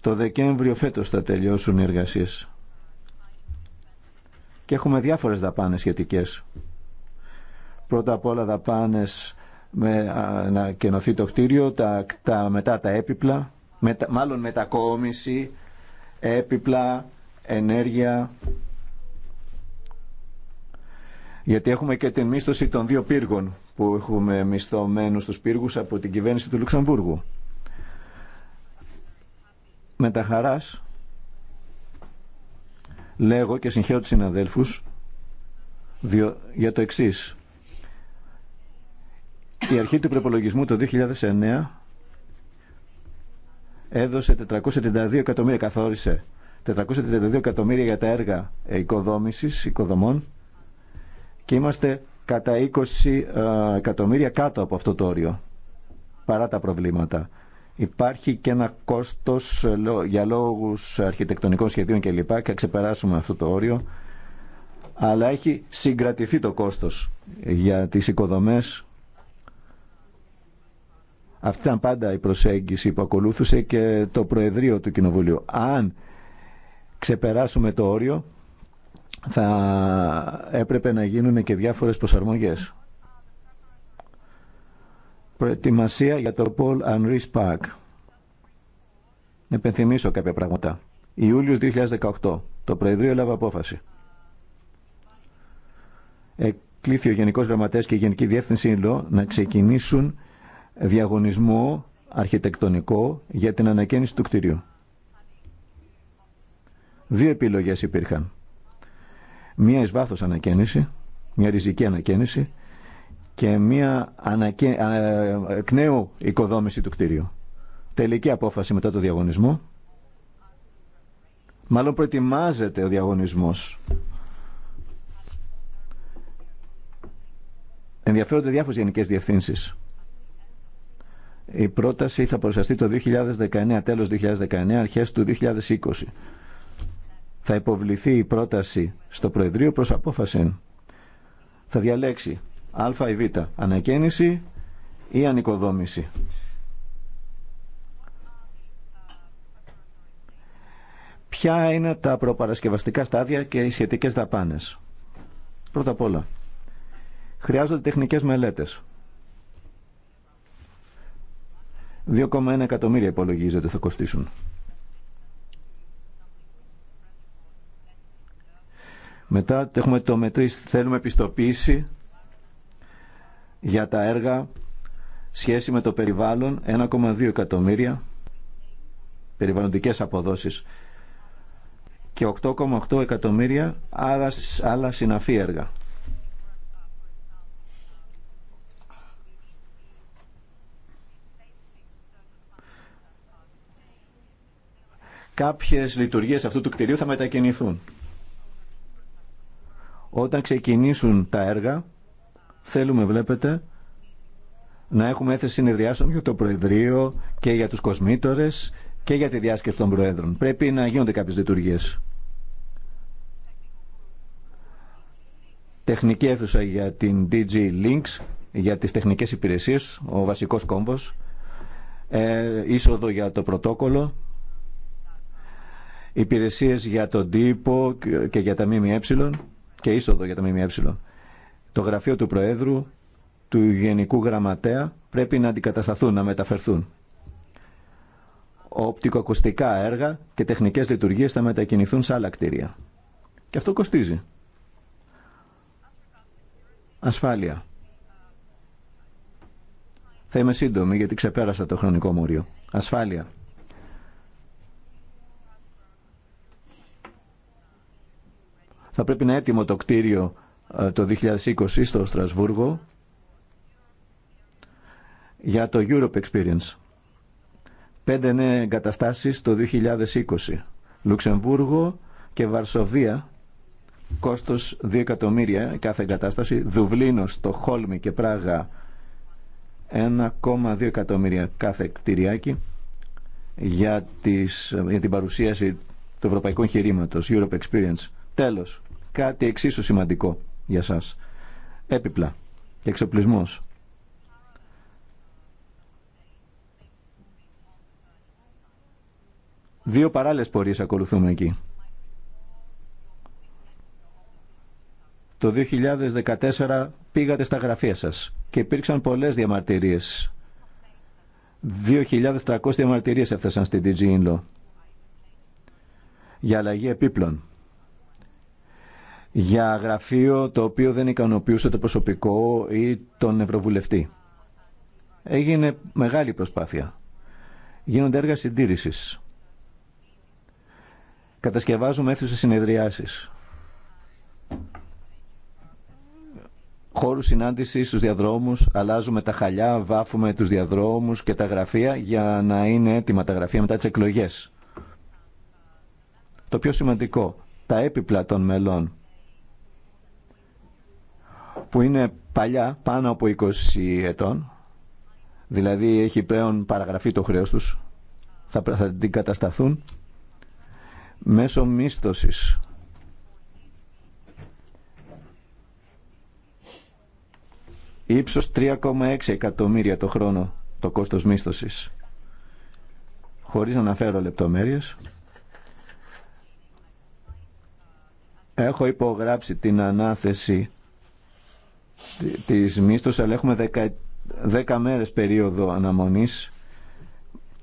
Το Δεκέμβριο φέτος θα τελειώσουν οι εργασίες. Και έχουμε διάφορες δαπάνες σχετικές. Πρώτα απ' όλα δαπάνες με, να κενωθεί το κτίριο, τα, τα, μετά τα έπιπλα, μετα, μάλλον μαλλον έπιπλα, ενέργεια, γιατί έχουμε και την μίσθωση των δύο πύργων που έχουμε μισθωμένους τους πύργους από την κυβέρνηση του Λουξεμβούργου. Με τα χαράς, λέγω και συγχαίρω τους συναδέλφους για το εξή. Η αρχή του προπολογισμού το 2009 έδωσε 432 εκατομμύρια, καθόρισε 432 εκατομμύρια για τα έργα οικοδόμησης, οικοδομών και είμαστε κατά 20 ε, εκατομμύρια κάτω από αυτό το όριο, παρά τα προβλήματα. Υπάρχει και ένα κόστος ε, για λόγους αρχιτεκτονικών σχεδίων κλπ. Και, και ξεπεράσουμε αυτό το όριο. Αλλά έχει συγκρατηθεί το κόστος για τις οικοδομές. Αυτή ήταν πάντα η προσέγγιση που ακολούθησε και το Προεδρείο του Κοινοβουλίου. Αν ξεπεράσουμε το όριο, θα έπρεπε να γίνουν και διάφορες προσαρμογές. Προετοιμασία για το Paul Henry Να Επενθυμίσω κάποια πράγματα. Ιούλιος 2018. Το Προεδρείο έλαβε απόφαση. Εκλήθη ο Γενικός Γραμματέας και η Γενική Διεύθυνση ΙΛΟ να ξεκινήσουν διαγωνισμό αρχιτεκτονικό για την ανακαίνιση του κτηρίου. Δύο επιλογές υπήρχαν μία εις βάθος ανακαίνιση, μία ριζική ανακαίνιση και μία εκ νέου οικοδόμηση του κτίριου. Τελική απόφαση μετά το διαγωνισμό. Μάλλον προετοιμάζεται ο διαγωνισμός. Ενδιαφέρονται διάφορες γενικές διευθύνσεις. Η πρόταση θα παρουσιαστεί το 2019, τέλος 2019, αρχές του 2020 θα υποβληθεί η πρόταση στο Προεδρείο προς απόφαση. Θα διαλέξει α ή β, ανακαίνιση ή ανοικοδόμηση. Ποια είναι τα προπαρασκευαστικά στάδια και οι σχετικές δαπάνες. Πρώτα απ' όλα, χρειάζονται τεχνικές μελέτες. 2,1 εκατομμύρια υπολογίζεται θα κοστίσουν. Μετά έχουμε το μετρήσει, θέλουμε επιστοποίηση για τα έργα σχέση με το περιβάλλον 1,2 εκατομμύρια περιβαλλοντικές αποδόσεις και 8,8 εκατομμύρια άλλα, άλλα συναφή έργα. Κάποιες λειτουργίες αυτού του κτηρίου θα μετακινηθούν. Όταν ξεκινήσουν τα έργα, θέλουμε, βλέπετε, να έχουμε έθεση συνεδριάσεων για το Προεδρείο και για τους κοσμήτορες και για τη διάσκεψη των Προέδρων. Πρέπει να γίνονται κάποιες λειτουργίες. Τεχνική αίθουσα για την DG Links, για τις τεχνικές υπηρεσίες, ο βασικός κόμβος, ε, είσοδο για το πρωτόκολλο, υπηρεσίες για τον τύπο και για τα ΜΜΕ, και είσοδο για τα ΜΜΕ. Το γραφείο του Προέδρου, του Γενικού Γραμματέα πρέπει να αντικατασταθούν, να μεταφερθούν. Οπτικοακουστικά έργα και τεχνικές λειτουργίες θα μετακινηθούν σε άλλα κτίρια. Και αυτό κοστίζει. Ασφάλεια. Θα είμαι σύντομη γιατί ξεπέρασα το χρονικό μόριο. Ασφάλεια. Θα πρέπει να έτοιμο το κτίριο ε, το 2020 στο Στρασβούργο για το Europe Experience. Πέντε νέα εγκαταστάσεις το 2020. Λουξεμβούργο και Βαρσοβία, κόστος 2 εκατομμύρια κάθε εγκατάσταση. Δουβλίνο, Χόλμη και Πράγα, 1,2 εκατομμύρια κάθε κτηριάκι για, τις, για την παρουσίαση του ευρωπαϊκού εγχειρήματο Europe Experience. Τέλος, κάτι εξίσου σημαντικό για σας. Έπιπλα. Εξοπλισμός. Δύο παράλληλες πορείες ακολουθούμε εκεί. Το 2014 πήγατε στα γραφεία σας και υπήρξαν πολλές διαμαρτυρίες. 2.300 διαμαρτυρίες έφτασαν στην DG Inlo για αλλαγή επίπλων για γραφείο το οποίο δεν ικανοποιούσε το προσωπικό ή τον Ευρωβουλευτή. Έγινε μεγάλη προσπάθεια. Γίνονται έργα συντήρησης. Κατασκευάζουμε αίθουσε συνεδριάσεις. χώρους συνάντησης στους διαδρόμους, αλλάζουμε τα χαλιά, βάφουμε τους διαδρόμους και τα γραφεία για να είναι έτοιμα τα γραφεία μετά τις εκλογές. Το πιο σημαντικό, τα έπιπλα των μελών που είναι παλιά, πάνω από 20 ετών, δηλαδή έχει πλέον παραγραφεί το χρέος τους, θα, θα την κατασταθούν μέσω μίσθωσης. Ύψος 3,6 εκατομμύρια το χρόνο το κόστος μίσθωσης. Χωρίς να αναφέρω λεπτομέρειες. Έχω υπογράψει την ανάθεση της μίστος αλλά έχουμε 10, μέρες περίοδο αναμονής.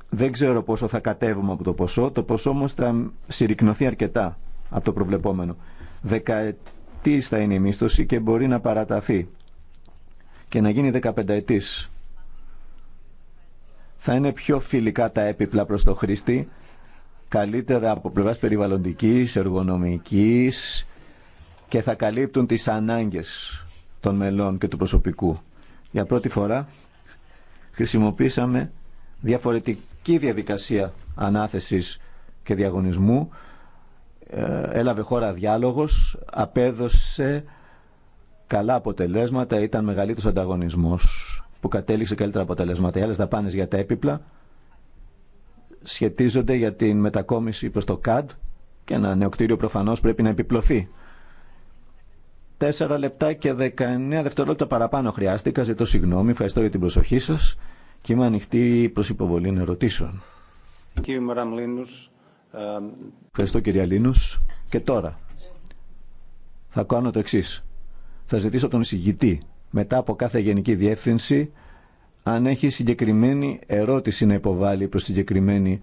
Δεν ξέρω πόσο θα κατέβουμε από το ποσό, το ποσό όμως θα συρρυκνωθεί αρκετά από το προβλεπόμενο. Δεκαετής θα είναι η μίστοση και μπορεί να παραταθεί και να γίνει δεκαπενταετής Θα είναι πιο φιλικά τα έπιπλα προς το χρήστη, καλύτερα από πλευράς περιβαλλοντικής, εργονομικής και θα καλύπτουν τις ανάγκες των μελών και του προσωπικού. Για πρώτη φορά χρησιμοποίησαμε διαφορετική διαδικασία ανάθεσης και διαγωνισμού. Ε, έλαβε χώρα διάλογος, απέδωσε καλά αποτελέσματα, ήταν μεγαλύτερος ανταγωνισμός που κατέληξε καλύτερα αποτελέσματα. Οι άλλες δαπάνες για τα έπιπλα σχετίζονται για την μετακόμιση προς το ΚΑΔ και ένα νεοκτήριο προφανώς πρέπει να επιπλωθεί. 4 λεπτά και 19 δευτερόλεπτα παραπάνω χρειάστηκα. Ζητώ συγγνώμη. Ευχαριστώ για την προσοχή σα και είμαι ανοιχτή προ υποβολή ερωτήσεων. Um, ευχαριστώ κύριε Λίνου. Και τώρα θα κάνω το εξή. Θα ζητήσω τον εισηγητή μετά από κάθε γενική διεύθυνση αν έχει συγκεκριμένη ερώτηση να υποβάλει προς συγκεκριμένη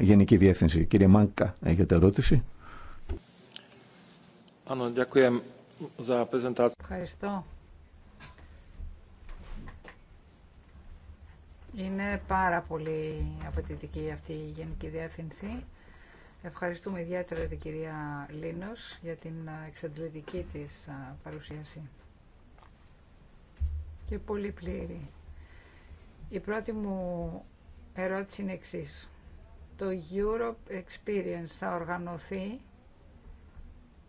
γενική διεύθυνση. Κύριε Μάνκα, έχετε ερώτηση. Ano, Ευχαριστώ. Είναι πάρα πολύ απαιτητική αυτή η Γενική Διεύθυνση. Ευχαριστούμε ιδιαίτερα την κυρία Λίνος για την εξαντλητική της παρουσίαση. Και πολύ πλήρη. Η πρώτη μου ερώτηση είναι εξής. Το Europe Experience θα οργανωθεί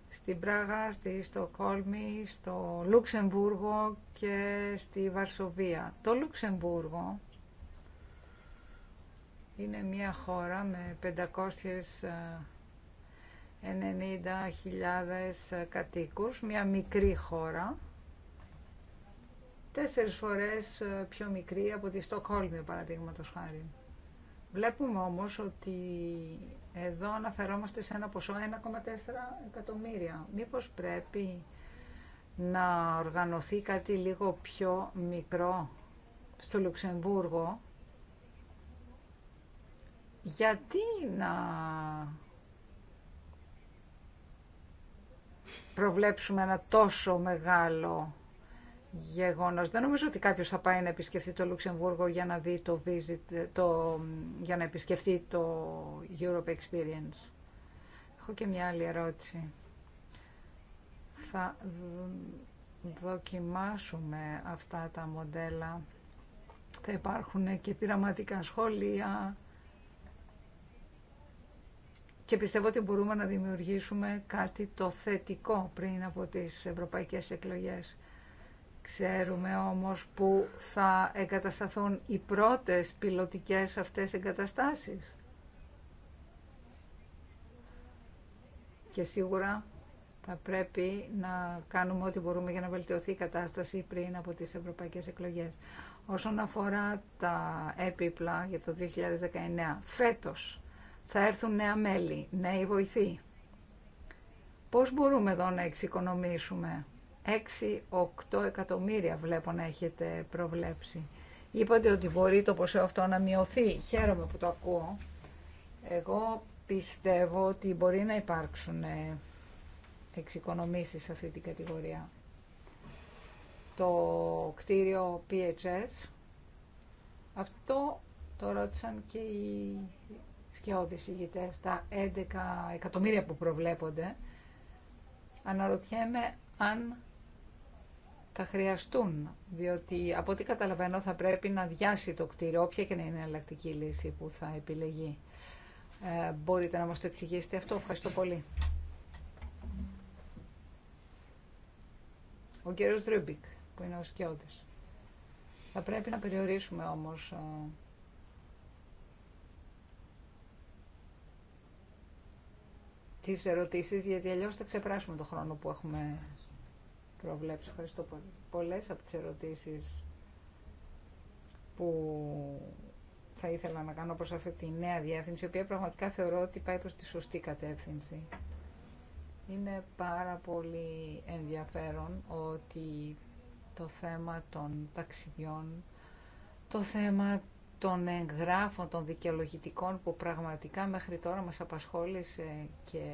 στην Πράγα, στη Στοκόλμη, στο Λουξεμβούργο και στη Βαρσοβία. Το Λουξεμβούργο είναι μια χώρα με 590.000 κατοίκους, μια μικρή χώρα, τέσσερις φορές πιο μικρή από τη Στοκόλμη, παραδείγματος χάρη. Βλέπουμε όμως ότι εδώ αναφερόμαστε σε ένα ποσό 1,4 εκατομμύρια. Μήπως πρέπει να οργανωθεί κάτι λίγο πιο μικρό στο Λουξεμβούργο. Γιατί να προβλέψουμε ένα τόσο μεγάλο γεγονός. Δεν νομίζω ότι κάποιος θα πάει να επισκεφτεί το Λουξεμβούργο για να, δει το visit, για να επισκεφτεί το Europe Experience. Έχω και μια άλλη ερώτηση. Θα δοκιμάσουμε αυτά τα μοντέλα. Θα υπάρχουν και πειραματικά σχόλια και πιστεύω ότι μπορούμε να δημιουργήσουμε κάτι το θετικό πριν από τις ευρωπαϊκές εκλογές. Ξέρουμε όμως που θα εγκατασταθούν οι πρώτες πιλωτικές αυτές εγκαταστάσεις. Και σίγουρα θα πρέπει να κάνουμε ό,τι μπορούμε για να βελτιωθεί η κατάσταση πριν από τις ευρωπαϊκές εκλογές. Όσον αφορά τα έπιπλα για το 2019, φέτος θα έρθουν νέα μέλη, νέοι βοηθοί. Πώς μπορούμε εδώ να εξοικονομήσουμε 6-8 εκατομμύρια βλέπω να έχετε προβλέψει. Είπατε ότι μπορεί το ποσό αυτό να μειωθεί. Χαίρομαι που το ακούω. Εγώ πιστεύω ότι μπορεί να υπάρξουν ε, εξοικονομήσεις σε αυτή την κατηγορία. Το κτίριο PHS, αυτό το ρώτησαν και οι σκιώδεις ηγητές, τα 11 εκατομμύρια που προβλέπονται. Αναρωτιέμαι αν θα χρειαστούν, διότι από ό,τι καταλαβαίνω θα πρέπει να διάσει το κτίριο, όποια και να είναι η εναλλακτική λύση που θα επιλεγεί. Ε, μπορείτε να μας το εξηγήσετε αυτό. Ευχαριστώ πολύ. Ο κύριος Ρούμπικ, που είναι ο σκιώδης. Θα πρέπει να περιορίσουμε όμως ε, τις ερωτήσεις, γιατί αλλιώς θα ξεπράσουμε το χρόνο που έχουμε προβλέψει. Ευχαριστώ πολύ. Πολλές από τις ερωτήσεις που θα ήθελα να κάνω προς αυτή τη νέα διεύθυνση, η οποία πραγματικά θεωρώ ότι πάει προς τη σωστή κατεύθυνση. Είναι πάρα πολύ ενδιαφέρον ότι το θέμα των ταξιδιών, το θέμα των εγγράφων, των δικαιολογητικών που πραγματικά μέχρι τώρα μας απασχόλησε και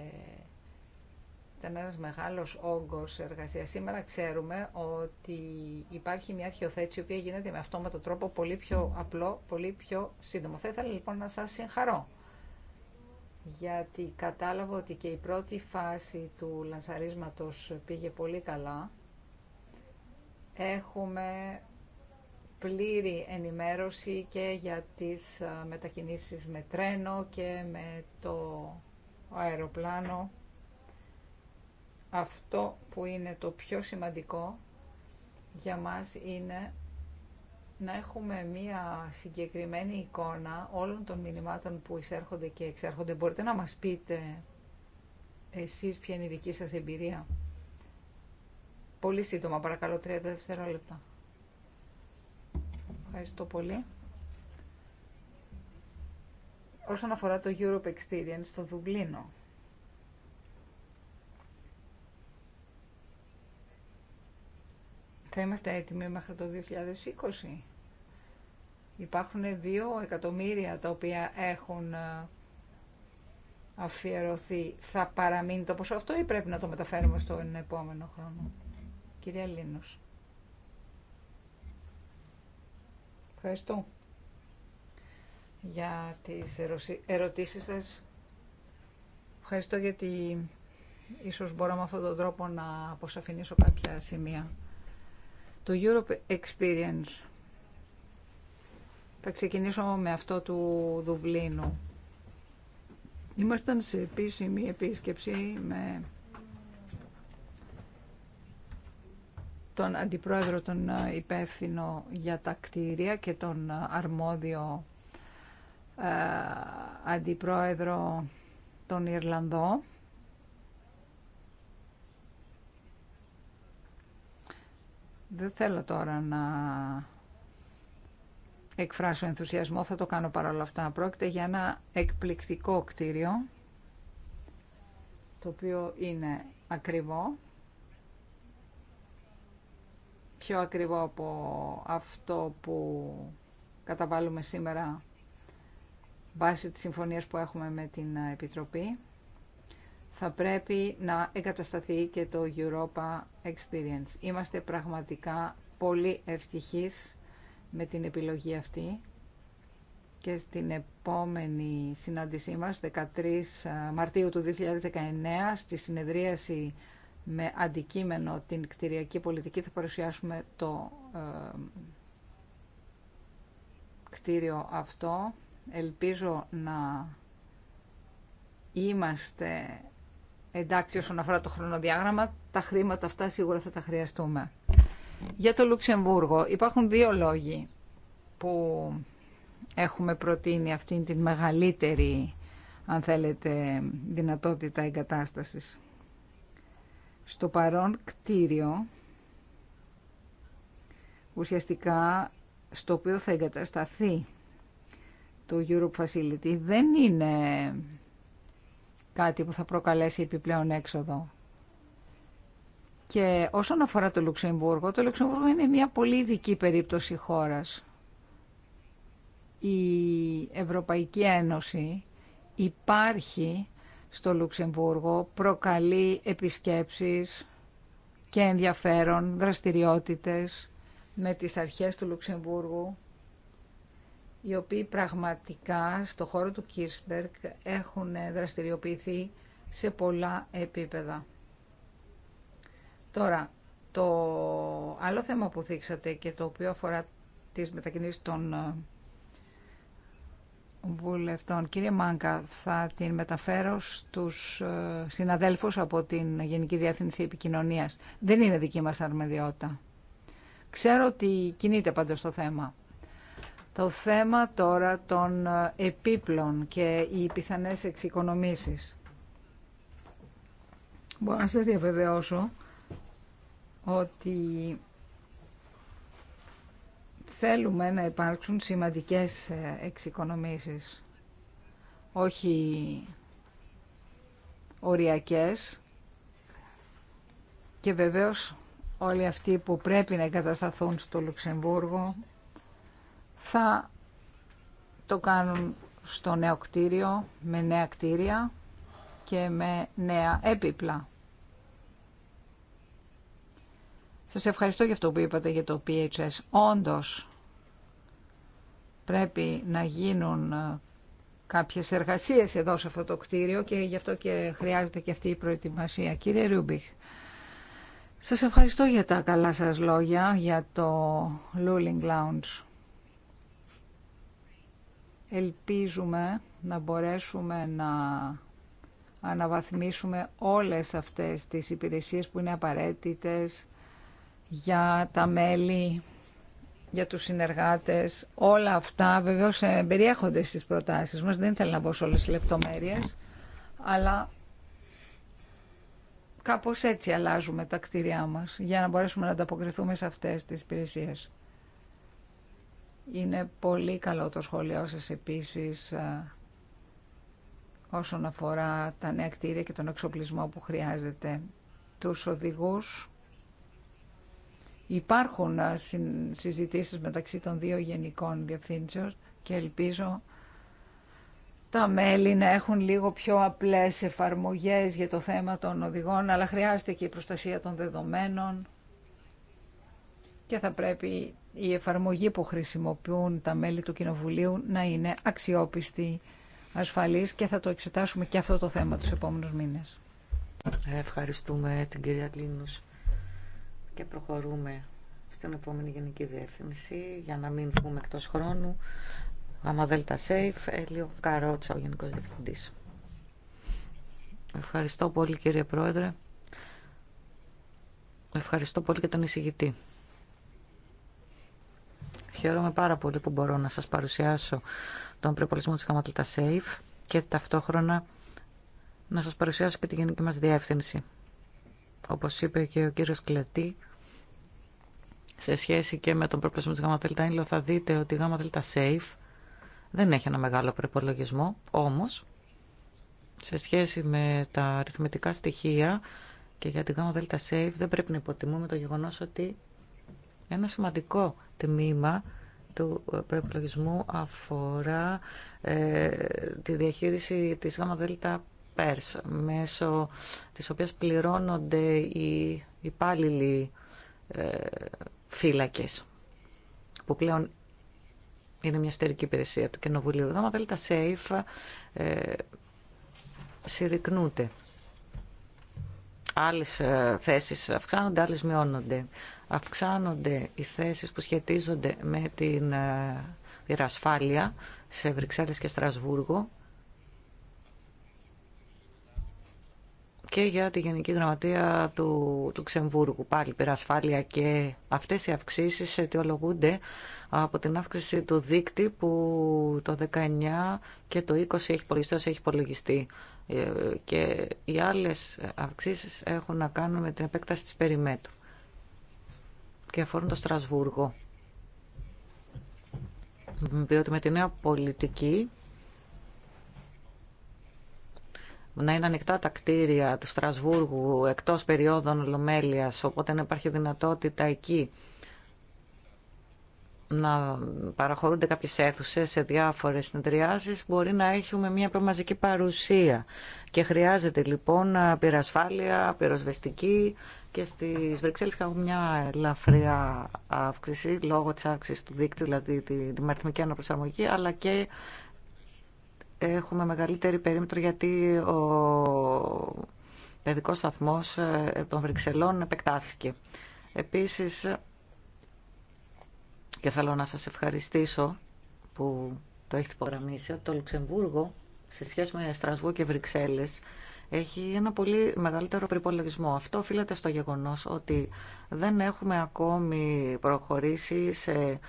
ήταν ένας μεγάλος όγκος εργασίας. Σήμερα ξέρουμε ότι υπάρχει μια αρχιοθέτηση η οποία γίνεται με αυτόματο τρόπο πολύ πιο απλό, πολύ πιο σύντομο. Θα ήθελα λοιπόν να σας συγχαρώ γιατί κατάλαβα ότι και η πρώτη φάση του λανσαρίσματος πήγε πολύ καλά. Έχουμε πλήρη ενημέρωση και για τις ε, μετακινήσεις με τρένο και με το αεροπλάνο αυτό που είναι το πιο σημαντικό για μας είναι να έχουμε μία συγκεκριμένη εικόνα όλων των μηνυμάτων που εισέρχονται και εξέρχονται. Μπορείτε να μας πείτε εσείς ποια είναι η δική σας εμπειρία. Πολύ σύντομα, παρακαλώ, 30 δευτερόλεπτα. Ευχαριστώ πολύ. Όσον αφορά το Europe Experience στο Δουβλίνο, Θα είμαστε έτοιμοι μέχρι το 2020. Υπάρχουν δύο εκατομμύρια τα οποία έχουν ε, αφιερωθεί. Θα παραμείνει το ποσό αυτό ή πρέπει να το μεταφέρουμε στον επόμενο χρόνο. Κυρία Λίνος. Ευχαριστώ για τις ερωτήσεις σας. Ευχαριστώ γιατί ίσως μπορώ με αυτόν τον τρόπο να αποσαφηνίσω κάποια σημεία το Europe Experience. Θα ξεκινήσω με αυτό του Δουβλίνου. Ήμασταν σε επίσημη επίσκεψη με τον αντιπρόεδρο, τον ε, υπεύθυνο για τα κτίρια και τον ε, αρμόδιο ε, αντιπρόεδρο τον Ιρλανδό Δεν θέλω τώρα να εκφράσω ενθουσιασμό, θα το κάνω παρόλα αυτά. Πρόκειται για ένα εκπληκτικό κτίριο, το οποίο είναι ακριβό, πιο ακριβό από αυτό που καταβάλουμε σήμερα βάσει της συμφωνίας που έχουμε με την Επιτροπή θα πρέπει να εγκατασταθεί και το Europa Experience. Είμαστε πραγματικά πολύ ευτυχείς με την επιλογή αυτή και στην επόμενη συνάντησή μας, 13 ε, Μαρτίου του 2019, στη συνεδρίαση με αντικείμενο την κτηριακή πολιτική, θα παρουσιάσουμε το ε, κτίριο αυτό. Ελπίζω να είμαστε εντάξει όσον αφορά το χρονοδιάγραμμα, τα χρήματα αυτά σίγουρα θα τα χρειαστούμε. Για το Λουξεμβούργο υπάρχουν δύο λόγοι που έχουμε προτείνει αυτήν την μεγαλύτερη, αν θέλετε, δυνατότητα εγκατάστασης. Στο παρόν κτίριο, ουσιαστικά στο οποίο θα εγκατασταθεί το Europe Facility, δεν είναι κάτι που θα προκαλέσει επιπλέον έξοδο. Και όσον αφορά το Λουξεμβούργο, το Λουξεμβούργο είναι μια πολύ ειδική περίπτωση χώρας. Η Ευρωπαϊκή Ένωση υπάρχει στο Λουξεμβούργο, προκαλεί επισκέψεις και ενδιαφέρον, δραστηριότητες με τις αρχές του Λουξεμβούργου οι οποίοι πραγματικά στο χώρο του Κίρσμπεργκ έχουν δραστηριοποιηθεί σε πολλά επίπεδα. Τώρα, το άλλο θέμα που δείξατε και το οποίο αφορά τις μετακινήσεις των ε, βουλευτών. Κύριε Μάνκα, θα την μεταφέρω στους ε, συναδέλφους από την Γενική Διεύθυνση Επικοινωνίας. Δεν είναι δική μας αρμεδιότητα. Ξέρω ότι κινείται πάντως το θέμα. Το θέμα τώρα των ε, επίπλων και οι πιθανές εξοικονομήσεις. Μπορώ να σας διαβεβαιώσω ότι θέλουμε να υπάρξουν σημαντικές ε, εξοικονομήσεις. Όχι οριακές και βεβαίως όλοι αυτοί που πρέπει να εγκατασταθούν στο Λουξεμβούργο θα το κάνουν στο νέο κτίριο, με νέα κτίρια και με νέα έπιπλα. Σας ευχαριστώ για αυτό που είπατε για το PHS. Όντως, πρέπει να γίνουν ε, κάποιες εργασίες εδώ σε αυτό το κτίριο και γι' αυτό και χρειάζεται και αυτή η προετοιμασία. Κύριε Ρούμπιχ, σας ευχαριστώ για τα καλά σας λόγια για το Luling Lounge. Ελπίζουμε να μπορέσουμε να αναβαθμίσουμε όλες αυτές τις υπηρεσίες που είναι απαραίτητες για τα μέλη, για τους συνεργάτες. Όλα αυτά βεβαίως περιέχονται στις προτάσεις μας. Δεν θέλω να μπω σε όλες τις λεπτομέρειες, αλλά κάπως έτσι αλλάζουμε τα κτίρια μας για να μπορέσουμε να ανταποκριθούμε σε αυτές τις υπηρεσίες. Είναι πολύ καλό το σχόλιο σας επίσης ε, όσον αφορά τα νέα κτίρια και τον εξοπλισμό που χρειάζεται. Τους οδηγούς υπάρχουν ε, συζητήσεις μεταξύ των δύο γενικών διευθύνσεων και ελπίζω τα μέλη να έχουν λίγο πιο απλές εφαρμογές για το θέμα των οδηγών, αλλά χρειάζεται και η προστασία των δεδομένων και θα πρέπει η εφαρμογή που χρησιμοποιούν τα μέλη του Κοινοβουλίου να είναι αξιόπιστη, ασφαλής και θα το εξετάσουμε και αυτό το θέμα τους επόμενους μήνες. Ευχαριστούμε την κυρία Κλίνους και προχωρούμε στην επόμενη Γενική Διεύθυνση για να μην βγούμε εκτός χρόνου. Γάμα Δέλτα Σέιφ, Έλιο Καρότσα, ο Γενικός Διευθυντής. Ευχαριστώ πολύ κύριε Πρόεδρε. Ευχαριστώ πολύ και τον εισηγητή. Χαίρομαι πάρα πολύ που μπορώ να σας παρουσιάσω τον προπολισμό της Χαμάτλητα Safe και ταυτόχρονα να σας παρουσιάσω και τη γενική μας διεύθυνση. Όπως είπε και ο κύριος Κλετή, σε σχέση και με τον προπολισμό της ΓΑΜΑΤΛΤΑ ήλιο θα δείτε ότι η ΓΑΜΑΤΛΤΑ Safe δεν έχει ένα μεγάλο προπολογισμό, όμως σε σχέση με τα αριθμητικά στοιχεία και για τη ΓΔ δεν πρέπει να υποτιμούμε το γεγονός ότι ένα σημαντικό τμήμα του ε, προπολογισμού αφορά ε, τη διαχείριση της ΓΔ ΠΕΡΣ, μέσω της οποίας πληρώνονται οι υπάλληλοι ε, φύλακες, που πλέον είναι μια εσωτερική υπηρεσία του Κοινοβουλίου. Η ΓΔ ΣΕΙΦ ε, συρρυκνούνται Άλλες ε, θέσεις αυξάνονται, άλλες μειώνονται. Αυξάνονται οι θέσεις που σχετίζονται με την ε, πυρασφάλεια σε Βρυξέλλες και Στρασβούργο και για τη Γενική Γραμματεία του, του Ξεμβούργου. Πάλι πυρασφάλεια και αυτές οι αυξήσεις αιτιολογούνται από την αύξηση του δίκτυ που το 19 και το 20 έχει έχει υπολογιστεί ε, και οι άλλες αυξήσεις έχουν να κάνουν με την επέκταση της περιμέτρου και αφορούν το Στρασβούργο. Διότι με τη νέα πολιτική να είναι ανοιχτά τα κτίρια του Στρασβούργου εκτός περιόδων Λομέλειας, οπότε να υπάρχει δυνατότητα εκεί να παραχωρούνται κάποιες αίθουσε σε διάφορες συνεδριάσεις μπορεί να έχουμε μια πιο μαζική παρουσία και χρειάζεται λοιπόν πυρασφάλεια, πυροσβεστική και στις Βρυξέλλες έχουμε μια ελαφριά αύξηση λόγω της αύξησης του δίκτυου, δηλαδή τη μαριθμική αναπροσαρμογή αλλά και έχουμε μεγαλύτερη περίμετρο γιατί ο παιδικός σταθμός ε, των Βρυξελών επεκτάθηκε. Επίσης, και θέλω να σας ευχαριστήσω που το έχετε υπογραμμίσει, το Λουξεμβούργο σε σχέση με Στρασβού και Βρυξέλλες έχει ένα πολύ μεγαλύτερο προπολογισμό. Αυτό οφείλεται στο γεγονός ότι δεν έχουμε ακόμη προχωρήσει σε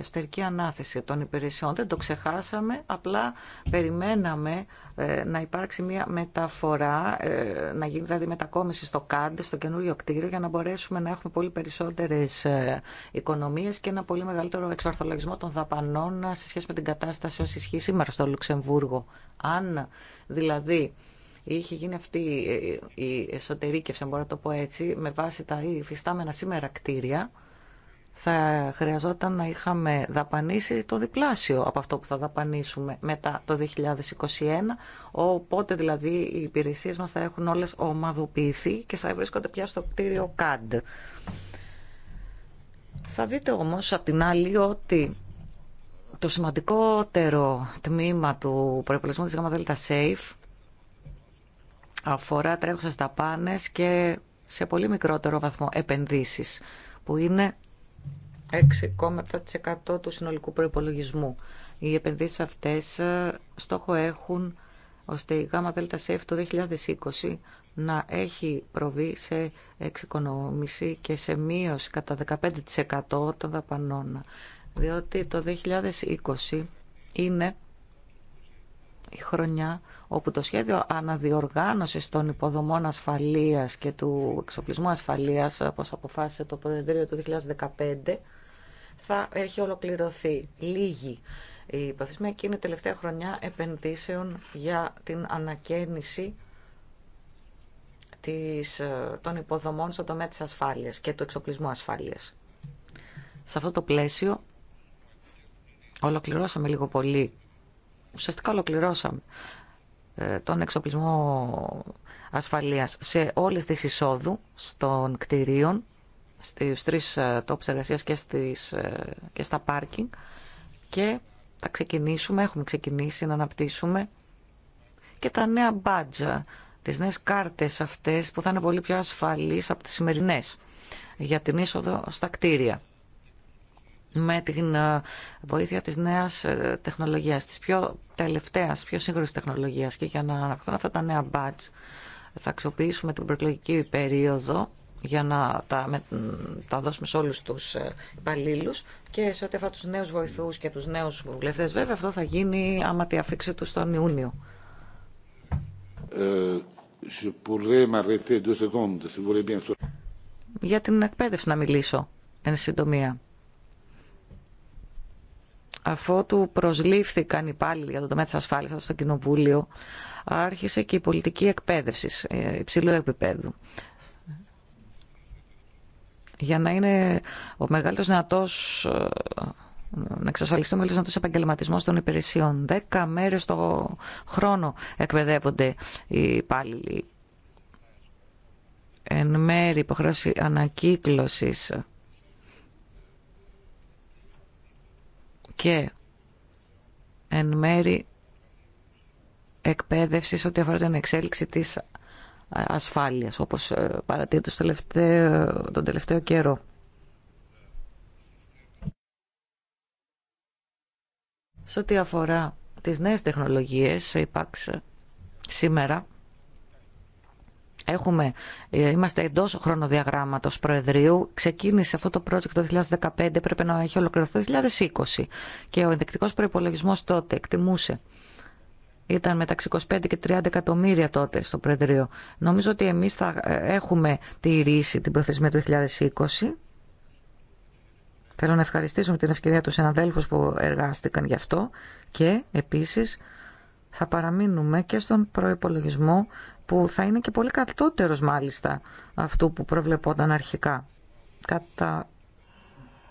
στερική ανάθεση των υπηρεσιών. Δεν το ξεχάσαμε, απλά περιμέναμε ε, να υπάρξει μια μεταφορά, ε, να γίνει δηλαδή μετακόμιση στο ΚΑΝΤ, στο καινούριο κτίριο, για να μπορέσουμε να έχουμε πολύ περισσότερες ε, οικονομίες και ένα πολύ μεγαλύτερο εξορθολογισμό των δαπανών σε σχέση με την κατάσταση ως ισχύει σήμερα στο Λουξεμβούργο. Αν δηλαδή είχε γίνει αυτή η εσωτερήκευση, αν μπορώ να το πω έτσι, με βάση τα υφιστάμενα σήμερα κτίρια, θα χρειαζόταν να είχαμε δαπανίσει το διπλάσιο από αυτό που θα δαπανίσουμε μετά το 2021, οπότε δηλαδή οι υπηρεσίες μας θα έχουν όλες ομαδοποιηθεί και θα βρίσκονται πια στο κτίριο CAD. Θα δείτε όμως απ' την άλλη ότι το σημαντικότερο τμήμα του προϋπολογισμού της αφορά τρέχουσες ταπάνες και σε πολύ μικρότερο βαθμό επενδύσεις, που είναι 6,7% του συνολικού προϋπολογισμού. Οι επενδύσεις αυτές ε, στόχο έχουν ώστε η ΓΑΜΑ το 2020 να έχει προβεί σε εξοικονόμηση και σε μείωση κατά 15% των δαπανών. Διότι το 2020 είναι η χρονιά όπου το σχέδιο αναδιοργάνωσης των υποδομών ασφαλείας και του εξοπλισμού ασφαλείας, όπως αποφάσισε το Προεδρείο του 2015, θα έχει ολοκληρωθεί. Λίγη η υποθεσμία και είναι η τελευταία χρονιά επενδύσεων για την ανακαίνιση της, ε, των υποδομών στον τομέα της ασφάλειας και του εξοπλισμού ασφάλειας. Σε αυτό το πλαίσιο ολοκληρώσαμε λίγο πολύ ουσιαστικά ολοκληρώσαμε ε, τον εξοπλισμό ασφαλείας σε όλες τις εισόδου των κτηρίων, στις τρεις ε, τόπους εργασίας και, στις, ε, και στα πάρκινγκ και θα ξεκινήσουμε, έχουμε ξεκινήσει να αναπτύσσουμε και τα νέα μπάντζα, τις νέες κάρτες αυτές που θα είναι πολύ πιο ασφαλείς από τις σημερινές για την είσοδο στα κτίρια με την ε, βοήθεια της νέας ε, τεχνολογίας, της πιο τελευταίας, πιο σύγχρονης τεχνολογίας και για να αναφερθούν αυτά τα νέα badge θα αξιοποιήσουμε την προεκλογική περίοδο για να τα, τα δώσουμε σε όλους τους ε, υπαλλήλου και σε ό,τι αφορά τους νέους βοηθούς και τους νέους βουλευτές βέβαια αυτό θα γίνει άμα τη αφήξη του τον Ιούνιο. για την εκπαίδευση να μιλήσω εν συντομία αφότου προσλήφθηκαν υπάλληλοι για το τομέα της ασφάλειας στο Κοινοβούλιο, άρχισε και η πολιτική εκπαίδευση ε, υψηλού επίπεδου. Για να είναι ο μεγαλύτερος δυνατό. Ε, να εξασφαλιστεί ο μεγαλύτερο δυνατό επαγγελματισμό των υπηρεσιών. Δέκα μέρε το χρόνο εκπαιδεύονται οι υπάλληλοι. Εν μέρη υποχρέωση ανακύκλωση. και εν μέρη εκπαίδευση ό,τι αφορά την εξέλιξη της ασφάλειας, όπως ε, παρατηρείται τον τελευταίο, τελευταίο καιρό. Σε ό,τι αφορά τις νέες τεχνολογίες, υπάρξε σήμερα Έχουμε, ε, είμαστε εντό χρονοδιαγράμματο Προεδρείου. Ξεκίνησε αυτό το project το 2015, πρέπει να έχει ολοκληρωθεί το 2020. Και ο ενδεικτικό προπολογισμό τότε εκτιμούσε ήταν μεταξύ 25 και 30 εκατομμύρια τότε στο Προεδρείο. Νομίζω ότι εμείς θα ε, έχουμε τη ρίση την προθεσμία του 2020. Θέλω να ευχαριστήσω με την ευκαιρία του συναδέλφου που εργάστηκαν γι' αυτό και επίσης θα παραμείνουμε και στον προϋπολογισμό που θα είναι και πολύ κατώτερος μάλιστα αυτού που προβλεπόταν αρχικά. Κατά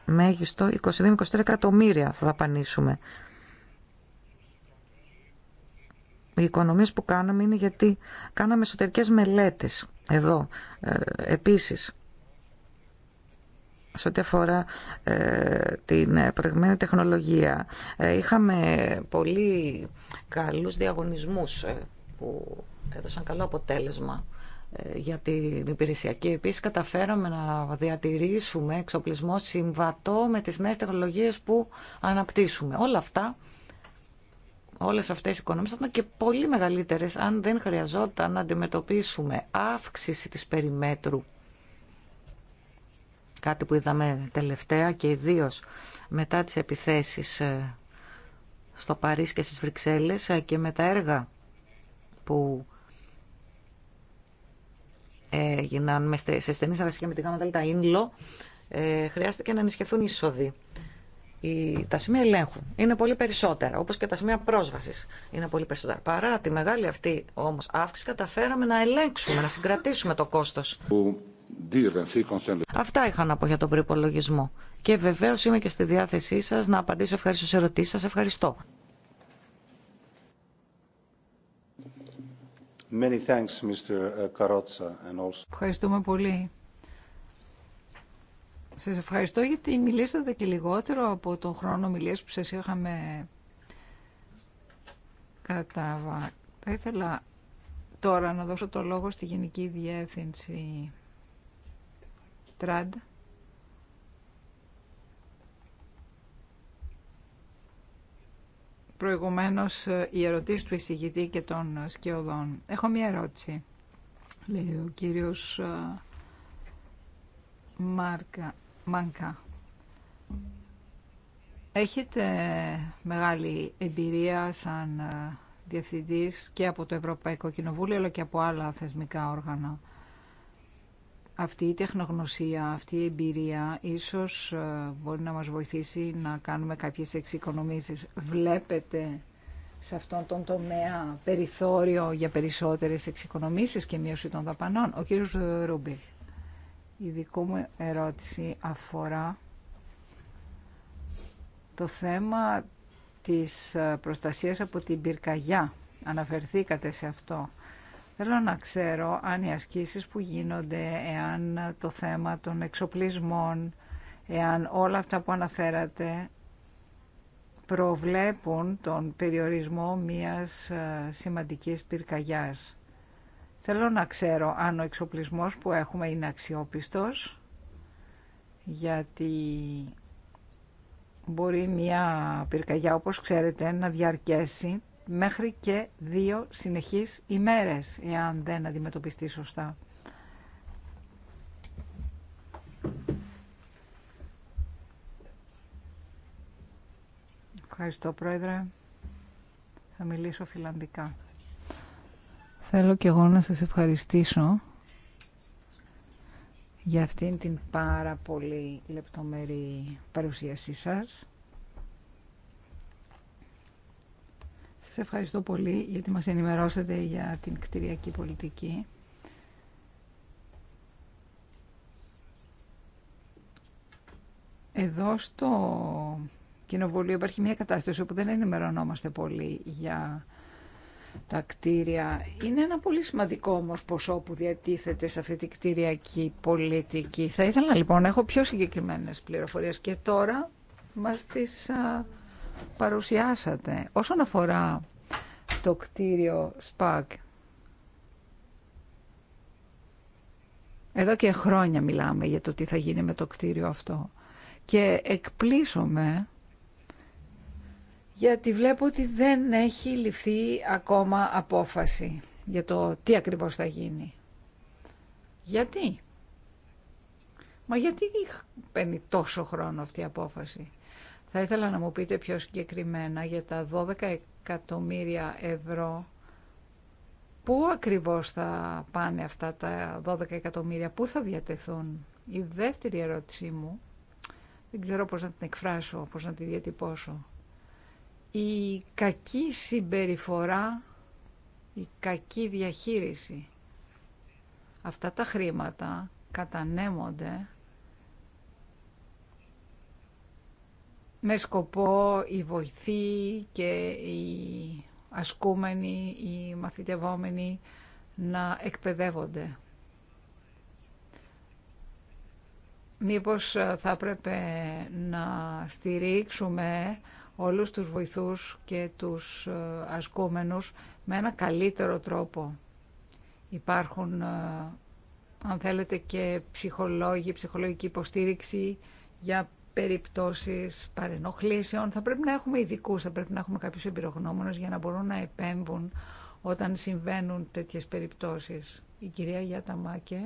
μέγιστο 22-23 εκατομμύρια θα δαπανίσουμε. Οι οικονομίες που κάναμε είναι γιατί κάναμε εσωτερικές μελέτες εδώ. Ε, επίσης, σε ό,τι αφορά ε, την προηγμένη τεχνολογία. Ε, είχαμε πολύ καλούς διαγωνισμούς ε, που έδωσαν καλό αποτέλεσμα για την υπηρεσιακή. Επίσης καταφέραμε να διατηρήσουμε εξοπλισμό συμβατό με τις νέες τεχνολογίες που αναπτύσσουμε. Όλα αυτά, όλες αυτές οι οικονομίες θα ήταν και πολύ μεγαλύτερες αν δεν χρειαζόταν να αντιμετωπίσουμε αύξηση της περιμέτρου κάτι που είδαμε τελευταία και ιδίως μετά τις επιθέσεις ε, στο Παρίσι και στις Βρυξέλλες ε, και με τα έργα που έγιναν σε στενή συνεργασία με τη ΓΑΜΑ τα ΙΝΛΟ ε, χρειάστηκε να ενισχυθούν οι εισόδοι. τα σημεία ελέγχου είναι πολύ περισσότερα, όπως και τα σημεία πρόσβασης είναι πολύ περισσότερα. Παρά τη μεγάλη αυτή όμως αύξηση καταφέραμε να ελέγξουμε, να συγκρατήσουμε το κόστος. Αυτά είχα να πω για τον προπολογισμό. Και βεβαίω είμαι και στη διάθεσή σα να απαντήσω ευχαριστώ σε ερωτήσει σα. Ευχαριστώ. Many thanks, Mr. Uh, and also... Ευχαριστούμε πολύ. Σα ευχαριστώ γιατί μιλήσατε και λιγότερο από τον χρόνο μιλία που σα είχαμε κατάβα. Θα ήθελα τώρα να δώσω το λόγο στη Γενική Διεύθυνση Τραντ. Προηγουμένως η ε, ερωτήσει του εισηγητή και των σκιωδών. Έχω μία ερώτηση, λέει ο κύριος ε, Μάρκα, Μάνκα. Έχετε μεγάλη εμπειρία σαν ε, διευθυντής και από το Ευρωπαϊκό Κοινοβούλιο αλλά και από άλλα θεσμικά όργανα αυτή η τεχνογνωσία, αυτή η εμπειρία ίσως ε, μπορεί να μας βοηθήσει να κάνουμε κάποιες εξοικονομήσεις. Βλέπετε σε αυτόν τον τομέα περιθώριο για περισσότερες εξοικονομήσεις και μείωση των δαπανών. Ο κύριος Ρούμπιχ, η δικό μου ερώτηση αφορά το θέμα της ε, προστασίας από την πυρκαγιά. Αναφερθήκατε σε αυτό. Θέλω να ξέρω αν οι ασκήσεις που γίνονται, εάν το θέμα των εξοπλισμών, εάν όλα αυτά που αναφέρατε προβλέπουν τον περιορισμό μιας ε, σημαντικής πυρκαγιάς. Θέλω να ξέρω αν ο εξοπλισμός που έχουμε είναι αξιόπιστος, γιατί μπορεί μια πυρκαγιά, όπως ξέρετε, να διαρκέσει μέχρι και δύο συνεχείς ημέρες, εάν δεν αντιμετωπιστεί σωστά. Ευχαριστώ, Πρόεδρε. Θα μιλήσω φιλανδικά. Θέλω και εγώ να σας ευχαριστήσω για αυτήν την πάρα πολύ λεπτομερή παρουσίασή σας. Σας ευχαριστώ πολύ γιατί μας ενημερώσατε για την κτηριακή πολιτική. Εδώ στο κοινοβουλίο υπάρχει μια κατάσταση όπου δεν ενημερωνόμαστε πολύ για τα κτίρια. Είναι ένα πολύ σημαντικό όμω ποσό που διατίθεται σε αυτή την κτηριακή πολιτική. Θα ήθελα λοιπόν να έχω πιο συγκεκριμένες πληροφορίες και τώρα μας τις παρουσιάσατε. Όσον αφορά το κτίριο ΣΠΑΚ, εδώ και χρόνια μιλάμε για το τι θα γίνει με το κτίριο αυτό και εκπλήσωμαι γιατί βλέπω ότι δεν έχει ληφθεί ακόμα απόφαση για το τι ακριβώς θα γίνει. Γιατί? Μα γιατί παίρνει τόσο χρόνο αυτή η απόφαση. Θα ήθελα να μου πείτε πιο συγκεκριμένα για τα 12 εκατομμύρια ευρώ Πού ακριβώς θα πάνε αυτά τα 12 εκατομμύρια, πού θα διατεθούν. Η δεύτερη ερώτησή μου, δεν ξέρω πώς να την εκφράσω, πώς να τη διατυπώσω. Η κακή συμπεριφορά, η κακή διαχείριση. Αυτά τα χρήματα κατανέμονται με σκοπό οι βοηθοί και οι ασκούμενοι, οι μαθητευόμενοι να εκπαιδεύονται. Μήπως ε, θα έπρεπε να στηρίξουμε όλους τους βοηθούς και τους ε, ασκούμενους με ένα καλύτερο τρόπο. Υπάρχουν, ε, αν θέλετε, και ψυχολόγοι, ψυχολογική υποστήριξη για περιπτώσεις παρενοχλήσεων. Θα πρέπει να έχουμε ειδικού, θα πρέπει να έχουμε κάποιους εμπειρογνώμονες για να μπορούν να επέμβουν όταν συμβαίνουν τέτοιες περιπτώσεις. Η κυρία Γιάτα Μάκε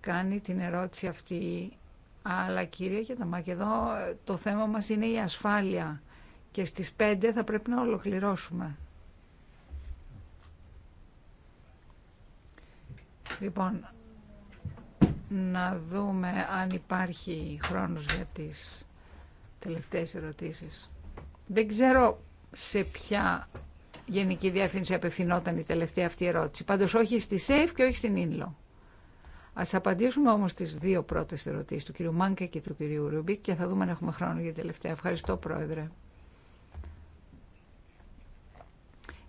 κάνει την ερώτηση αυτή, αλλά κυρία Γιάτα Μάκε, εδώ το θέμα μας είναι η ασφάλεια και στις 5 θα πρέπει να ολοκληρώσουμε. Λοιπόν, να δούμε αν υπάρχει χρόνος για τις τελευταίες ερωτήσεις. Δεν ξέρω σε ποια γενική διεύθυνση απευθυνόταν η τελευταία αυτή ερώτηση. Πάντως όχι στη ΣΕΙΦ και όχι στην Ίνλο. Ας απαντήσουμε όμως τις δύο πρώτες ερωτήσεις του κυρίου Μάνκα και του κυρίου Ρουμπίκ και θα δούμε αν έχουμε χρόνο για τελευταία. Ευχαριστώ πρόεδρε.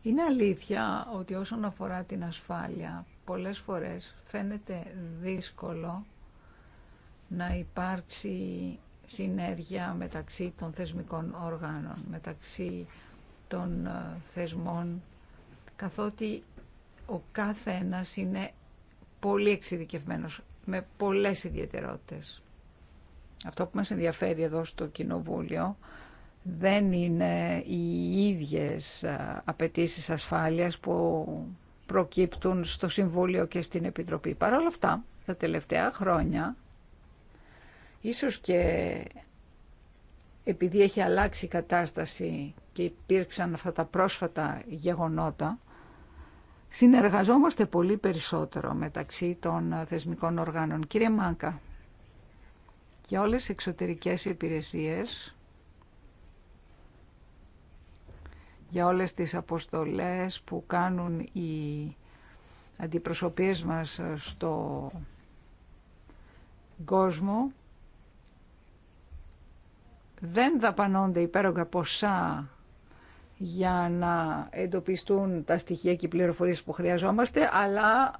Είναι αλήθεια ότι όσον αφορά την ασφάλεια πολλές φορές φαίνεται δύσκολο να υπάρξει συνέργεια μεταξύ των θεσμικών οργάνων, μεταξύ των ε, θεσμών, καθότι ο κάθε ένας είναι πολύ εξειδικευμένος, με πολλές ιδιαιτερότητες. Αυτό που μας ενδιαφέρει εδώ στο Κοινοβούλιο δεν είναι οι ίδιες ε, απαιτήσεις ασφάλειας που προκύπτουν στο Συμβούλιο και στην Επιτροπή. Παρ' όλα αυτά, τα τελευταία χρόνια, ίσως και επειδή έχει αλλάξει η κατάσταση και υπήρξαν αυτά τα πρόσφατα γεγονότα, συνεργαζόμαστε πολύ περισσότερο μεταξύ των θεσμικών οργάνων. Κύριε Μάνκα, και όλες τις εξωτερικές υπηρεσίες για όλες τις αποστολές που κάνουν οι αντιπροσωπείς μας στο κόσμο. Δεν δαπανώνται υπέρογκα ποσά για να εντοπιστούν τα στοιχεία και οι πληροφορίες που χρειαζόμαστε, αλλά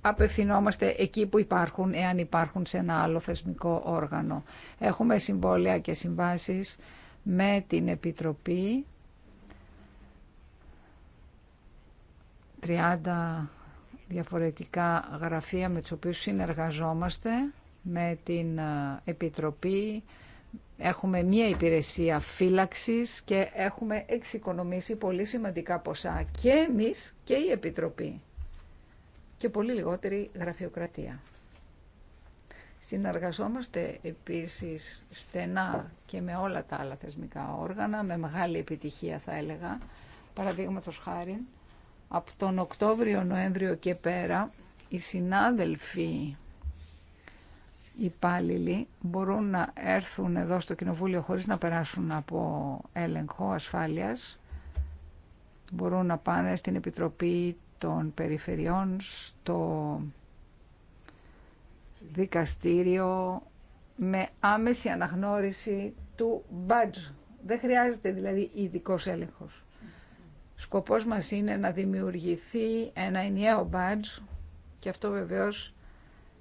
απευθυνόμαστε εκεί που υπάρχουν, εάν υπάρχουν σε ένα άλλο θεσμικό όργανο. Έχουμε συμβόλαια και συμβάσεις με την Επιτροπή 30 διαφορετικά γραφεία με τους οποίους συνεργαζόμαστε με την ε, Επιτροπή. Έχουμε μία υπηρεσία φύλαξης και έχουμε εξοικονομήσει πολύ σημαντικά ποσά και εμείς και η Επιτροπή και πολύ λιγότερη γραφειοκρατία. Συνεργαζόμαστε επίσης στενά και με όλα τα άλλα θεσμικά όργανα, με μεγάλη επιτυχία θα έλεγα, παραδείγματος χάρη από τον Οκτώβριο, Νοέμβριο και πέρα οι συνάδελφοι υπάλληλοι μπορούν να έρθουν εδώ στο Κοινοβούλιο χωρίς να περάσουν από έλεγχο ασφάλειας. Μπορούν να πάνε στην Επιτροπή των Περιφερειών, στο δικαστήριο με άμεση αναγνώριση του μπάτζ. Δεν χρειάζεται δηλαδή ειδικό έλεγχος. Σκοπός μας είναι να δημιουργηθεί ένα ενιαίο badge και αυτό βεβαίως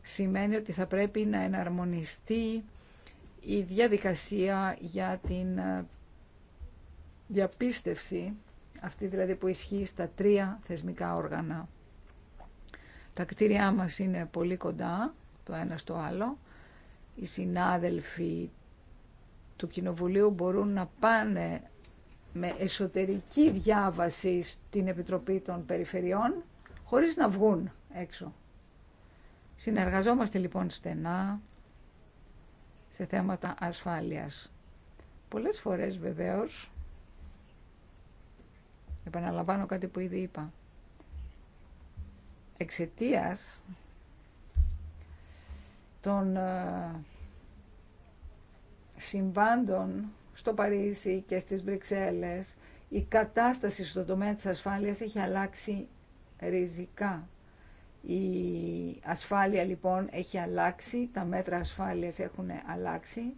σημαίνει ότι θα πρέπει να εναρμονιστεί η διαδικασία για την ε, διαπίστευση, αυτή δηλαδή που ισχύει στα τρία θεσμικά όργανα. Τα κτίρια μας είναι πολύ κοντά το ένα στο άλλο. Οι συνάδελφοι του Κοινοβουλίου μπορούν να πάνε με εσωτερική διάβαση στην Επιτροπή των Περιφερειών χωρίς να βγουν έξω. Συνεργαζόμαστε λοιπόν στενά σε θέματα ασφάλειας. Πολλές φορές βεβαίως, επαναλαμβάνω κάτι που ήδη είπα, εξαιτίας των ε, συμβάντων στο Παρίσι και στις Βρυξέλλες η κατάσταση στον τομέα της ασφάλειας έχει αλλάξει ριζικά. Η ασφάλεια λοιπόν έχει αλλάξει, τα μέτρα ασφάλειας έχουν αλλάξει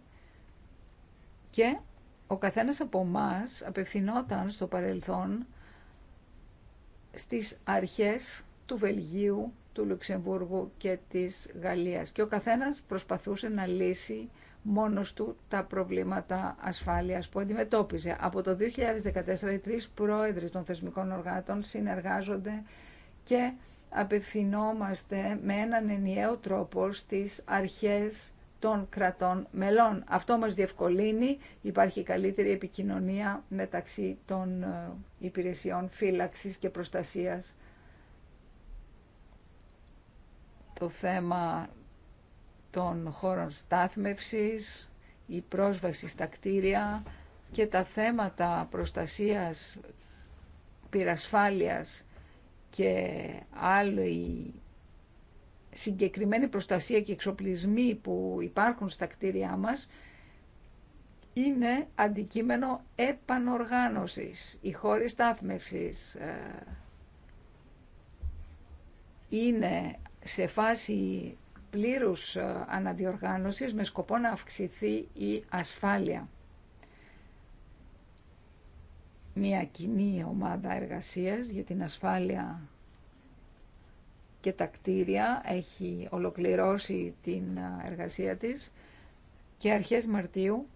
και ο καθένας από εμά απευθυνόταν στο παρελθόν στις αρχές του Βελγίου, του Λουξεμβούργου και της Γαλλίας και ο καθένας προσπαθούσε να λύσει μόνος του τα προβλήματα ασφάλειας που αντιμετώπιζε. Από το 2014 οι τρεις πρόεδροι των θεσμικών οργάτων συνεργάζονται και απευθυνόμαστε με έναν ενιαίο τρόπο στις αρχές των κρατών μελών. Αυτό μας διευκολύνει, υπάρχει καλύτερη επικοινωνία μεταξύ των ε, υπηρεσιών φύλαξης και προστασίας. Το θέμα των χώρων στάθμευσης, η πρόσβαση στα κτίρια και τα θέματα προστασίας, πυρασφάλειας και η συγκεκριμένη προστασία και εξοπλισμοί που υπάρχουν στα κτίρια μας είναι αντικείμενο επανοργάνωσης. Οι χώροι στάθμευσης ε, είναι σε φάση πλήρους ε, αναδιοργάνωσης με σκοπό να αυξηθεί η ασφάλεια. Μια κοινή ομάδα εργασίας για την ασφάλεια και τα κτίρια έχει ολοκληρώσει την ε, εργασία της και αρχές Μαρτίου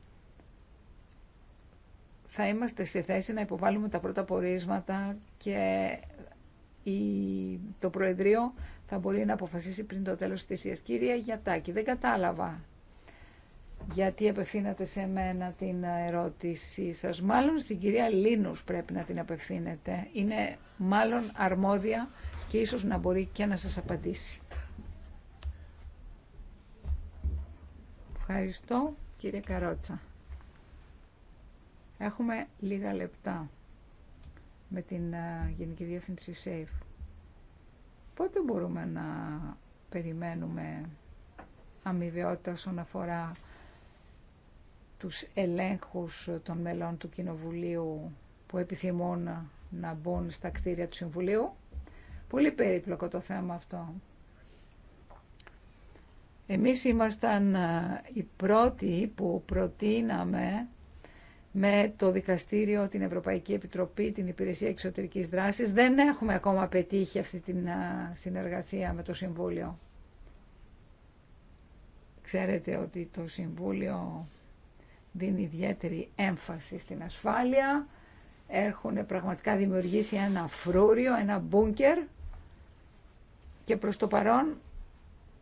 θα είμαστε σε θέση να υποβάλουμε τα πρώτα πορίσματα και το Προεδρείο θα μπορεί να αποφασίσει πριν το τέλος της θυσίας. Κυρία Γιατάκη, δεν κατάλαβα γιατί απευθύνατε σε μένα την ερώτησή σας. Μάλλον στην κυρία Λίνους πρέπει να την απευθύνετε. Είναι μάλλον αρμόδια και ίσως να μπορεί και να σας απαντήσει. Ευχαριστώ κύριε Καρότσα. Έχουμε λίγα λεπτά με την Γενική Διεύθυνση SAFE. Πότε μπορούμε να περιμένουμε αμοιβαιότητα όσον αφορά τους ελέγχους των μελών του Κοινοβουλίου που επιθυμούν να μπουν στα κτίρια του Συμβουλίου. Πολύ περίπλοκο το θέμα αυτό. Εμείς ήμασταν ε, οι πρώτοι που προτείναμε με το Δικαστήριο, την Ευρωπαϊκή Επιτροπή, την Υπηρεσία Εξωτερικής Δράσης. Δεν έχουμε ακόμα πετύχει αυτή την συνεργασία με το Συμβούλιο. Ξέρετε ότι το Συμβούλιο δίνει ιδιαίτερη έμφαση στην ασφάλεια. Έχουν πραγματικά δημιουργήσει ένα φρούριο, ένα μπούνκερ και προς το παρόν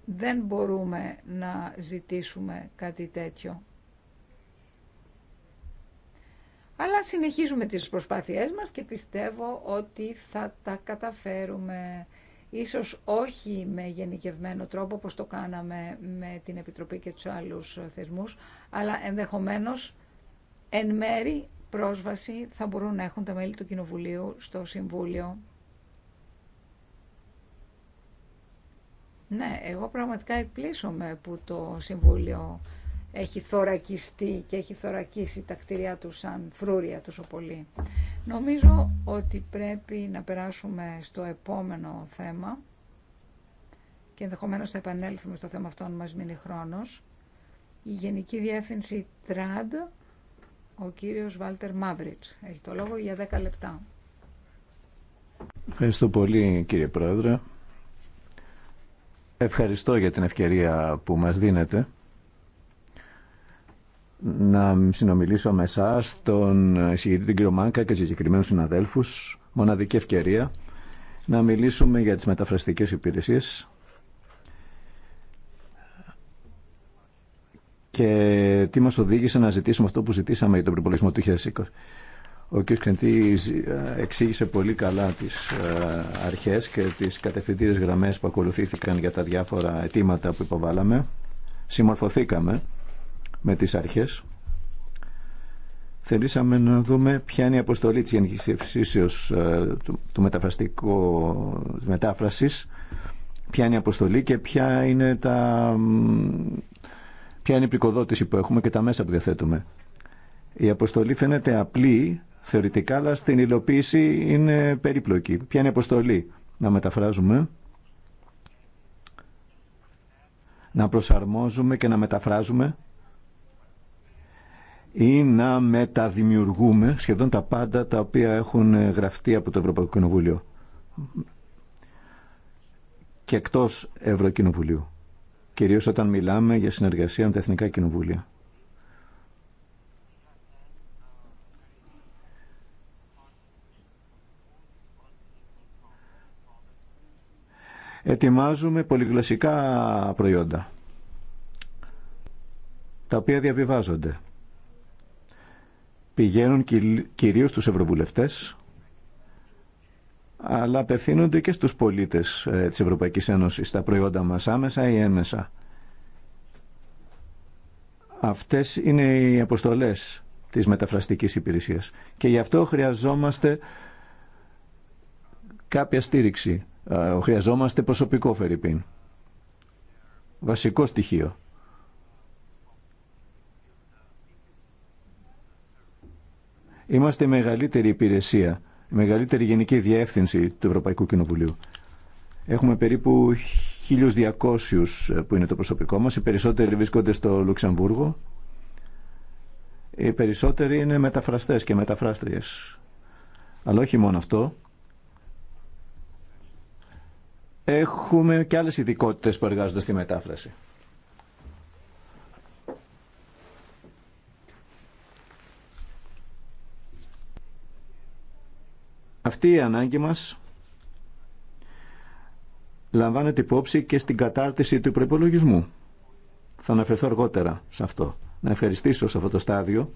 δεν μπορούμε να ζητήσουμε κάτι τέτοιο. Αλλά συνεχίζουμε τις προσπάθειές μας και πιστεύω ότι θα τα καταφέρουμε. Ίσως όχι με γενικευμένο τρόπο όπως το κάναμε με την Επιτροπή και τους άλλους θεσμούς, αλλά ενδεχομένως εν μέρη πρόσβαση θα μπορούν να έχουν τα μέλη του Κοινοβουλίου στο Συμβούλιο. Ναι, εγώ πραγματικά εκπλήσωμαι που το Συμβούλιο έχει θωρακιστεί και έχει θωρακίσει τα κτίρια του σαν φρούρια τόσο πολύ. Νομίζω ότι πρέπει να περάσουμε στο επόμενο θέμα και ενδεχομένω θα επανέλθουμε στο θέμα αυτό αν μας μείνει χρόνος. Η Γενική Διεύθυνση Τραντ, ο κύριος Βάλτερ Μαύριτς, έχει το λόγο για 10 λεπτά. Ευχαριστώ πολύ κύριε Πρόεδρε. Ευχαριστώ για την ευκαιρία που μας δίνετε να συνομιλήσω με εσά, τον εισηγητή την κύριο Μάνκα και του συγκεκριμένου συναδέλφου. Μοναδική ευκαιρία να μιλήσουμε για τις μεταφραστικέ υπηρεσίες και τι μας οδήγησε να ζητήσουμε αυτό που ζητήσαμε για τον προπολογισμό του 2020. Ο κ. Κεντή ε, εξήγησε πολύ καλά τις ε, αρχές και τις κατευθυντήρες γραμμές που ακολουθήθηκαν για τα διάφορα αιτήματα που υποβάλαμε. Συμμορφωθήκαμε με τις αρχές. Θελήσαμε να δούμε ποια είναι η αποστολή της Γενικής ε, του, του μεταφραστικού μετάφρασης, ποια είναι η αποστολή και ποια είναι, τα, ποια είναι η πρικοδότηση που έχουμε και τα μέσα που διαθέτουμε. Η αποστολή φαίνεται απλή θεωρητικά, αλλά στην υλοποίηση είναι περίπλοκη. Ποια είναι η αποστολή να μεταφράζουμε, να προσαρμόζουμε και να μεταφράζουμε ή να μεταδημιουργούμε σχεδόν τα πάντα τα οποία έχουν γραφτεί από το Ευρωπαϊκό Κοινοβούλιο και εκτός Ευρωκοινοβουλίου, κυρίως όταν μιλάμε για συνεργασία με τα Εθνικά Κοινοβούλια. Ετοιμάζουμε πολυγλωσσικά προϊόντα, τα οποία διαβιβάζονται πηγαίνουν κυρίως στους ευρωβουλευτές αλλά απευθύνονται και στους πολίτες ε, της Ευρωπαϊκής Ένωσης, τα προϊόντα μας άμεσα ή έμεσα. Αυτές είναι οι αποστολές της μεταφραστικής υπηρεσίας και γι' αυτό χρειαζόμαστε κάποια στήριξη. Ε, χρειαζόμαστε προσωπικό, Φερρυπίν. Βασικό στοιχείο. Είμαστε η μεγαλύτερη υπηρεσία, η μεγαλύτερη γενική διεύθυνση του Ευρωπαϊκού Κοινοβουλίου. Έχουμε περίπου 1.200 ε, που είναι το προσωπικό μας. Οι περισσότεροι βρίσκονται στο Λουξεμβούργο. Οι περισσότεροι είναι μεταφραστές και μεταφράστριες. Αλλά όχι μόνο αυτό. Έχουμε και άλλες ειδικότητες που εργάζονται στη μετάφραση. Αυτή η ανάγκη μας λαμβάνεται υπόψη και στην κατάρτιση του προπολογισμού. Θα αναφερθώ αργότερα σε αυτό. Να ευχαριστήσω σε αυτό το στάδιο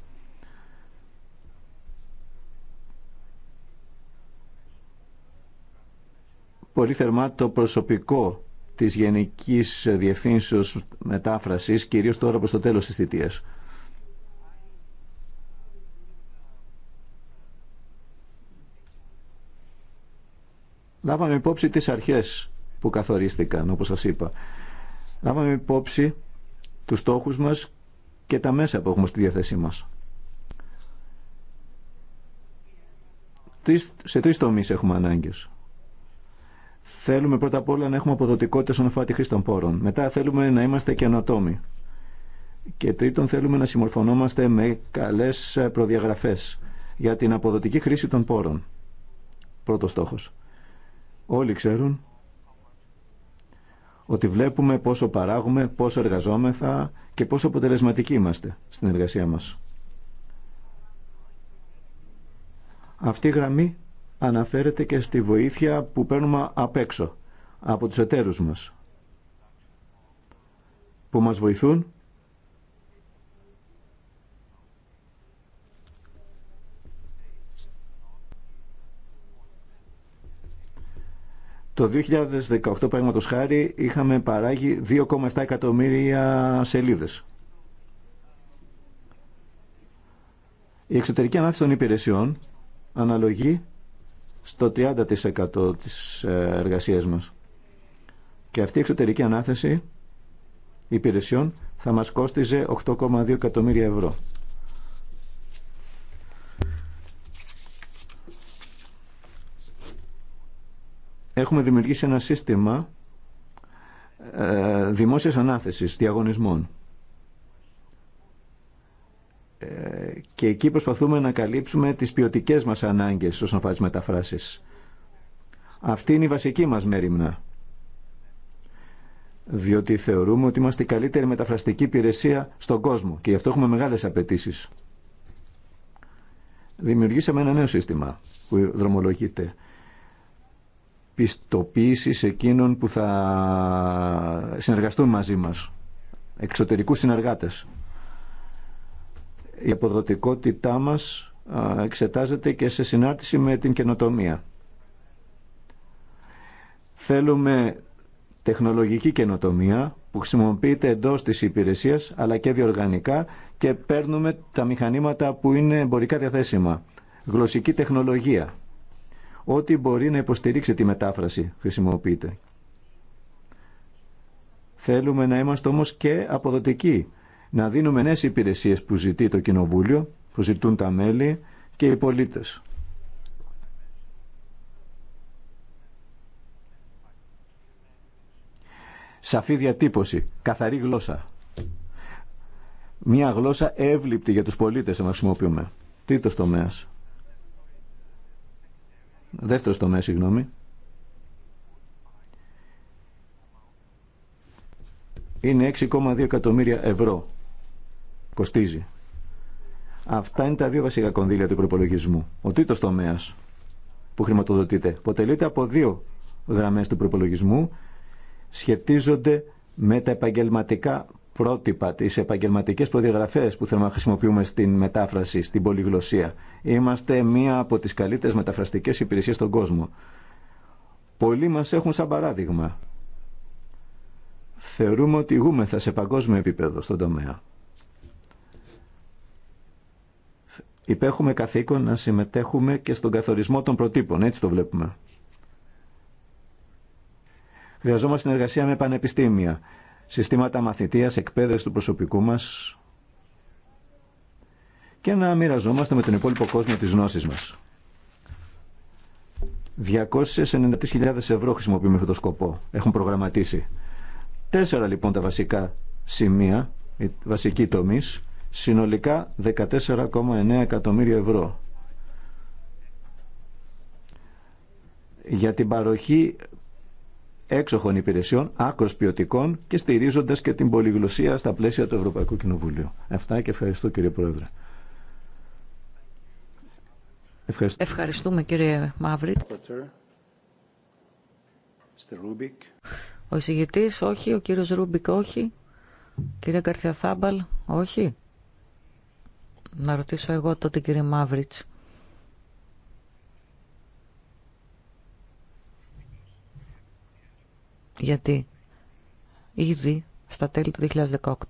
πολύ θερμά το προσωπικό της Γενικής Διευθύνσεως Μετάφρασης, κυρίως τώρα προς το τέλος της θητείας. λάβαμε υπόψη τις αρχές που καθορίστηκαν, όπως σας είπα. Λάβαμε υπόψη τους στόχους μας και τα μέσα που έχουμε στη διαθέσή μας. Σε τρεις τομείς έχουμε ανάγκες. Θέλουμε πρώτα απ' όλα να έχουμε αποδοτικότητα στον αφορά χρήση των πόρων. Μετά θέλουμε να είμαστε καινοτόμοι. Και τρίτον θέλουμε να συμμορφωνόμαστε με καλές προδιαγραφές για την αποδοτική χρήση των πόρων. Πρώτος στόχος. Όλοι ξέρουν ότι βλέπουμε πόσο παράγουμε, πόσο εργαζόμεθα και πόσο αποτελεσματικοί είμαστε στην εργασία μας. Αυτή η γραμμή αναφέρεται και στη βοήθεια που παίρνουμε απ' έξω, από τους εταίρους μας, που μας βοηθούν Το 2018, παραδείγματο χάρη, είχαμε παράγει 2,7 εκατομμύρια σελίδες. Η εξωτερική ανάθεση των υπηρεσιών αναλογεί στο 30% της ε, εργασίας μας. Και αυτή η εξωτερική ανάθεση υπηρεσιών θα μας κόστιζε 8,2 εκατομμύρια ευρώ. έχουμε δημιουργήσει ένα σύστημα ε, δημόσιας ανάθεσης, διαγωνισμών. Ε, και εκεί προσπαθούμε να καλύψουμε τις ποιοτικέ μας ανάγκες όσον αφορά τις μεταφράσεις. Αυτή είναι η βασική μας μέρημνα. Διότι θεωρούμε ότι είμαστε η καλύτερη μεταφραστική υπηρεσία στον κόσμο και γι' αυτό έχουμε μεγάλες απαιτήσει. Δημιουργήσαμε ένα νέο σύστημα που δρομολογείται πιστοποίησης εκείνων που θα συνεργαστούν μαζί μας, εξωτερικούς συνεργάτες. Η αποδοτικότητά μας εξετάζεται και σε συνάρτηση με την καινοτομία. Θέλουμε τεχνολογική καινοτομία που χρησιμοποιείται εντός της υπηρεσίας αλλά και διοργανικά και παίρνουμε τα μηχανήματα που είναι εμπορικά διαθέσιμα. Γλωσσική τεχνολογία ό,τι μπορεί να υποστηρίξει τη μετάφραση χρησιμοποιείται. Θέλουμε να είμαστε όμως και αποδοτικοί, να δίνουμε νέες υπηρεσίες που ζητεί το Κοινοβούλιο, που ζητούν τα μέλη και οι πολίτες. Σαφή διατύπωση, καθαρή γλώσσα. Μια γλώσσα εύληπτη για τους πολίτες να χρησιμοποιούμε. Τρίτος τομέας. Δεύτερος τομέα, συγγνώμη. Είναι 6,2 εκατομμύρια ευρώ. Κοστίζει. Αυτά είναι τα δύο βασικά κονδύλια του προπολογισμού. Ο τρίτο τομέα που χρηματοδοτείται αποτελείται από δύο γραμμέ του προπολογισμού σχετίζονται με τα επαγγελματικά πρότυπα, τι επαγγελματικέ προδιαγραφέ που θέλουμε να χρησιμοποιούμε στην μετάφραση, στην πολυγλωσία. Είμαστε μία από τι καλύτερε μεταφραστικέ υπηρεσίε στον κόσμο. Πολλοί μα έχουν σαν παράδειγμα. Θεωρούμε ότι ηγούμεθα σε παγκόσμιο επίπεδο στον τομέα. Υπέχουμε καθήκον να συμμετέχουμε και στον καθορισμό των προτύπων, έτσι το βλέπουμε. Χρειαζόμαστε συνεργασία με πανεπιστήμια, συστήματα μαθητείας, εκπαίδευση του προσωπικού μας και να μοιραζόμαστε με τον υπόλοιπο κόσμο τις γνώσεις μας. 293.000 ευρώ χρησιμοποιούμε αυτό το σκοπό. Έχουν προγραμματίσει. Τέσσερα λοιπόν τα βασικά σημεία, οι βασικοί τομείς, συνολικά 14,9 εκατομμύρια ευρώ. Για την παροχή έξοχων υπηρεσιών, άκρο ποιοτικών και στηρίζοντα και την πολυγλωσία στα πλαίσια του Ευρωπαϊκού Κοινοβουλίου. Αυτά και ευχαριστώ κύριε Πρόεδρε. Ευχαριστούμε κύριε Μαύρη. Ο εισηγητής όχι, ο κύριος Ρούμπικ όχι, κύριε Καρθιαθάμπαλ όχι. Να ρωτήσω εγώ τότε κύριε Μαύριτς. γιατί ήδη στα τέλη του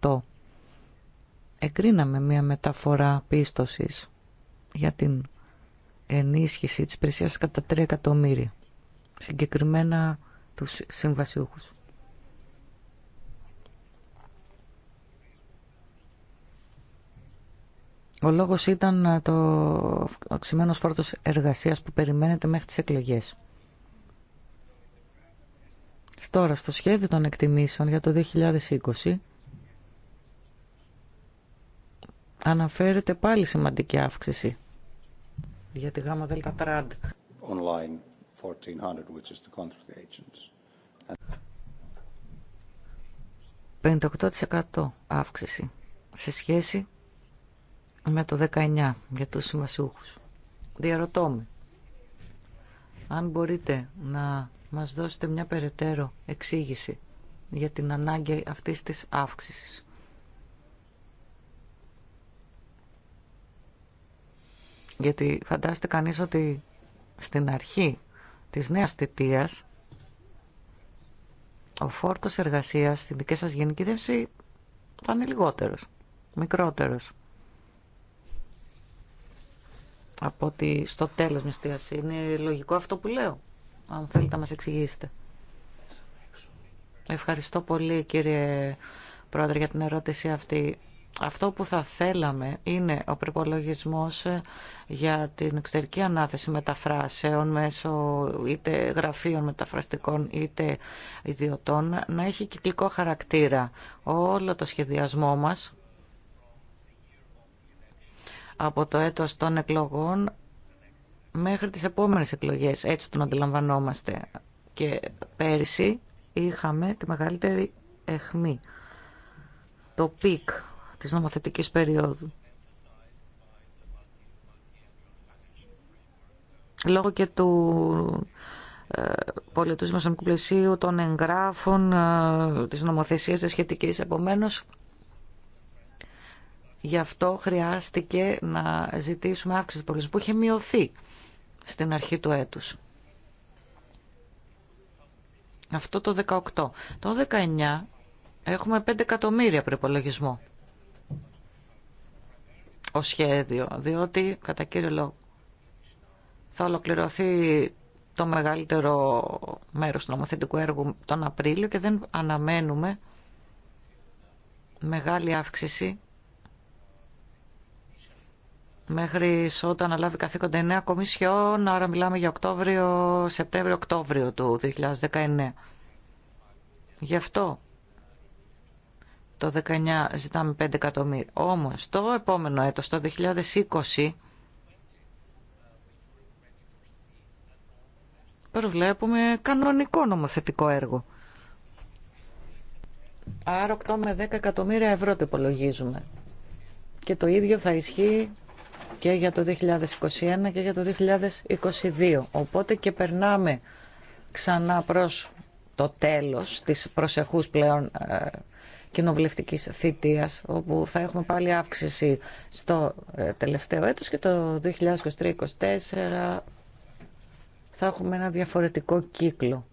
2018 εγκρίναμε μια μεταφορά πίστοσης για την ενίσχυση της υπηρεσία κατά 3 εκατομμύρια, συγκεκριμένα τους συμβασιούχους. Ο λόγος ήταν το αυξημένος φόρτος εργασίας που περιμένετε μέχρι τις εκλογές. Τώρα, στο σχέδιο των εκτιμήσεων για το 2020 αναφέρεται πάλι σημαντική αύξηση για τη γάμα δελτα τραντ. 58% αύξηση σε σχέση με το 19 για τους συμβασιούχους. Διαρωτώ με. Αν μπορείτε να μας δώσετε μια περαιτέρω εξήγηση για την ανάγκη αυτής της αύξησης. Γιατί φαντάζεται κανείς ότι στην αρχή της νέας θητείας ο φόρτος εργασίας στην δική σας γενική δεύση θα είναι λιγότερος, μικρότερος από ότι στο τέλος μιας Είναι λογικό αυτό που λέω αν θέλετε να μας εξηγήσετε. Ευχαριστώ πολύ κύριε Πρόεδρε για την ερώτηση αυτή. Αυτό που θα θέλαμε είναι ο προπολογισμό για την εξωτερική ανάθεση μεταφράσεων μέσω είτε γραφείων μεταφραστικών είτε ιδιωτών να έχει κυκλικό χαρακτήρα. Όλο το σχεδιασμό μας από το έτος των εκλογών μέχρι τις επόμενες εκλογές. Έτσι τον αντιλαμβανόμαστε. Και πέρσι είχαμε τη μεγαλύτερη εχμή. Το πικ της νομοθετικής περίοδου. Λόγω και του ε, πολιτού δημοσιονομικού πλαισίου, των εγγράφων, ε, της νομοθεσίας της σχετικής. Επομένως, γι' αυτό χρειάστηκε να ζητήσουμε αύξηση του πολιτισμού που είχε μειωθεί στην αρχή του έτους. Αυτό το 18. Το 19 έχουμε 5 εκατομμύρια προπολογισμό ο σχέδιο, διότι κατά κύριο λόγο θα ολοκληρωθεί το μεγαλύτερο μέρος του νομοθετικού έργου τον Απρίλιο και δεν αναμένουμε μεγάλη αύξηση μέχρι όταν αναλάβει καθήκοντα νέα κομισιόν, άρα μιλάμε για Οκτώβριο, Σεπτέμβριο-Οκτώβριο του 2019. Γι' αυτό το 19 ζητάμε 5 εκατομμύρια. Όμως το επόμενο έτος, το 2020, προβλέπουμε κανονικό νομοθετικό έργο. Άρα 8 με 10 εκατομμύρια ευρώ το υπολογίζουμε. Και το ίδιο θα ισχύει και για το 2021 και για το 2022. Οπότε και περνάμε ξανά προς το τέλος της προσεχούς πλέον ε, κοινοβουλευτικής θητείας, όπου θα έχουμε πάλι αύξηση στο ε, τελευταίο έτος και το 2023-2024 θα έχουμε ένα διαφορετικό κύκλο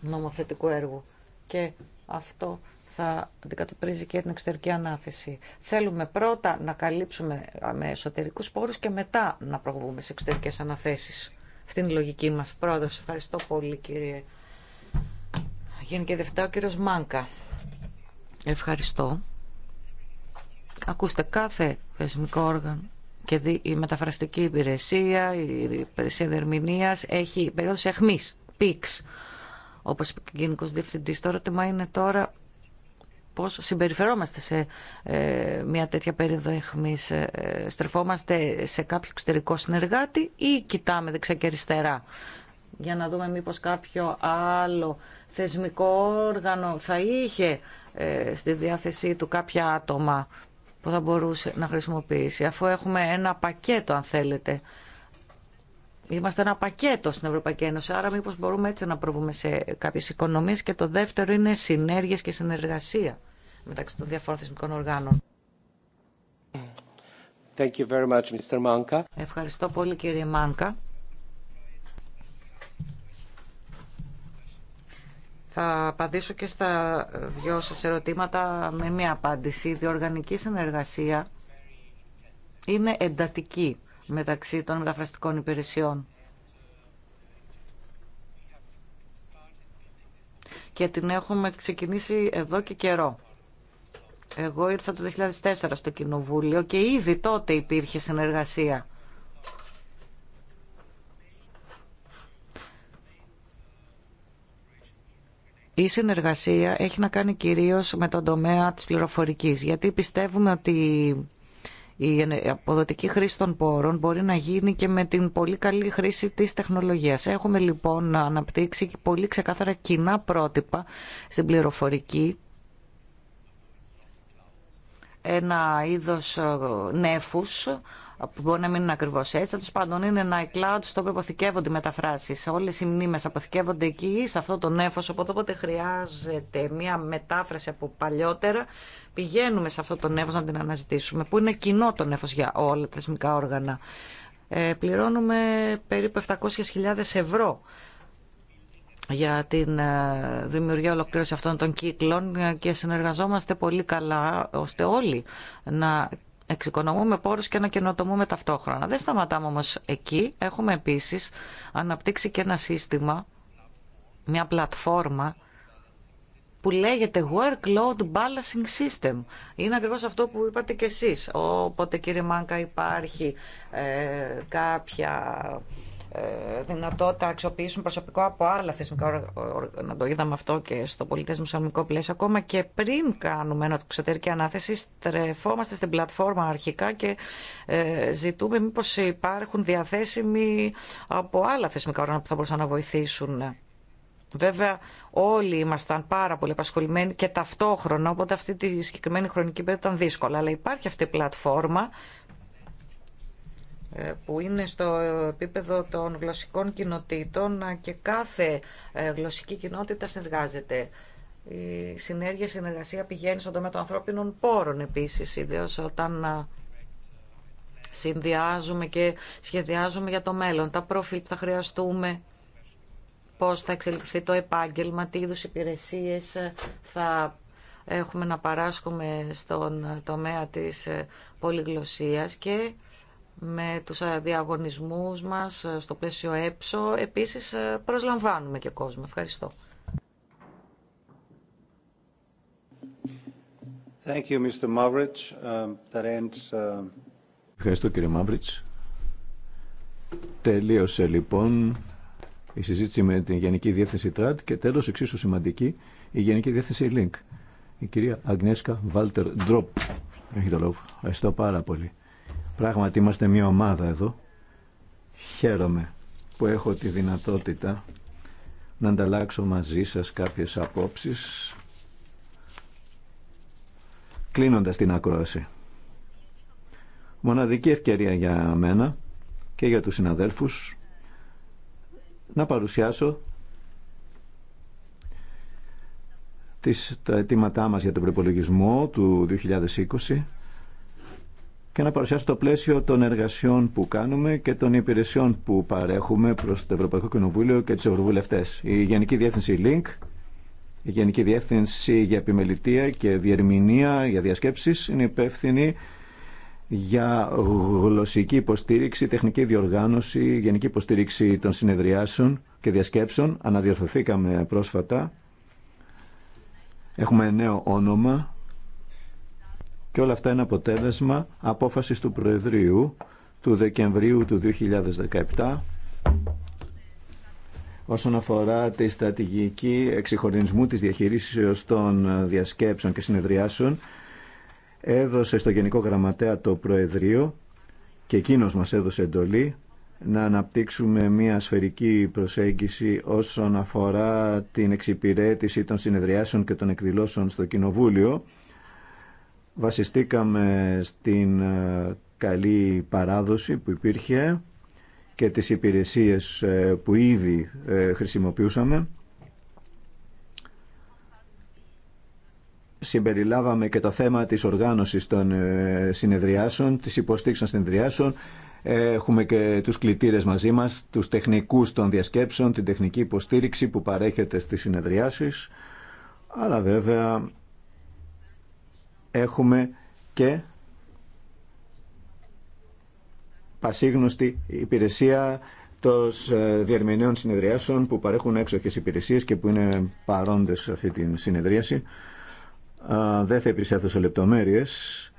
νομοθετικού έργου. Και αυτό θα αντικατοπτρίζει και την εξωτερική ανάθεση. Θέλουμε πρώτα να καλύψουμε με εσωτερικού πόρου και μετά να προβούμε σε εξωτερικέ αναθέσει. Αυτή είναι η λογική μα. Πρόεδρο, ευχαριστώ πολύ, κύριε. Γίνει και ο κύριος Μάνκα. Ευχαριστώ. Ακούστε, κάθε θεσμικό όργανο και η μεταφραστική υπηρεσία, η υπηρεσία δερμηνίας έχει περίοδο εχμής, πίξ, Όπω είπε και ο γενικό διευθυντή, Τώρα, είναι τώρα πώς συμπεριφερόμαστε σε ε, μια τέτοια περίοδο εχμής. Ε, στρεφόμαστε σε κάποιο εξωτερικό συνεργάτη ή κοιτάμε δεξιά και αριστερά για να δούμε μήπως κάποιο άλλο θεσμικό όργανο θα είχε ε, στη διάθεσή του κάποια άτομα που θα μπορούσε να χρησιμοποιήσει. Αφού έχουμε ένα πακέτο, αν θέλετε, είμαστε ένα πακέτο στην Ευρωπαϊκή Ένωση, άρα μήπως μπορούμε έτσι να προβούμε σε κάποιες οικονομίες και το δεύτερο είναι συνέργειες και συνεργασία μεταξύ των διαφόρων θεσμικών οργάνων. Thank you very much, Mr. Manka. Ευχαριστώ πολύ κύριε Μάνκα. Θα απαντήσω και στα δυο σας ερωτήματα με μία απάντηση. Η διοργανική συνεργασία είναι εντατική μεταξύ των μεταφραστικών υπηρεσιών. Και την έχουμε ξεκινήσει εδώ και καιρό. Εγώ ήρθα το 2004 στο Κοινοβούλιο και ήδη τότε υπήρχε συνεργασία. Η συνεργασία έχει να κάνει κυρίως με τον τομέα της πληροφορικής, γιατί πιστεύουμε ότι η αποδοτική χρήση των πόρων μπορεί να γίνει και με την πολύ καλή χρήση της τεχνολογίας. Έχουμε λοιπόν αναπτύξει πολύ ξεκάθαρα κοινά πρότυπα στην πληροφορική ένα είδος ε, νέφους που μπορεί να μην είναι ακριβώ έτσι. Τέλο πάντων, είναι ένα iCloud στο οποίο αποθηκεύονται οι μεταφράσει. Όλε οι μνήμε αποθηκεύονται εκεί, σε αυτό το νέφο. Οπότε, όποτε χρειάζεται μια μετάφραση από παλιότερα, πηγαίνουμε σε αυτό το νέφο να την αναζητήσουμε, που είναι κοινό το νέφο για όλα τα θεσμικά όργανα. Ε, πληρώνουμε περίπου 700.000 ευρώ για την ε, δημιουργία ολοκλήρωση αυτών των κύκλων ε, και συνεργαζόμαστε πολύ καλά ώστε όλοι να εξοικονομούμε πόρους και να καινοτομούμε ταυτόχρονα. Δεν σταματάμε όμως εκεί. Έχουμε επίσης αναπτύξει και ένα σύστημα, μια πλατφόρμα που λέγεται Workload Balancing System. Είναι ακριβώς αυτό που είπατε και εσείς. Όποτε κύριε Μάνκα υπάρχει ε, κάποια ε, δυνατότητα να αξιοποιήσουν προσωπικό από άλλα θεσμικά να Το είδαμε αυτό και στο πολιτές σαμικό πλαίσιο. Ακόμα και πριν κάνουμε ένα εξωτερική ανάθεση, στρεφόμαστε στην πλατφόρμα αρχικά και ε, ζητούμε μήπως υπάρχουν διαθέσιμοι από άλλα θεσμικά όργανα που θα μπορούσαν να βοηθήσουν. Βέβαια όλοι ήμασταν πάρα πολύ απασχολημένοι και ταυτόχρονα, οπότε αυτή τη συγκεκριμένη χρονική περίοδο ήταν δύσκολα. Αλλά υπάρχει αυτή η πλατφόρμα ε, που είναι στο επίπεδο των γλωσσικών κοινοτήτων ε, και κάθε ε, γλωσσική κοινότητα συνεργάζεται. Η συνέργεια, συνεργασία πηγαίνει στον τομέα των ανθρώπινων πόρων επίσης, ιδίως όταν συνδυάζουμε και σχεδιάζουμε για το μέλλον, τα προφίλ που θα χρειαστούμε, πώς θα εξελιχθεί το επάγγελμα, τι είδους υπηρεσίες θα έχουμε να παράσχουμε στον τομέα της πολυγλωσσίας και με τους διαγωνισμούς μας ε, στο πλαίσιο έψο. Επίσης ε, προσλαμβάνουμε και κόσμο. Ευχαριστώ. Thank you, Mr. Um, that ends, uh, Ευχαριστώ κύριε Μαύριτς. Τελείωσε λοιπόν η συζήτηση με την Γενική Διεύθυνση ΤΡΑΤ και τέλος εξίσου σημαντική η Γενική Διεύθυνση ΛΙΝΚ. Η κυρία Αγνέσκα Βάλτερ Ντρόπ. Έχει το λόγο. Ευχαριστώ πάρα πολύ. Πράγματι είμαστε μια ομάδα εδώ. Χαίρομαι που έχω τη δυνατότητα να ανταλλάξω μαζί σας κάποιες απόψεις κλείνοντας την ακρόαση. Μοναδική ευκαιρία για μένα και για τους συναδέλφους να παρουσιάσω τις, τα αιτήματά μας για τον προπολογισμό του 2020 και να παρουσιάσω το πλαίσιο των εργασιών που κάνουμε και των υπηρεσιών που παρέχουμε προς το Ευρωπαϊκό Κοινοβούλιο και του Ευρωβουλευτές. Η Γενική Διεύθυνση Link, η Γενική Διεύθυνση για Επιμελητία και Διερμηνία για Διασκέψεις είναι υπεύθυνη για γλωσσική υποστήριξη, τεχνική διοργάνωση, γενική υποστήριξη των συνεδριάσεων και διασκέψεων. Αναδιορθωθήκαμε πρόσφατα. Έχουμε νέο όνομα και όλα αυτά είναι αποτέλεσμα απόφασης του Προεδρείου του Δεκεμβρίου του 2017 όσον αφορά τη στρατηγική εξυγχωρισμού της διαχειρίσεως των διασκέψεων και συνεδριάσεων έδωσε στο Γενικό Γραμματέα το Προεδρείο και εκείνος μας έδωσε εντολή να αναπτύξουμε μια σφαιρική προσέγγιση όσον αφορά την εξυπηρέτηση των συνεδριάσεων και των εκδηλώσεων στο Κοινοβούλιο βασιστήκαμε στην ε, καλή παράδοση που υπήρχε και τις υπηρεσίες ε, που ήδη ε, χρησιμοποιούσαμε. Συμπεριλάβαμε και το θέμα της οργάνωσης των συνεδριάσεων, της υποστήριξης των συνεδριάσεων. Έχουμε και τους κλητήρες μαζί μας, τους τεχνικούς των διασκέψεων, την τεχνική υποστήριξη που παρέχεται στις συνεδριάσεις. Αλλά βέβαια έχουμε και πασίγνωστη υπηρεσία των ε, διερμηνέων συνεδριάσεων που παρέχουν έξοχες υπηρεσίες και που είναι παρόντες σε αυτή τη συνεδρίαση. Δεν θα επισέθω λεπτομέρειες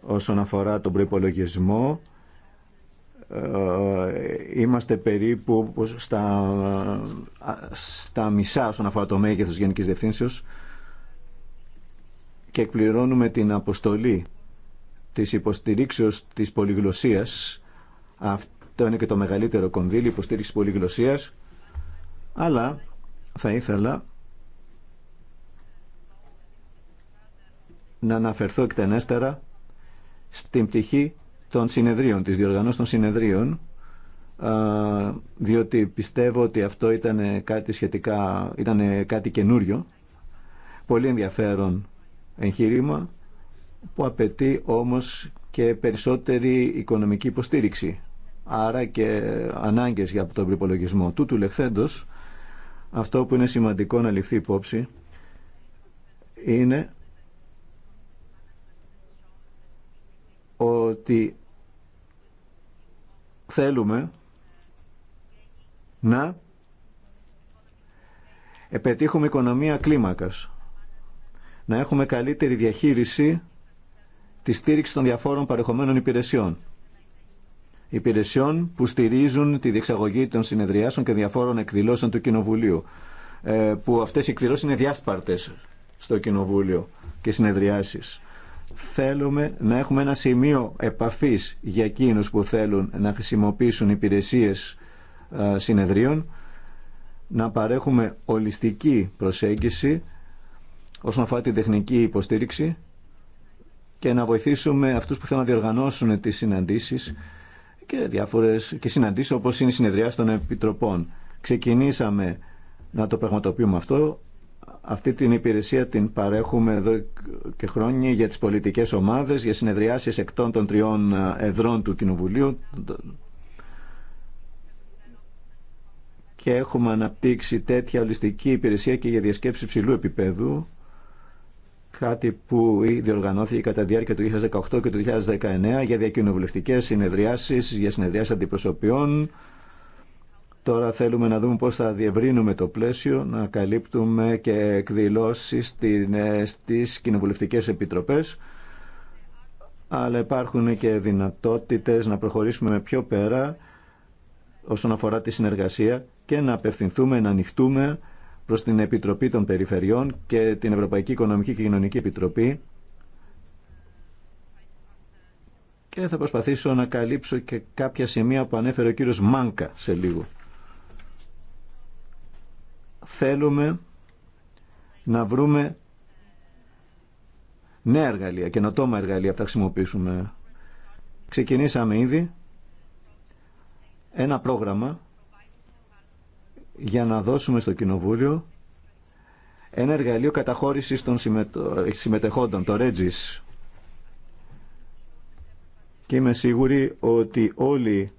όσον αφορά τον προϋπολογισμό. Ε, είμαστε περίπου στα, ε, στα μισά όσον αφορά το μέγεθος Γενικής Διευθύνσεως και εκπληρώνουμε την αποστολή της υποστηρίξεως της πολυγλωσσίας. Αυτό είναι και το μεγαλύτερο κονδύλι υποστήριξης πολυγλωσσίας. Αλλά θα ήθελα να αναφερθώ εκτενέστερα στην πτυχή των συνεδρίων, της διοργάνωση των συνεδρίων, διότι πιστεύω ότι αυτό ήταν κάτι σχετικά, ήταν κάτι καινούριο, πολύ ενδιαφέρον Εγχείρημα που απαιτεί όμως και περισσότερη οικονομική υποστήριξη. Άρα και ανάγκες για τον προπολογισμό. Τούτου λεχθέντος, αυτό που είναι σημαντικό να ληφθεί υπόψη είναι ότι θέλουμε να επετύχουμε οικονομία κλίμακας να έχουμε καλύτερη διαχείριση τη στήριξη των διαφόρων παρεχομένων υπηρεσιών. Υπηρεσιών που στηρίζουν τη διεξαγωγή των συνεδριάσεων και διαφόρων εκδηλώσεων του Κοινοβουλίου. Ε, που αυτέ οι εκδηλώσει είναι διάσπαρτε στο Κοινοβούλιο και συνεδριάσει. Θέλουμε να έχουμε ένα σημείο επαφή για εκείνου που θέλουν να χρησιμοποιήσουν υπηρεσίε ε, συνεδρίων, να παρέχουμε ολιστική προσέγγιση όσον αφορά την τεχνική υποστήριξη και να βοηθήσουμε αυτούς που θέλουν να διοργανώσουν τις συναντήσεις και διάφορες και συναντήσεις όπως είναι η συνεδριά των επιτροπών. Ξεκινήσαμε να το πραγματοποιούμε αυτό. Αυτή την υπηρεσία την παρέχουμε εδώ και χρόνια για τις πολιτικές ομάδες, για συνεδριάσεις εκτών των τριών εδρών του Κοινοβουλίου και έχουμε αναπτύξει τέτοια ολιστική υπηρεσία και για διασκέψη ψηλού επίπεδου κάτι που διοργανώθηκε κατά τη διάρκεια του 2018 και του 2019 για διακοινοβουλευτικέ συνεδριάσεις, για συνεδριάσεις αντιπροσωπιών. Τώρα θέλουμε να δούμε πώς θα διευρύνουμε το πλαίσιο, να καλύπτουμε και εκδηλώσεις ε, στις κοινοβουλευτικές επιτροπές, αλλά υπάρχουν και δυνατότητες να προχωρήσουμε πιο πέρα όσον αφορά τη συνεργασία και να απευθυνθούμε, να ανοιχτούμε προς την Επιτροπή των Περιφερειών και την Ευρωπαϊκή Οικονομική και Κοινωνική Επιτροπή και θα προσπαθήσω να καλύψω και κάποια σημεία που ανέφερε ο κύριος Μάνκα σε λίγο. Θέλουμε να βρούμε νέα εργαλεία, καινοτόμα εργαλεία, που θα χρησιμοποιήσουμε. Ξεκινήσαμε ήδη ένα πρόγραμμα για να δώσουμε στο Κοινοβούλιο ένα εργαλείο καταχώρησης των συμμετεχόντων, το Regis. Και είμαι σίγουρη ότι όλοι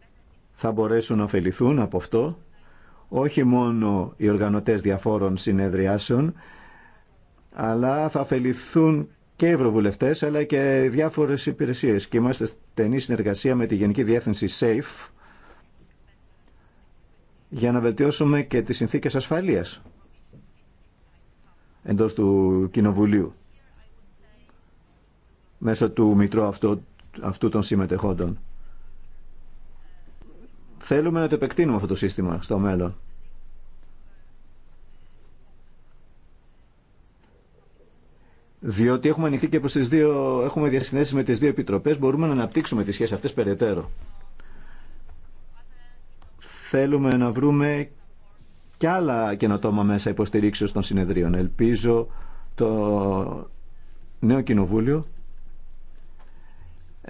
θα μπορέσουν να ωφεληθούν από αυτό, όχι μόνο οι οργανωτές διαφόρων συνεδριάσεων, αλλά θα ωφεληθούν και οι ευρωβουλευτές, αλλά και διάφορες υπηρεσίες. Και είμαστε στενή συνεργασία με τη Γενική Διεύθυνση SAFE, για να βελτιώσουμε και τις συνθήκες ασφαλείας εντός του Κοινοβουλίου μέσω του Μητρώου αυτού, των συμμετεχόντων. Θέλουμε να το επεκτείνουμε αυτό το σύστημα στο μέλλον. διότι έχουμε ανοιχτεί και προς τις δύο, έχουμε διασυνέσεις με τις δύο επιτροπές, μπορούμε να αναπτύξουμε τις σχέσεις αυτές περαιτέρω θέλουμε να βρούμε και άλλα καινοτόμα μέσα υποστηρίξεως των συνεδρίων. Ελπίζω το νέο κοινοβούλιο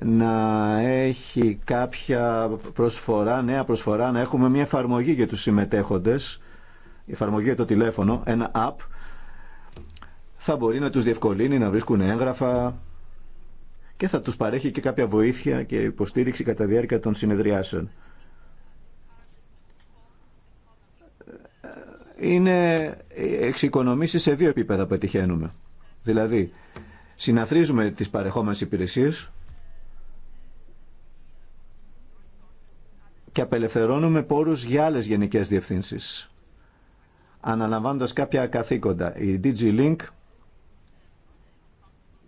να έχει κάποια προσφορά, νέα προσφορά, να έχουμε μια εφαρμογή για τους συμμετέχοντες, εφαρμογή για το τηλέφωνο, ένα app, θα μπορεί να τους διευκολύνει να βρίσκουν έγγραφα και θα τους παρέχει και κάποια βοήθεια και υποστήριξη κατά διάρκεια των συνεδριάσεων. είναι εξοικονομήσει σε δύο επίπεδα πετυχαίνουμε. Δηλαδή, συναθρίζουμε τις παρεχόμενες υπηρεσίες και απελευθερώνουμε πόρους για άλλες γενικές διευθύνσεις, αναλαμβάνοντας κάποια καθήκοντα. Η DG-Link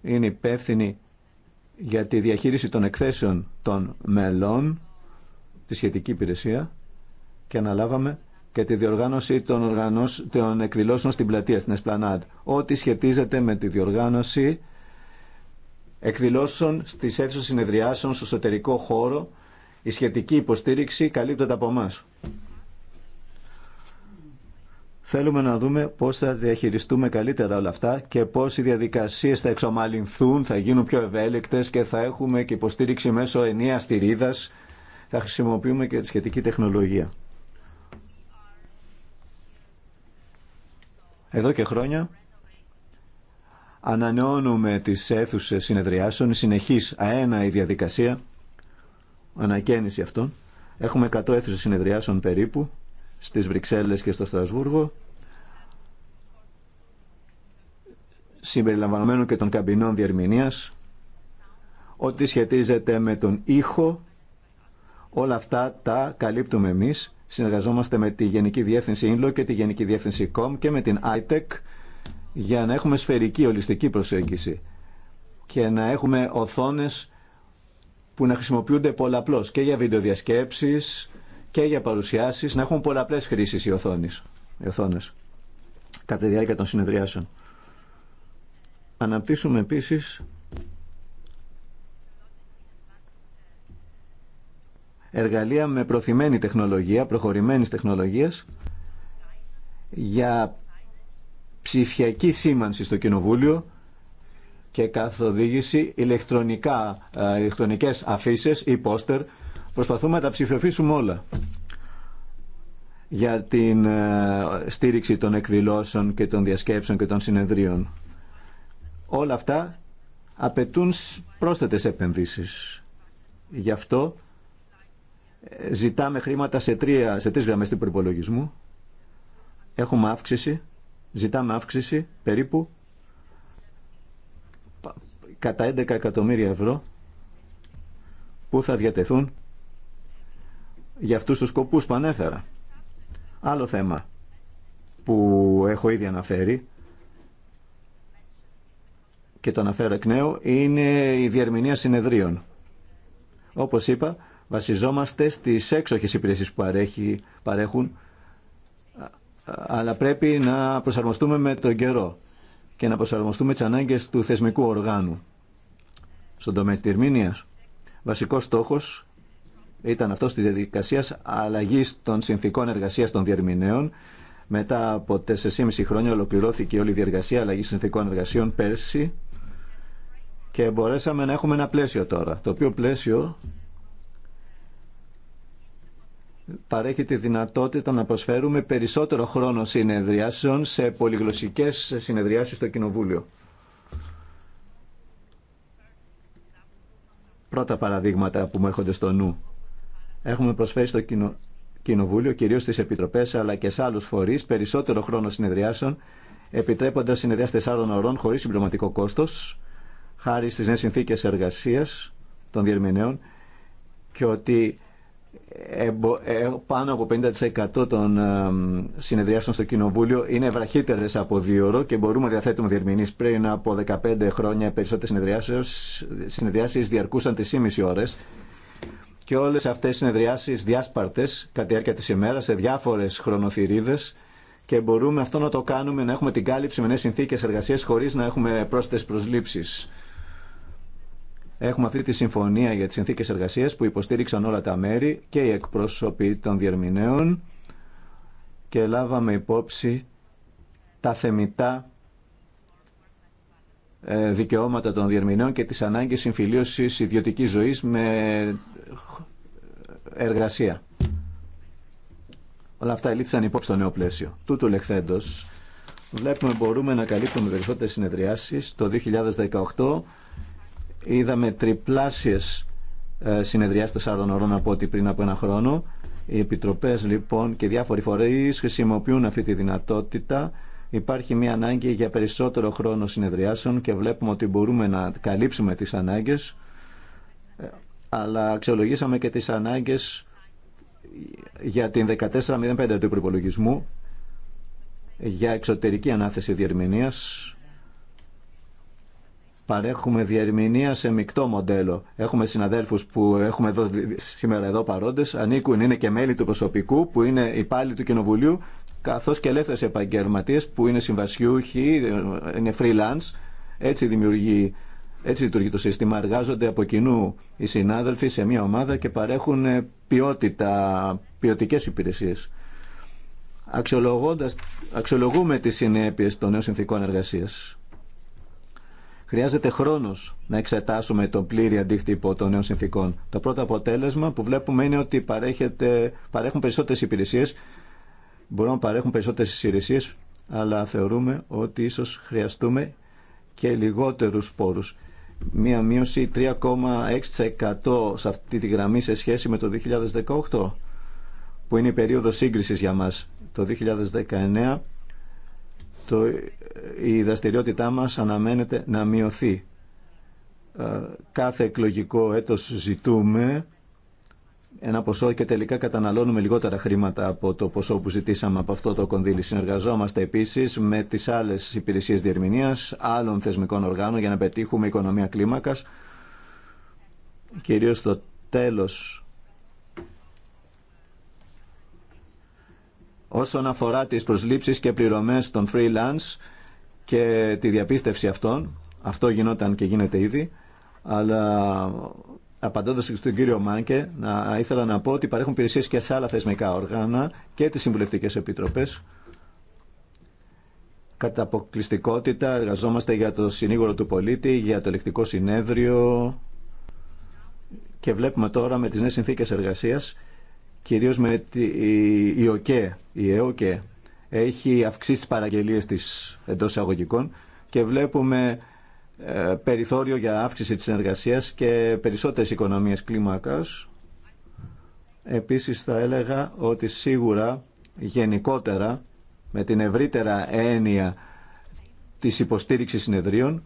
είναι υπεύθυνη για τη διαχείριση των εκθέσεων των μελών, τη σχετική υπηρεσία, και αναλάβαμε και τη διοργάνωση των, οργανώσ... εκδηλώσεων στην πλατεία, στην Εσπλανάτ. Ό,τι σχετίζεται με τη διοργάνωση εκδηλώσεων στι αίθουσες συνεδριάσεων στο εσωτερικό χώρο, η σχετική υποστήριξη καλύπτεται από εμά. Θέλουμε να δούμε πώ θα διαχειριστούμε καλύτερα όλα αυτά και πώ οι διαδικασίε θα εξομαλυνθούν, θα γίνουν πιο ευέλικτε και θα έχουμε και υποστήριξη μέσω ενία στηρίδας. Θα χρησιμοποιούμε και τη σχετική τεχνολογία. Εδώ και χρόνια ανανεώνουμε τις αίθουσες συνεδριάσεων, συνεχής αένα η διαδικασία, ανακαίνιση αυτών. Έχουμε 100 αίθουσες συνεδριάσεων περίπου στις Βρυξέλλες και στο Στρασβούργο. Συμπεριλαμβανομένων και των καμπινών διερμηνίας, ό,τι σχετίζεται με τον ήχο, όλα αυτά τα καλύπτουμε εμείς Συνεργαζόμαστε με τη Γενική Διεύθυνση Ίνλο και τη Γενική Διεύθυνση ΚΟΜ και με την ITEC για να έχουμε σφαιρική ολιστική προσέγγιση και να έχουμε οθόνες που να χρησιμοποιούνται πολλαπλώς και για βιντεοδιασκέψεις και για παρουσιάσεις, να έχουν πολλαπλές χρήσεις οι οθόνες, οι οθόνες κατά τη διάρκεια των συνεδριάσεων. Αναπτύσσουμε επίσης εργαλεία με προθυμένη τεχνολογία, προχωρημένης τεχνολογίας για ψηφιακή σήμανση στο Κοινοβούλιο και καθοδήγηση ηλεκτρονικά, ε, ηλεκτρονικές αφήσει ή πόστερ. Προσπαθούμε να τα ψηφιοποιήσουμε όλα για την ε, στήριξη των εκδηλώσεων και των διασκέψεων και των συνεδρίων. Όλα αυτά απαιτούν πρόσθετες επενδύσεις. Γι' αυτό ζητάμε χρήματα σε, τρία, σε τρεις γραμμές του προπολογισμού. Έχουμε αύξηση, ζητάμε αύξηση περίπου κατά 11 εκατομμύρια ευρώ που θα διατεθούν για αυτούς τους σκοπούς που ανέφερα. Άλλο θέμα που έχω ήδη αναφέρει και το αναφέρω εκ νέου είναι η διερμηνία συνεδρίων. Όπως είπα, Βασιζόμαστε στις έξοχες υπηρεσίες που παρέχει, παρέχουν, αλλά πρέπει να προσαρμοστούμε με τον καιρό και να προσαρμοστούμε τις ανάγκες του θεσμικού οργάνου. Στον τομέα της Ερμήνειας, βασικός στόχος ήταν αυτός της διαδικασία αλλαγής των συνθήκων εργασίας των διερμηνέων. Μετά από 4,5 χρόνια ολοκληρώθηκε όλη η διεργασία αλλαγής συνθήκων εργασίων πέρσι και μπορέσαμε να έχουμε ένα πλαίσιο τώρα, το οποίο πλαίσιο παρέχει τη δυνατότητα να προσφέρουμε περισσότερο χρόνο συνεδριάσεων σε πολυγλωσσικές συνεδριάσεις στο Κοινοβούλιο. Πρώτα παραδείγματα που μου έρχονται στο νου. Έχουμε προσφέρει στο Κοινοβούλιο, κυρίως στις Επιτροπές αλλά και σε άλλους φορείς, περισσότερο χρόνο συνεδριάσεων, επιτρέποντας συνεδριάσεις τεσσάρων ωρών χωρίς συμπληρωματικό κόστος, χάρη στις νέες συνθήκες εργασίας των διερμηνέων και ότι ε, πάνω από 50% των ε, συνεδριάσεων στο Κοινοβούλιο είναι βραχύτερε από δύο ώρε και μπορούμε να διαθέτουμε διερμηνεί. Πριν από 15 χρόνια, περισσότερε συνεδριάσει διαρκούσαν 3,5 ώρε. Και όλε αυτέ οι συνεδριάσει διάσπαρτε κατά τη διάρκεια τη ημέρα σε διάφορε χρονοθυρίδε και μπορούμε αυτό να το κάνουμε, να έχουμε την κάλυψη με νέε συνθήκε εργασία χωρί να έχουμε πρόσθετε προσλήψει. Έχουμε αυτή τη συμφωνία για τις συνθήκες εργασίας που υποστήριξαν όλα τα μέρη και οι εκπρόσωποι των διερμηνέων και λάβαμε υπόψη τα θεμητά ε, δικαιώματα των διερμηνέων και τις ανάγκες συμφιλίωσης ιδιωτικής ζωής με εργασία. Όλα αυτά ελήφθησαν υπόψη στο νέο πλαίσιο. Τούτου λεχθέντος βλέπουμε μπορούμε να καλύπτουμε περισσότερες συνεδριάσεις το 2018 Είδαμε τριπλάσιες ε, συνεδριάσεις τεσσάρων ώρων από ό,τι πριν από ένα χρόνο. Οι επιτροπές λοιπόν και διάφοροι φορείς χρησιμοποιούν αυτή τη δυνατότητα. Υπάρχει μια ανάγκη για περισσότερο χρόνο συνεδριάσεων και βλέπουμε ότι μπορούμε να καλύψουμε τις ανάγκες ε, αλλά αξιολογήσαμε και τις ανάγκες για την 1405 του προπολογισμού για εξωτερική ανάθεση διερμηνίας παρέχουμε διερμηνία σε μεικτό μοντέλο. Έχουμε συναδέλφους που έχουμε εδώ, σήμερα εδώ παρόντες, ανήκουν, είναι και μέλη του προσωπικού που είναι υπάλληλοι του Κοινοβουλίου, καθώς και ελεύθερες επαγγελματίες που είναι συμβασιούχοι, είναι freelance. Έτσι, δημιουργεί, έτσι λειτουργεί το σύστημα. Εργάζονται από κοινού οι συνάδελφοι σε μια ομάδα και παρέχουν ε, ποιότητα, ποιοτικές υπηρεσίες. αξιολογούμε τις συνέπειες των νέων συνθήκων εργασία. Χρειάζεται χρόνο να εξετάσουμε τον πλήρη αντίκτυπο των νέων συνθήκων. Το πρώτο αποτέλεσμα που βλέπουμε είναι ότι παρέχουν περισσότερε υπηρεσίε, μπορούν να παρέχουν περισσότερε υπηρεσίε, αλλά θεωρούμε ότι ίσω χρειαστούμε και λιγότερου πόρου. Μία μείωση 3,6% σε αυτή τη γραμμή σε σχέση με το 2018, που είναι η περίοδο σύγκριση για μα. Το 2019 το, η δραστηριότητά μας αναμένεται να μειωθεί. Ε, κάθε εκλογικό έτος ζητούμε ένα ποσό και τελικά καταναλώνουμε λιγότερα χρήματα από το ποσό που ζητήσαμε από αυτό το κονδύλι. Συνεργαζόμαστε επίσης με τις άλλες υπηρεσίες διερμηνίας άλλων θεσμικών οργάνων για να πετύχουμε οικονομία κλίμακας. Κυρίως το τέλος όσον αφορά τις προσλήψεις και πληρωμές των freelance και τη διαπίστευση αυτών. Αυτό γινόταν και γίνεται ήδη. Αλλά απαντώντας στον κύριο Μάνκε, να, ήθελα να πω ότι παρέχουν υπηρεσίε και σε άλλα θεσμικά όργανα και τις συμβουλευτικέ επιτροπές. Κατά αποκλειστικότητα εργαζόμαστε για το συνήγορο του πολίτη, για το ελεκτικό συνέδριο και βλέπουμε τώρα με τις νέες συνθήκες εργασίας κυρίως με τη, η, ΟΚΕ, η ΕΟΚΕ, έχει αυξήσει τις παραγγελίες της εντός εισαγωγικών και βλέπουμε ε, περιθώριο για αύξηση της συνεργασίας και περισσότερες οικονομίες κλίμακας. Επίσης θα έλεγα ότι σίγουρα γενικότερα με την ευρύτερα έννοια της υποστήριξης συνεδρίων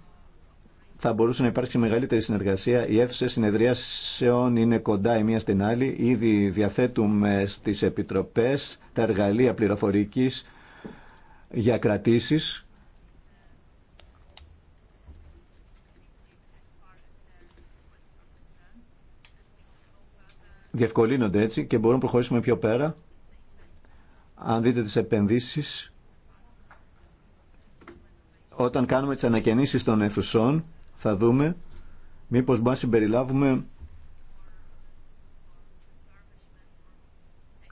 θα μπορούσε να υπάρξει μεγαλύτερη συνεργασία. Οι αίθουσε συνεδριάσεων είναι κοντά η μία στην άλλη. Ήδη διαθέτουμε στι επιτροπέ τα εργαλεία πληροφορική για κρατήσει. Διευκολύνονται έτσι και μπορούμε να προχωρήσουμε πιο πέρα. Αν δείτε τις επενδύσεις, όταν κάνουμε τις ανακαινήσεις των αιθουσών, θα δούμε μήπως μα συμπεριλάβουμε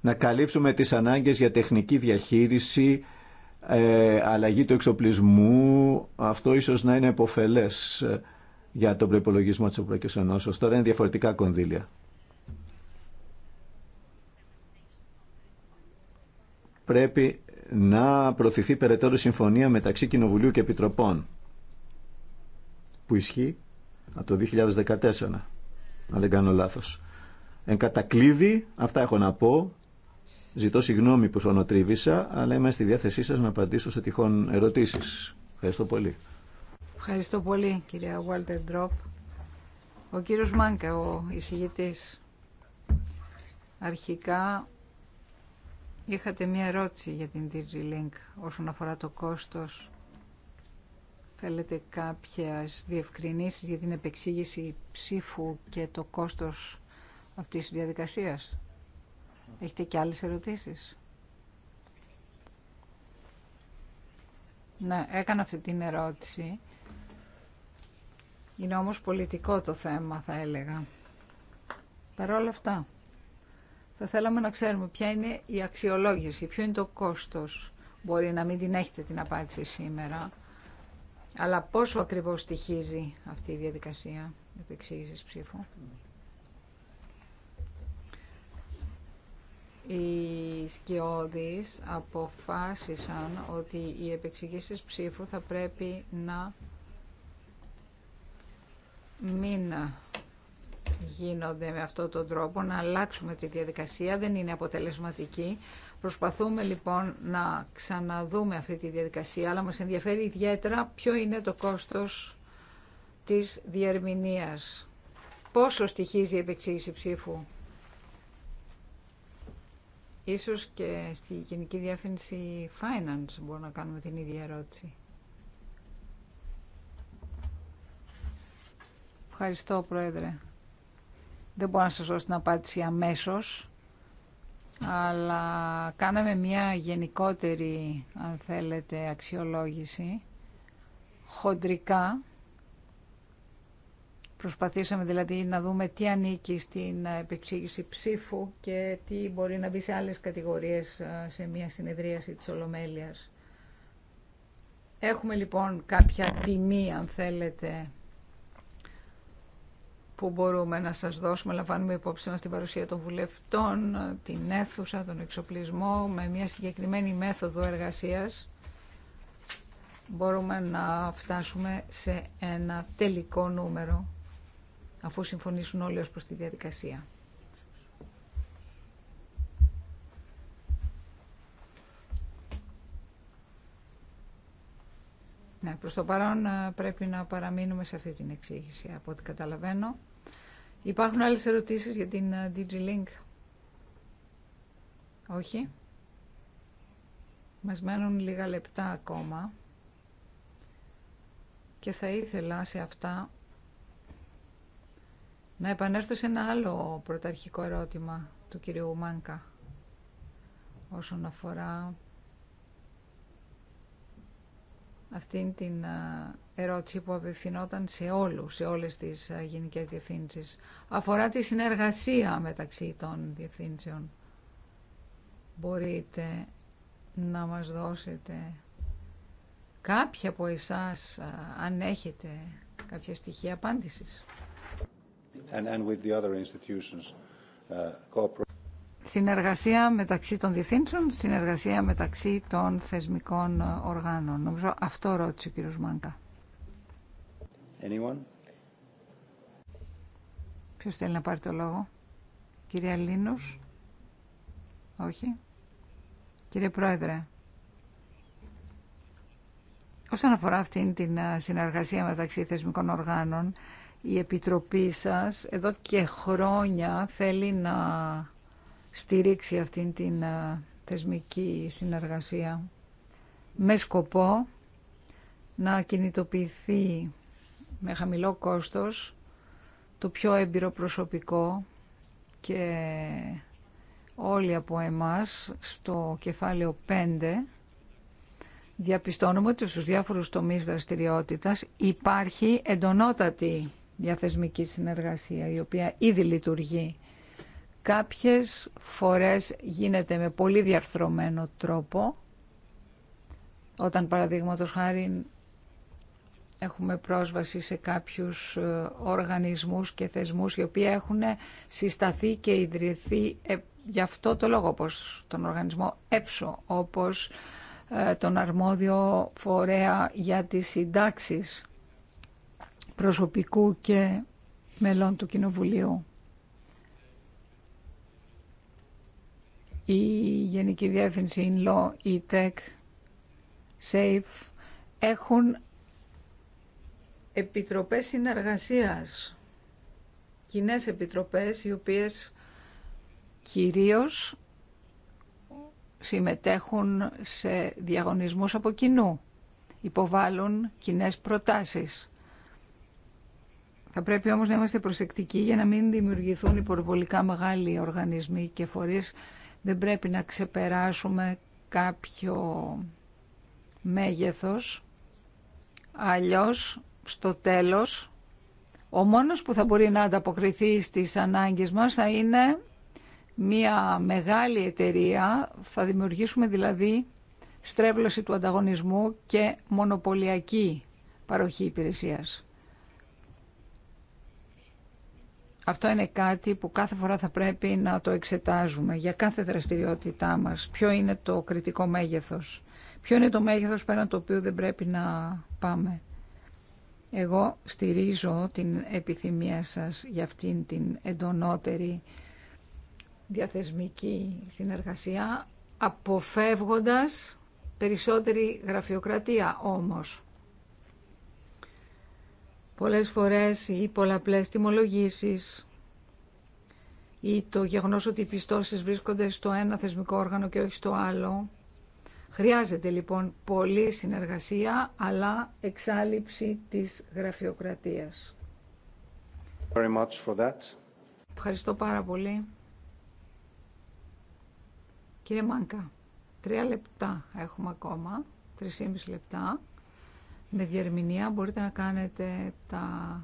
να καλύψουμε τις ανάγκες για τεχνική διαχείριση, ε, αλλαγή του εξοπλισμού. Αυτό ίσως να είναι εποφελές ε, για τον προπολογισμό της Ευρωπαϊκής Ενώσεως. Τώρα είναι διαφορετικά κονδύλια. Πρέπει να προωθηθεί περαιτέρω συμφωνία μεταξύ Κοινοβουλίου και Επιτροπών που ισχύει από το 2014, αν δεν κάνω λάθος. Εν κατακλείδη, αυτά έχω να πω. Ζητώ συγγνώμη που χρονοτρίβησα, αλλά είμαι στη διάθεσή σας να απαντήσω σε τυχόν ερωτήσεις. Ευχαριστώ πολύ. Ευχαριστώ πολύ, κυρία Walter Ο κύριος Μάνκα, ο εισηγητής. Αρχικά είχατε μία ερώτηση για την DigiLink όσον αφορά το κόστος Θέλετε κάποιες διευκρινήσεις για την επεξήγηση ψήφου και το κόστος αυτής της διαδικασίας. Έχετε και άλλες ερωτήσεις. Ναι, έκανα αυτή την ερώτηση. Είναι όμως πολιτικό το θέμα, θα έλεγα. Παρ' όλα αυτά, θα θέλαμε να ξέρουμε ποια είναι η αξιολόγηση, ποιο είναι το κόστος. Μπορεί να μην την έχετε την απάντηση σήμερα. Αλλά πόσο ακριβώς στοιχίζει αυτή η διαδικασία επεξήγησης ψήφου. Οι σκιώδεις αποφάσισαν ότι οι επεξηγήσεις ψήφου θα πρέπει να μην γίνονται με αυτόν τον τρόπο, να αλλάξουμε τη διαδικασία, δεν είναι αποτελεσματική. Προσπαθούμε λοιπόν να ξαναδούμε αυτή τη διαδικασία, αλλά μας ενδιαφέρει ιδιαίτερα ποιο είναι το κόστος της διερμηνίας. Πόσο στοιχίζει η επεξήγηση ψήφου. Ίσως και στη Γενική Διεύθυνση Finance μπορούμε να κάνουμε την ίδια ερώτηση. Ευχαριστώ, Πρόεδρε. Δεν μπορώ να σας δώσω την απάντηση αμέσως αλλά κάναμε μια γενικότερη, αν θέλετε, αξιολόγηση, χοντρικά. Προσπαθήσαμε δηλαδή να δούμε τι ανήκει στην επεξήγηση ψήφου και τι μπορεί να μπει σε άλλες κατηγορίες ε, σε μια συνεδρίαση της Ολομέλειας. Έχουμε λοιπόν κάποια τιμή, αν θέλετε, που μπορούμε να σας δώσουμε. Λαμβάνουμε υπόψη μας την παρουσία των βουλευτών, την αίθουσα, τον εξοπλισμό, με μια συγκεκριμένη μέθοδο εργασίας μπορούμε να φτάσουμε σε ένα τελικό νούμερο αφού συμφωνήσουν όλοι ως προς τη διαδικασία. Ναι, προς το παρόν ε, πρέπει να παραμείνουμε σε αυτή την εξήγηση, από ό,τι καταλαβαίνω. Υπάρχουν άλλες ερωτήσεις για την ε, DigiLink. Όχι. Μας μένουν λίγα λεπτά ακόμα και θα ήθελα σε αυτά να επανέλθω σε ένα άλλο πρωταρχικό ερώτημα του κυρίου Μάνκα όσον αφορά αυτήν την ερώτηση που απευθυνόταν σε όλους, σε όλες τις γενικές διευθύνσεις. Αφορά τη συνεργασία μεταξύ των διευθύνσεων. Μπορείτε να μας δώσετε κάποια από εσάς, αν έχετε κάποια στοιχεία απάντησης. with the other uh, Συνεργασία μεταξύ των διευθύνσεων, συνεργασία μεταξύ των θεσμικών οργάνων. Νομίζω αυτό ρώτησε ο κύριος Μάνκα. Anyone? Ποιος θέλει να πάρει το λόγο. Κυρία Λίνους; Όχι. Κύριε Πρόεδρε. Όσον αφορά αυτήν την ε, συνεργασία μεταξύ θεσμικών οργάνων, η Επιτροπή σας εδώ και χρόνια θέλει να στηρίξει αυτήν την θεσμική συνεργασία με σκοπό να κινητοποιηθεί με χαμηλό κόστος το πιο έμπειρο προσωπικό και όλοι από εμάς στο κεφάλαιο 5 διαπιστώνουμε ότι στους διάφορους τομείς δραστηριότητας υπάρχει εντονότατη διαθεσμική συνεργασία η οποία ήδη λειτουργεί Κάποιες φορές γίνεται με πολύ διαρθρωμένο τρόπο, όταν παραδείγματο χάρη έχουμε πρόσβαση σε κάποιους ε, οργανισμούς και θεσμούς οι οποίοι έχουν συσταθεί και ιδρυθεί ε, γι' αυτό το λόγο, όπως τον οργανισμό έψω, όπως ε, τον αρμόδιο φορέα για τις συντάξεις προσωπικού και μελών του Κοινοβουλίου. η Γενική Διεύθυνση law, η tech SAFE έχουν επιτροπές συνεργασίας, κοινέ επιτροπές οι οποίες κυρίως συμμετέχουν σε διαγωνισμούς από κοινού, υποβάλλουν κοινέ προτάσεις. Θα πρέπει όμως να είμαστε προσεκτικοί για να μην δημιουργηθούν υπορβολικά μεγάλοι οργανισμοί και φορείς δεν πρέπει να ξεπεράσουμε κάποιο μέγεθος, αλλιώς στο τέλος ο μόνος που θα μπορεί να ανταποκριθεί στις ανάγκες μας θα είναι μια μεγάλη εταιρεία, θα δημιουργήσουμε δηλαδή στρέβλωση του ανταγωνισμού και μονοπωλιακή παροχή υπηρεσίας. Αυτό είναι κάτι που κάθε φορά θα πρέπει να το εξετάζουμε για κάθε δραστηριότητά μας. Ποιο είναι το κριτικό μέγεθος. Ποιο είναι το μέγεθος πέραν το οποίο δεν πρέπει να πάμε. Εγώ στηρίζω την επιθυμία σας για αυτήν την εντονότερη διαθεσμική συνεργασία, αποφεύγοντας περισσότερη γραφειοκρατία όμως. Πολλές φορές ή πολλαπλές τιμολογήσεις ή το γεγονός ότι οι πιστώσεις βρίσκονται στο ένα θεσμικό όργανο και όχι στο άλλο. Χρειάζεται λοιπόν πολλή συνεργασία αλλά εξάλληψη της γραφειοκρατίας. Very much for that. Ευχαριστώ πάρα πολύ. Κύριε Μάνκα, τρία λεπτά έχουμε ακόμα, τρεις ή λεπτά. Με διερμηνία. Μπορείτε να κάνετε τα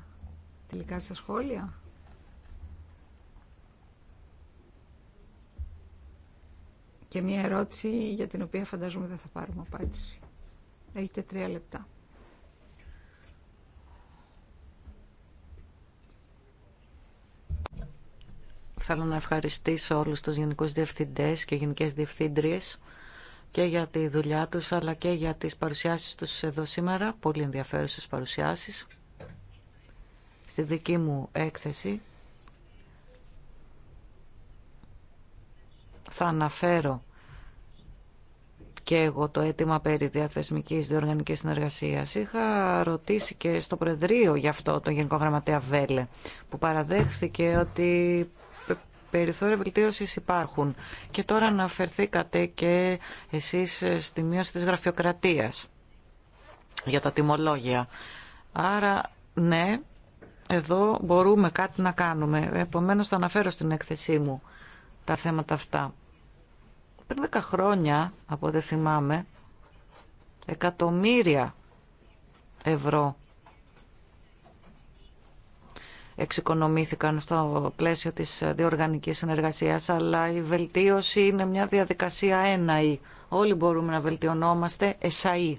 τελικά σας σχόλια. Και μία ερώτηση για την οποία φαντάζομαι δεν θα πάρουμε απάντηση. Έχετε τρία λεπτά. Θέλω να ευχαριστήσω όλους τους γενικούς διευθυντές και γενικές διευθύντριες και για τη δουλειά τους αλλά και για τις παρουσιάσεις τους εδώ σήμερα, πολύ ενδιαφέρουσες παρουσιάσεις. Στη δική μου έκθεση θα αναφέρω και εγώ το αίτημα περί διαθεσμικής διοργανικής συνεργασίας. Είχα ρωτήσει και στο Προεδρείο γι' αυτό τον Γενικό Γραμματέα Βέλε που παραδέχθηκε ότι περιθώρια βελτίωση υπάρχουν. Και τώρα αναφερθήκατε και εσείς στη μείωση της γραφειοκρατίας για τα τιμολόγια. Άρα, ναι, εδώ μπορούμε κάτι να κάνουμε. Επομένως, θα αναφέρω στην έκθεσή μου τα θέματα αυτά. Πριν 10 χρόνια, από ό,τι θυμάμαι, εκατομμύρια ευρώ εξοικονομήθηκαν στο πλαίσιο της διοργανικής συνεργασίας, αλλά η βελτίωση είναι μια διαδικασία έναη. Όλοι μπορούμε να βελτιωνόμαστε εσαΐ.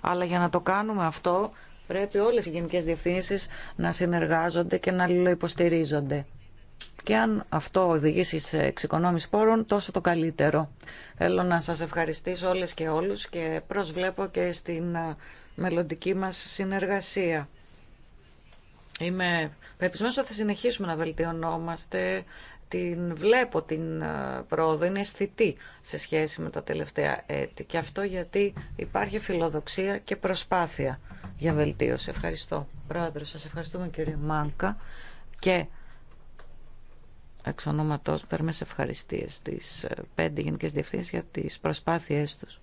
Αλλά για να το κάνουμε αυτό πρέπει όλες οι γενικές διευθύνσεις να συνεργάζονται και να αλληλοϊποστηρίζονται. Και αν αυτό οδηγήσει σε εξοικονόμηση πόρων, τόσο το καλύτερο. Θέλω να σας ευχαριστήσω όλες και όλους και προσβλέπω και στην μελλοντική μας συνεργασία. Είμαι πεπισμένος ότι θα συνεχίσουμε να βελτιωνόμαστε. Την βλέπω την ε, πρόοδο, είναι αισθητή σε σχέση με τα τελευταία έτη. Και αυτό γιατί υπάρχει φιλοδοξία και προσπάθεια για βελτίωση. Ευχαριστώ. Πρόεδρο, σας ευχαριστούμε κύριε Μάνκα και εξ ονόματός μου ευχαριστίες στις ε, πέντε γενικές διευθύνσεις για τις προσπάθειές τους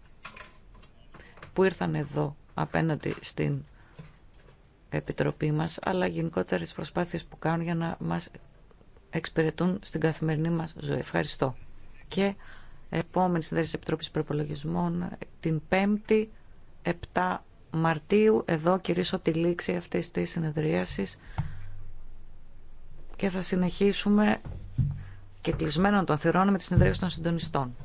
που ήρθαν εδώ απέναντι στην Επιτροπή μας, αλλά γενικότερα τις προσπάθειες που κάνουν για να μας εξυπηρετούν στην καθημερινή μας ζωή. Ευχαριστώ. Και επόμενη συνδέση Επιτροπής Προπολογισμών την 5η 7 Μαρτίου. Εδώ κυρίσω τη λήξη αυτής της συνεδρίασης και θα συνεχίσουμε και κλεισμένον των θυρών με τη συνεδρίαση των συντονιστών.